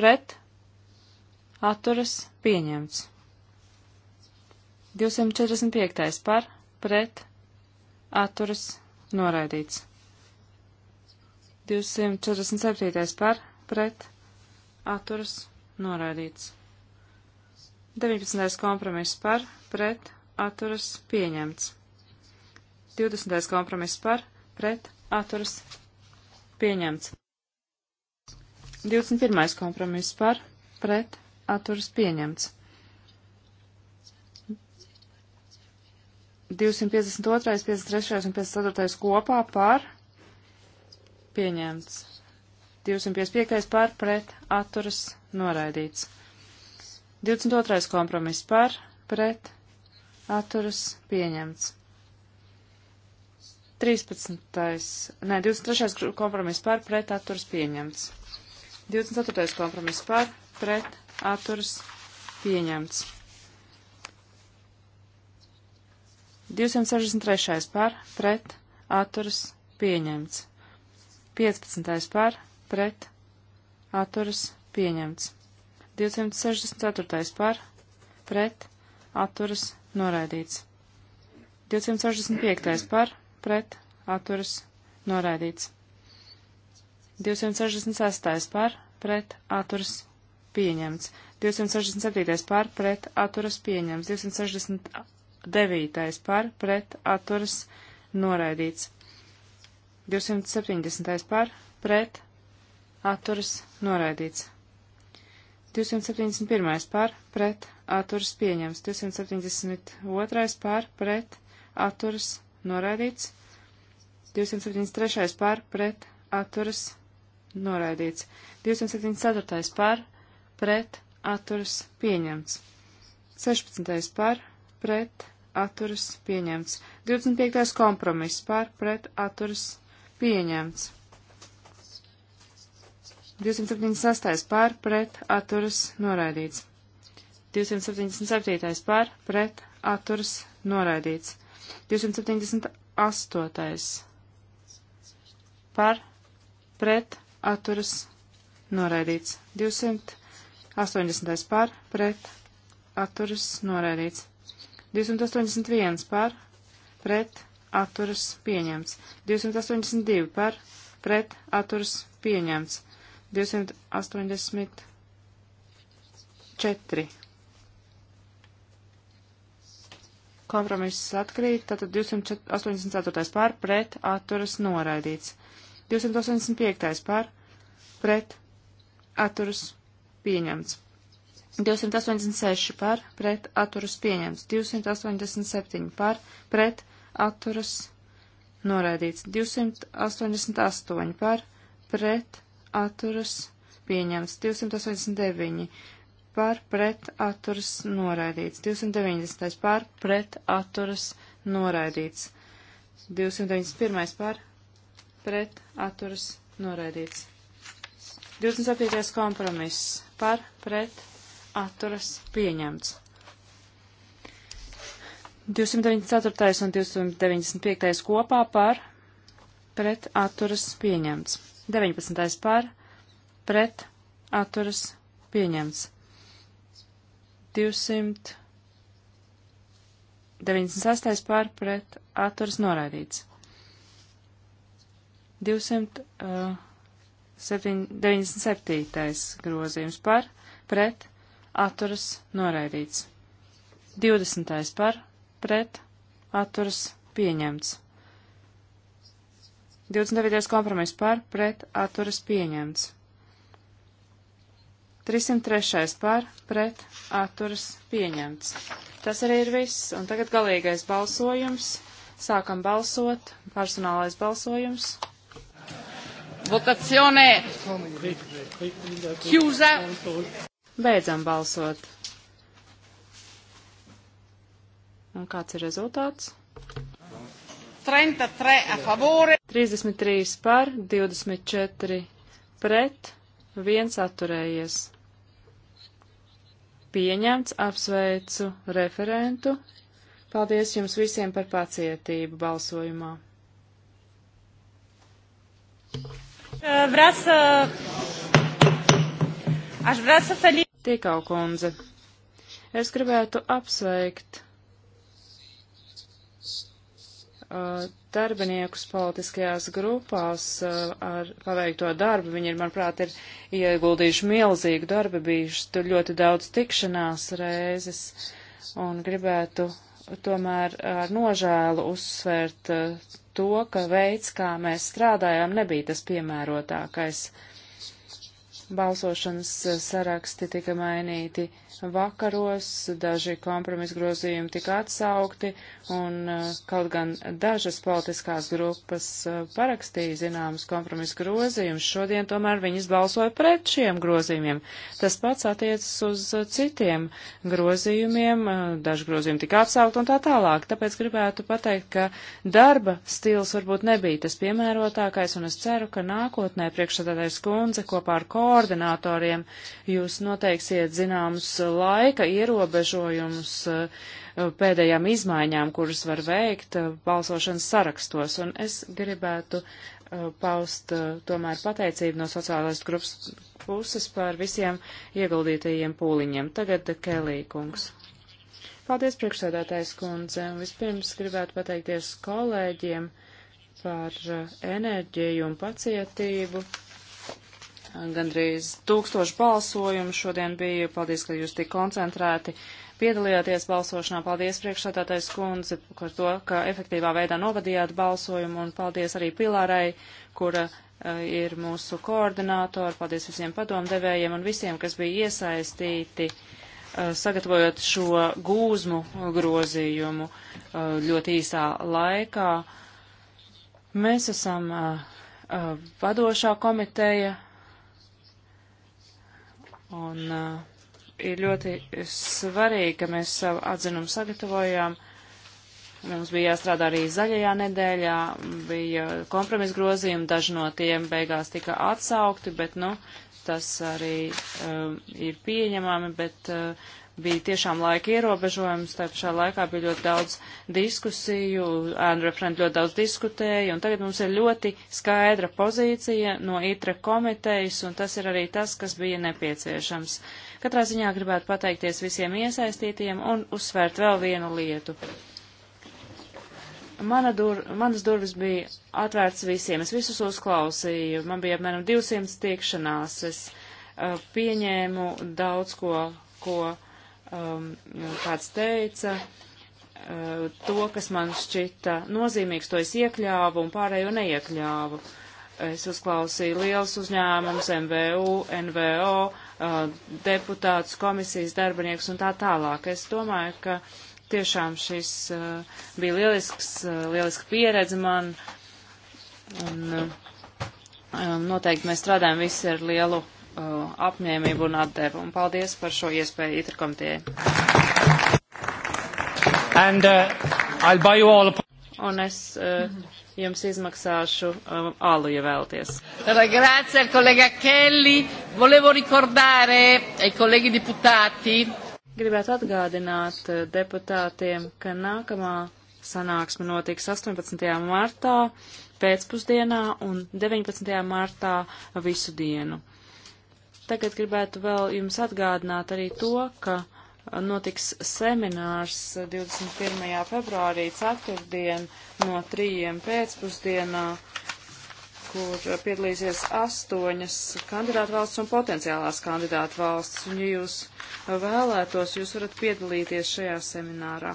pret, atturas, pieņemts. 245 par, pret, atturas, noraidīts. 247. par, pret, atturas, noraidīts. 19. kompromiss par, pret, atturas, pieņemts. 20. kompromiss par, pret, atturas, pieņemts. 21. kompromiss par, pret, atturas, pieņemts. 252., 53. un 54. kopā par, pret, pieņemts. 255. par pret atturas noraidīts. 22. kompromiss par pret atturas pieņemts. 13. Nē, 23. kompromiss par pret atturas pieņemts. 24. kompromiss par pret atturas pieņemts. 263. par pret atturas pieņemts. 15. par, pret, atturas, pieņemts. 264. par, pret, atturas, noraidīts. 265. par, pret, atturas, noraidīts. 266. par, pret, atturas, pieņemts. 267. par, pret, atturas, pieņemts. 269. par, pret, atturas, noraidīts. 270. par, pret, atturas noraidīts. 271. par, pret, atturas pieņems. 272. par, pret, atturas noraidīts. 273. par, pret, atturas noraidīts. 274. par, pret, atturas pieņemts. 16. par, pret, atturas pieņemts. 25. kompromiss par, pret, atturas pieņemts. 276. pār pret atturas noraidīts. 277. pār pret atturas noraidīts. 278. par pret atturas noraidīts. 280. par pret atturas noraidīts. 281. par pret atturas pieņemts. 282 par pret atturas pieņemts. 284. Kompromiss atkrīt, tātad 284. pār pret atturas noraidīts. 285. pār pret atturas pieņemts. 286 par pret atturas pieņemts, 287 par pret atturas noraidīts. 288 par pret atturas pieņemts. 289 par pret atturas noraidīts. 290 par pret atturas noraidīts. 291 par pret atturas noraidīts. 27. kompromiss par pret atturas pieņemts. 294. un 295. kopā par pret atturas pieņemts. 19. par pret atturas pieņemts. 298. par pret atturas noraidīts. 297. Uh, grozījums par pret atturas noraidīts. 20. par pret atturas pieņemts. 29. kompromiss par pret atturas pieņemts. 303. par pret atturas pieņemts. Tas arī ir viss, un tagad galīgais balsojums. Sākam balsot, personālais balsojums. Votazione chiusa. Beidzam balsot. Kāds ir rezultāts? 33 a favore. 33 par, 24 pret, 1 atturējies. Pieņemts, apsveicu referentu. Paldies jums visiem par pacietību balsojumā. Vrasa. Aš vrasa felī. Tikau kundze. Es gribētu apsveikt Uh, darbiniekus politiskajās grupās uh, ar paveikto darbu. Viņi, ir, manuprāt, ir ieguldījuši milzīgu darbu, bijuši tur ļoti daudz tikšanās reizes un gribētu tomēr ar nožēlu uzsvērt uh, to, ka veids, kā mēs strādājām, nebija tas piemērotākais. Uh, Balsošanas eh, saraksti tika mainīti vakaros, daži kompromisa grozījumi tika atsaukti, un eh, kaut gan dažas politiskās grupas eh, parakstīja zināmas kompromisa grozījumus, šodien tomēr viņas balsoja pret šiem grozījumiem. Tas pats attiecas uz citiem grozījumiem, daži grozījumi tika atsaukti un tā tālāk. Tāpēc gribētu pateikt, ka darba stils varbūt nebija tas piemērotākais, un es ceru, ka nākotnē priekšsēdētais kundze kopā ar koordināciju koordinatoriem. Jūs noteiksiet zināmus laika ierobežojumus eh, pēdējām izmaiņām, kuras var veikt eh, balsošanas sarakstos. Un es gribētu eh, paust tomēr pateicību no sociālās grupas puses par visiem ieguldītajiem pūliņiem. Tagad Kelī kungs. Paldies, priekšsēdētājs kundze. Vispirms gribētu pateikties kolēģiem par enerģiju un pacietību. Gandrīz tūkstoši balsojumu šodien bija. Paldies, ka jūs tik koncentrēti piedalījāties balsošanā. Paldies priekšsētātais kundze par to, ka efektīvā veidā novadījāt balsojumu. Un paldies arī Pilārai, kura uh, ir mūsu koordinātori. Paldies visiem padomdevējiem un visiem, kas bija iesaistīti uh, sagatavojot šo gūzmu grozījumu uh, ļoti īsā laikā. Mēs esam vadošā komiteja, Un uh, ir ļoti svarīgi, ka mēs savu atzinumu sagatavojām. Mums bija jāstrādā arī zaļajā nedēļā, bija kompromisa grozījumi, daži no tiem beigās tika atsaukti, bet, nu, tas arī um, ir pieņemami, bet uh, bija tiešām laika ierobežojums, tā pašā laikā bija ļoti daudz diskusiju, ēnu referenti ļoti daudz diskutēja, un tagad mums ir ļoti skaidra pozīcija no ITRE komitejas, un tas ir arī tas, kas bija nepieciešams. Katrā ziņā gribētu pateikties visiem iesaistītiem un uzsvērt vēl vienu lietu. Mana dur, manas durvis bija atvērts visiem, es visus uzklausīju, man bija apmēram 200 tiekšanās, es uh, pieņēmu daudz ko, ko uh, um, kāds teica, uh, to, kas man šķita nozīmīgs, to es iekļāvu un pārējo neiekļāvu. Es uzklausīju liels uzņēmums, MVU, NVO, uh, deputātus, komisijas darbinieks un tā tālāk. Es domāju, ka tiešām šis uh, bija lielisks, uh, lieliska pieredze man un uh, um, noteikti mēs strādājam visi ar lielu uh, apņēmību un atdevu. Un paldies par šo iespēju itrakomtie. And, uh, un es uh, jums izmaksāšu um, alu, ja vēlties. Grazie, kolega Kelly. Volevo ricordare ai kolēģi deputāti. Gribētu atgādināt uh, deputātiem, ka nākamā sanāksme notiks 18. martā pēcpusdienā un 19. martā visu dienu. Tagad gribētu vēl jums atgādināt arī to, ka notiks seminārs 21. februārī ceturtdien no 3. pēcpusdienā, kur piedalīsies astoņas kandidātu valsts un potenciālās kandidātu valsts. Un, ja jūs vēlētos, jūs varat piedalīties šajā seminārā.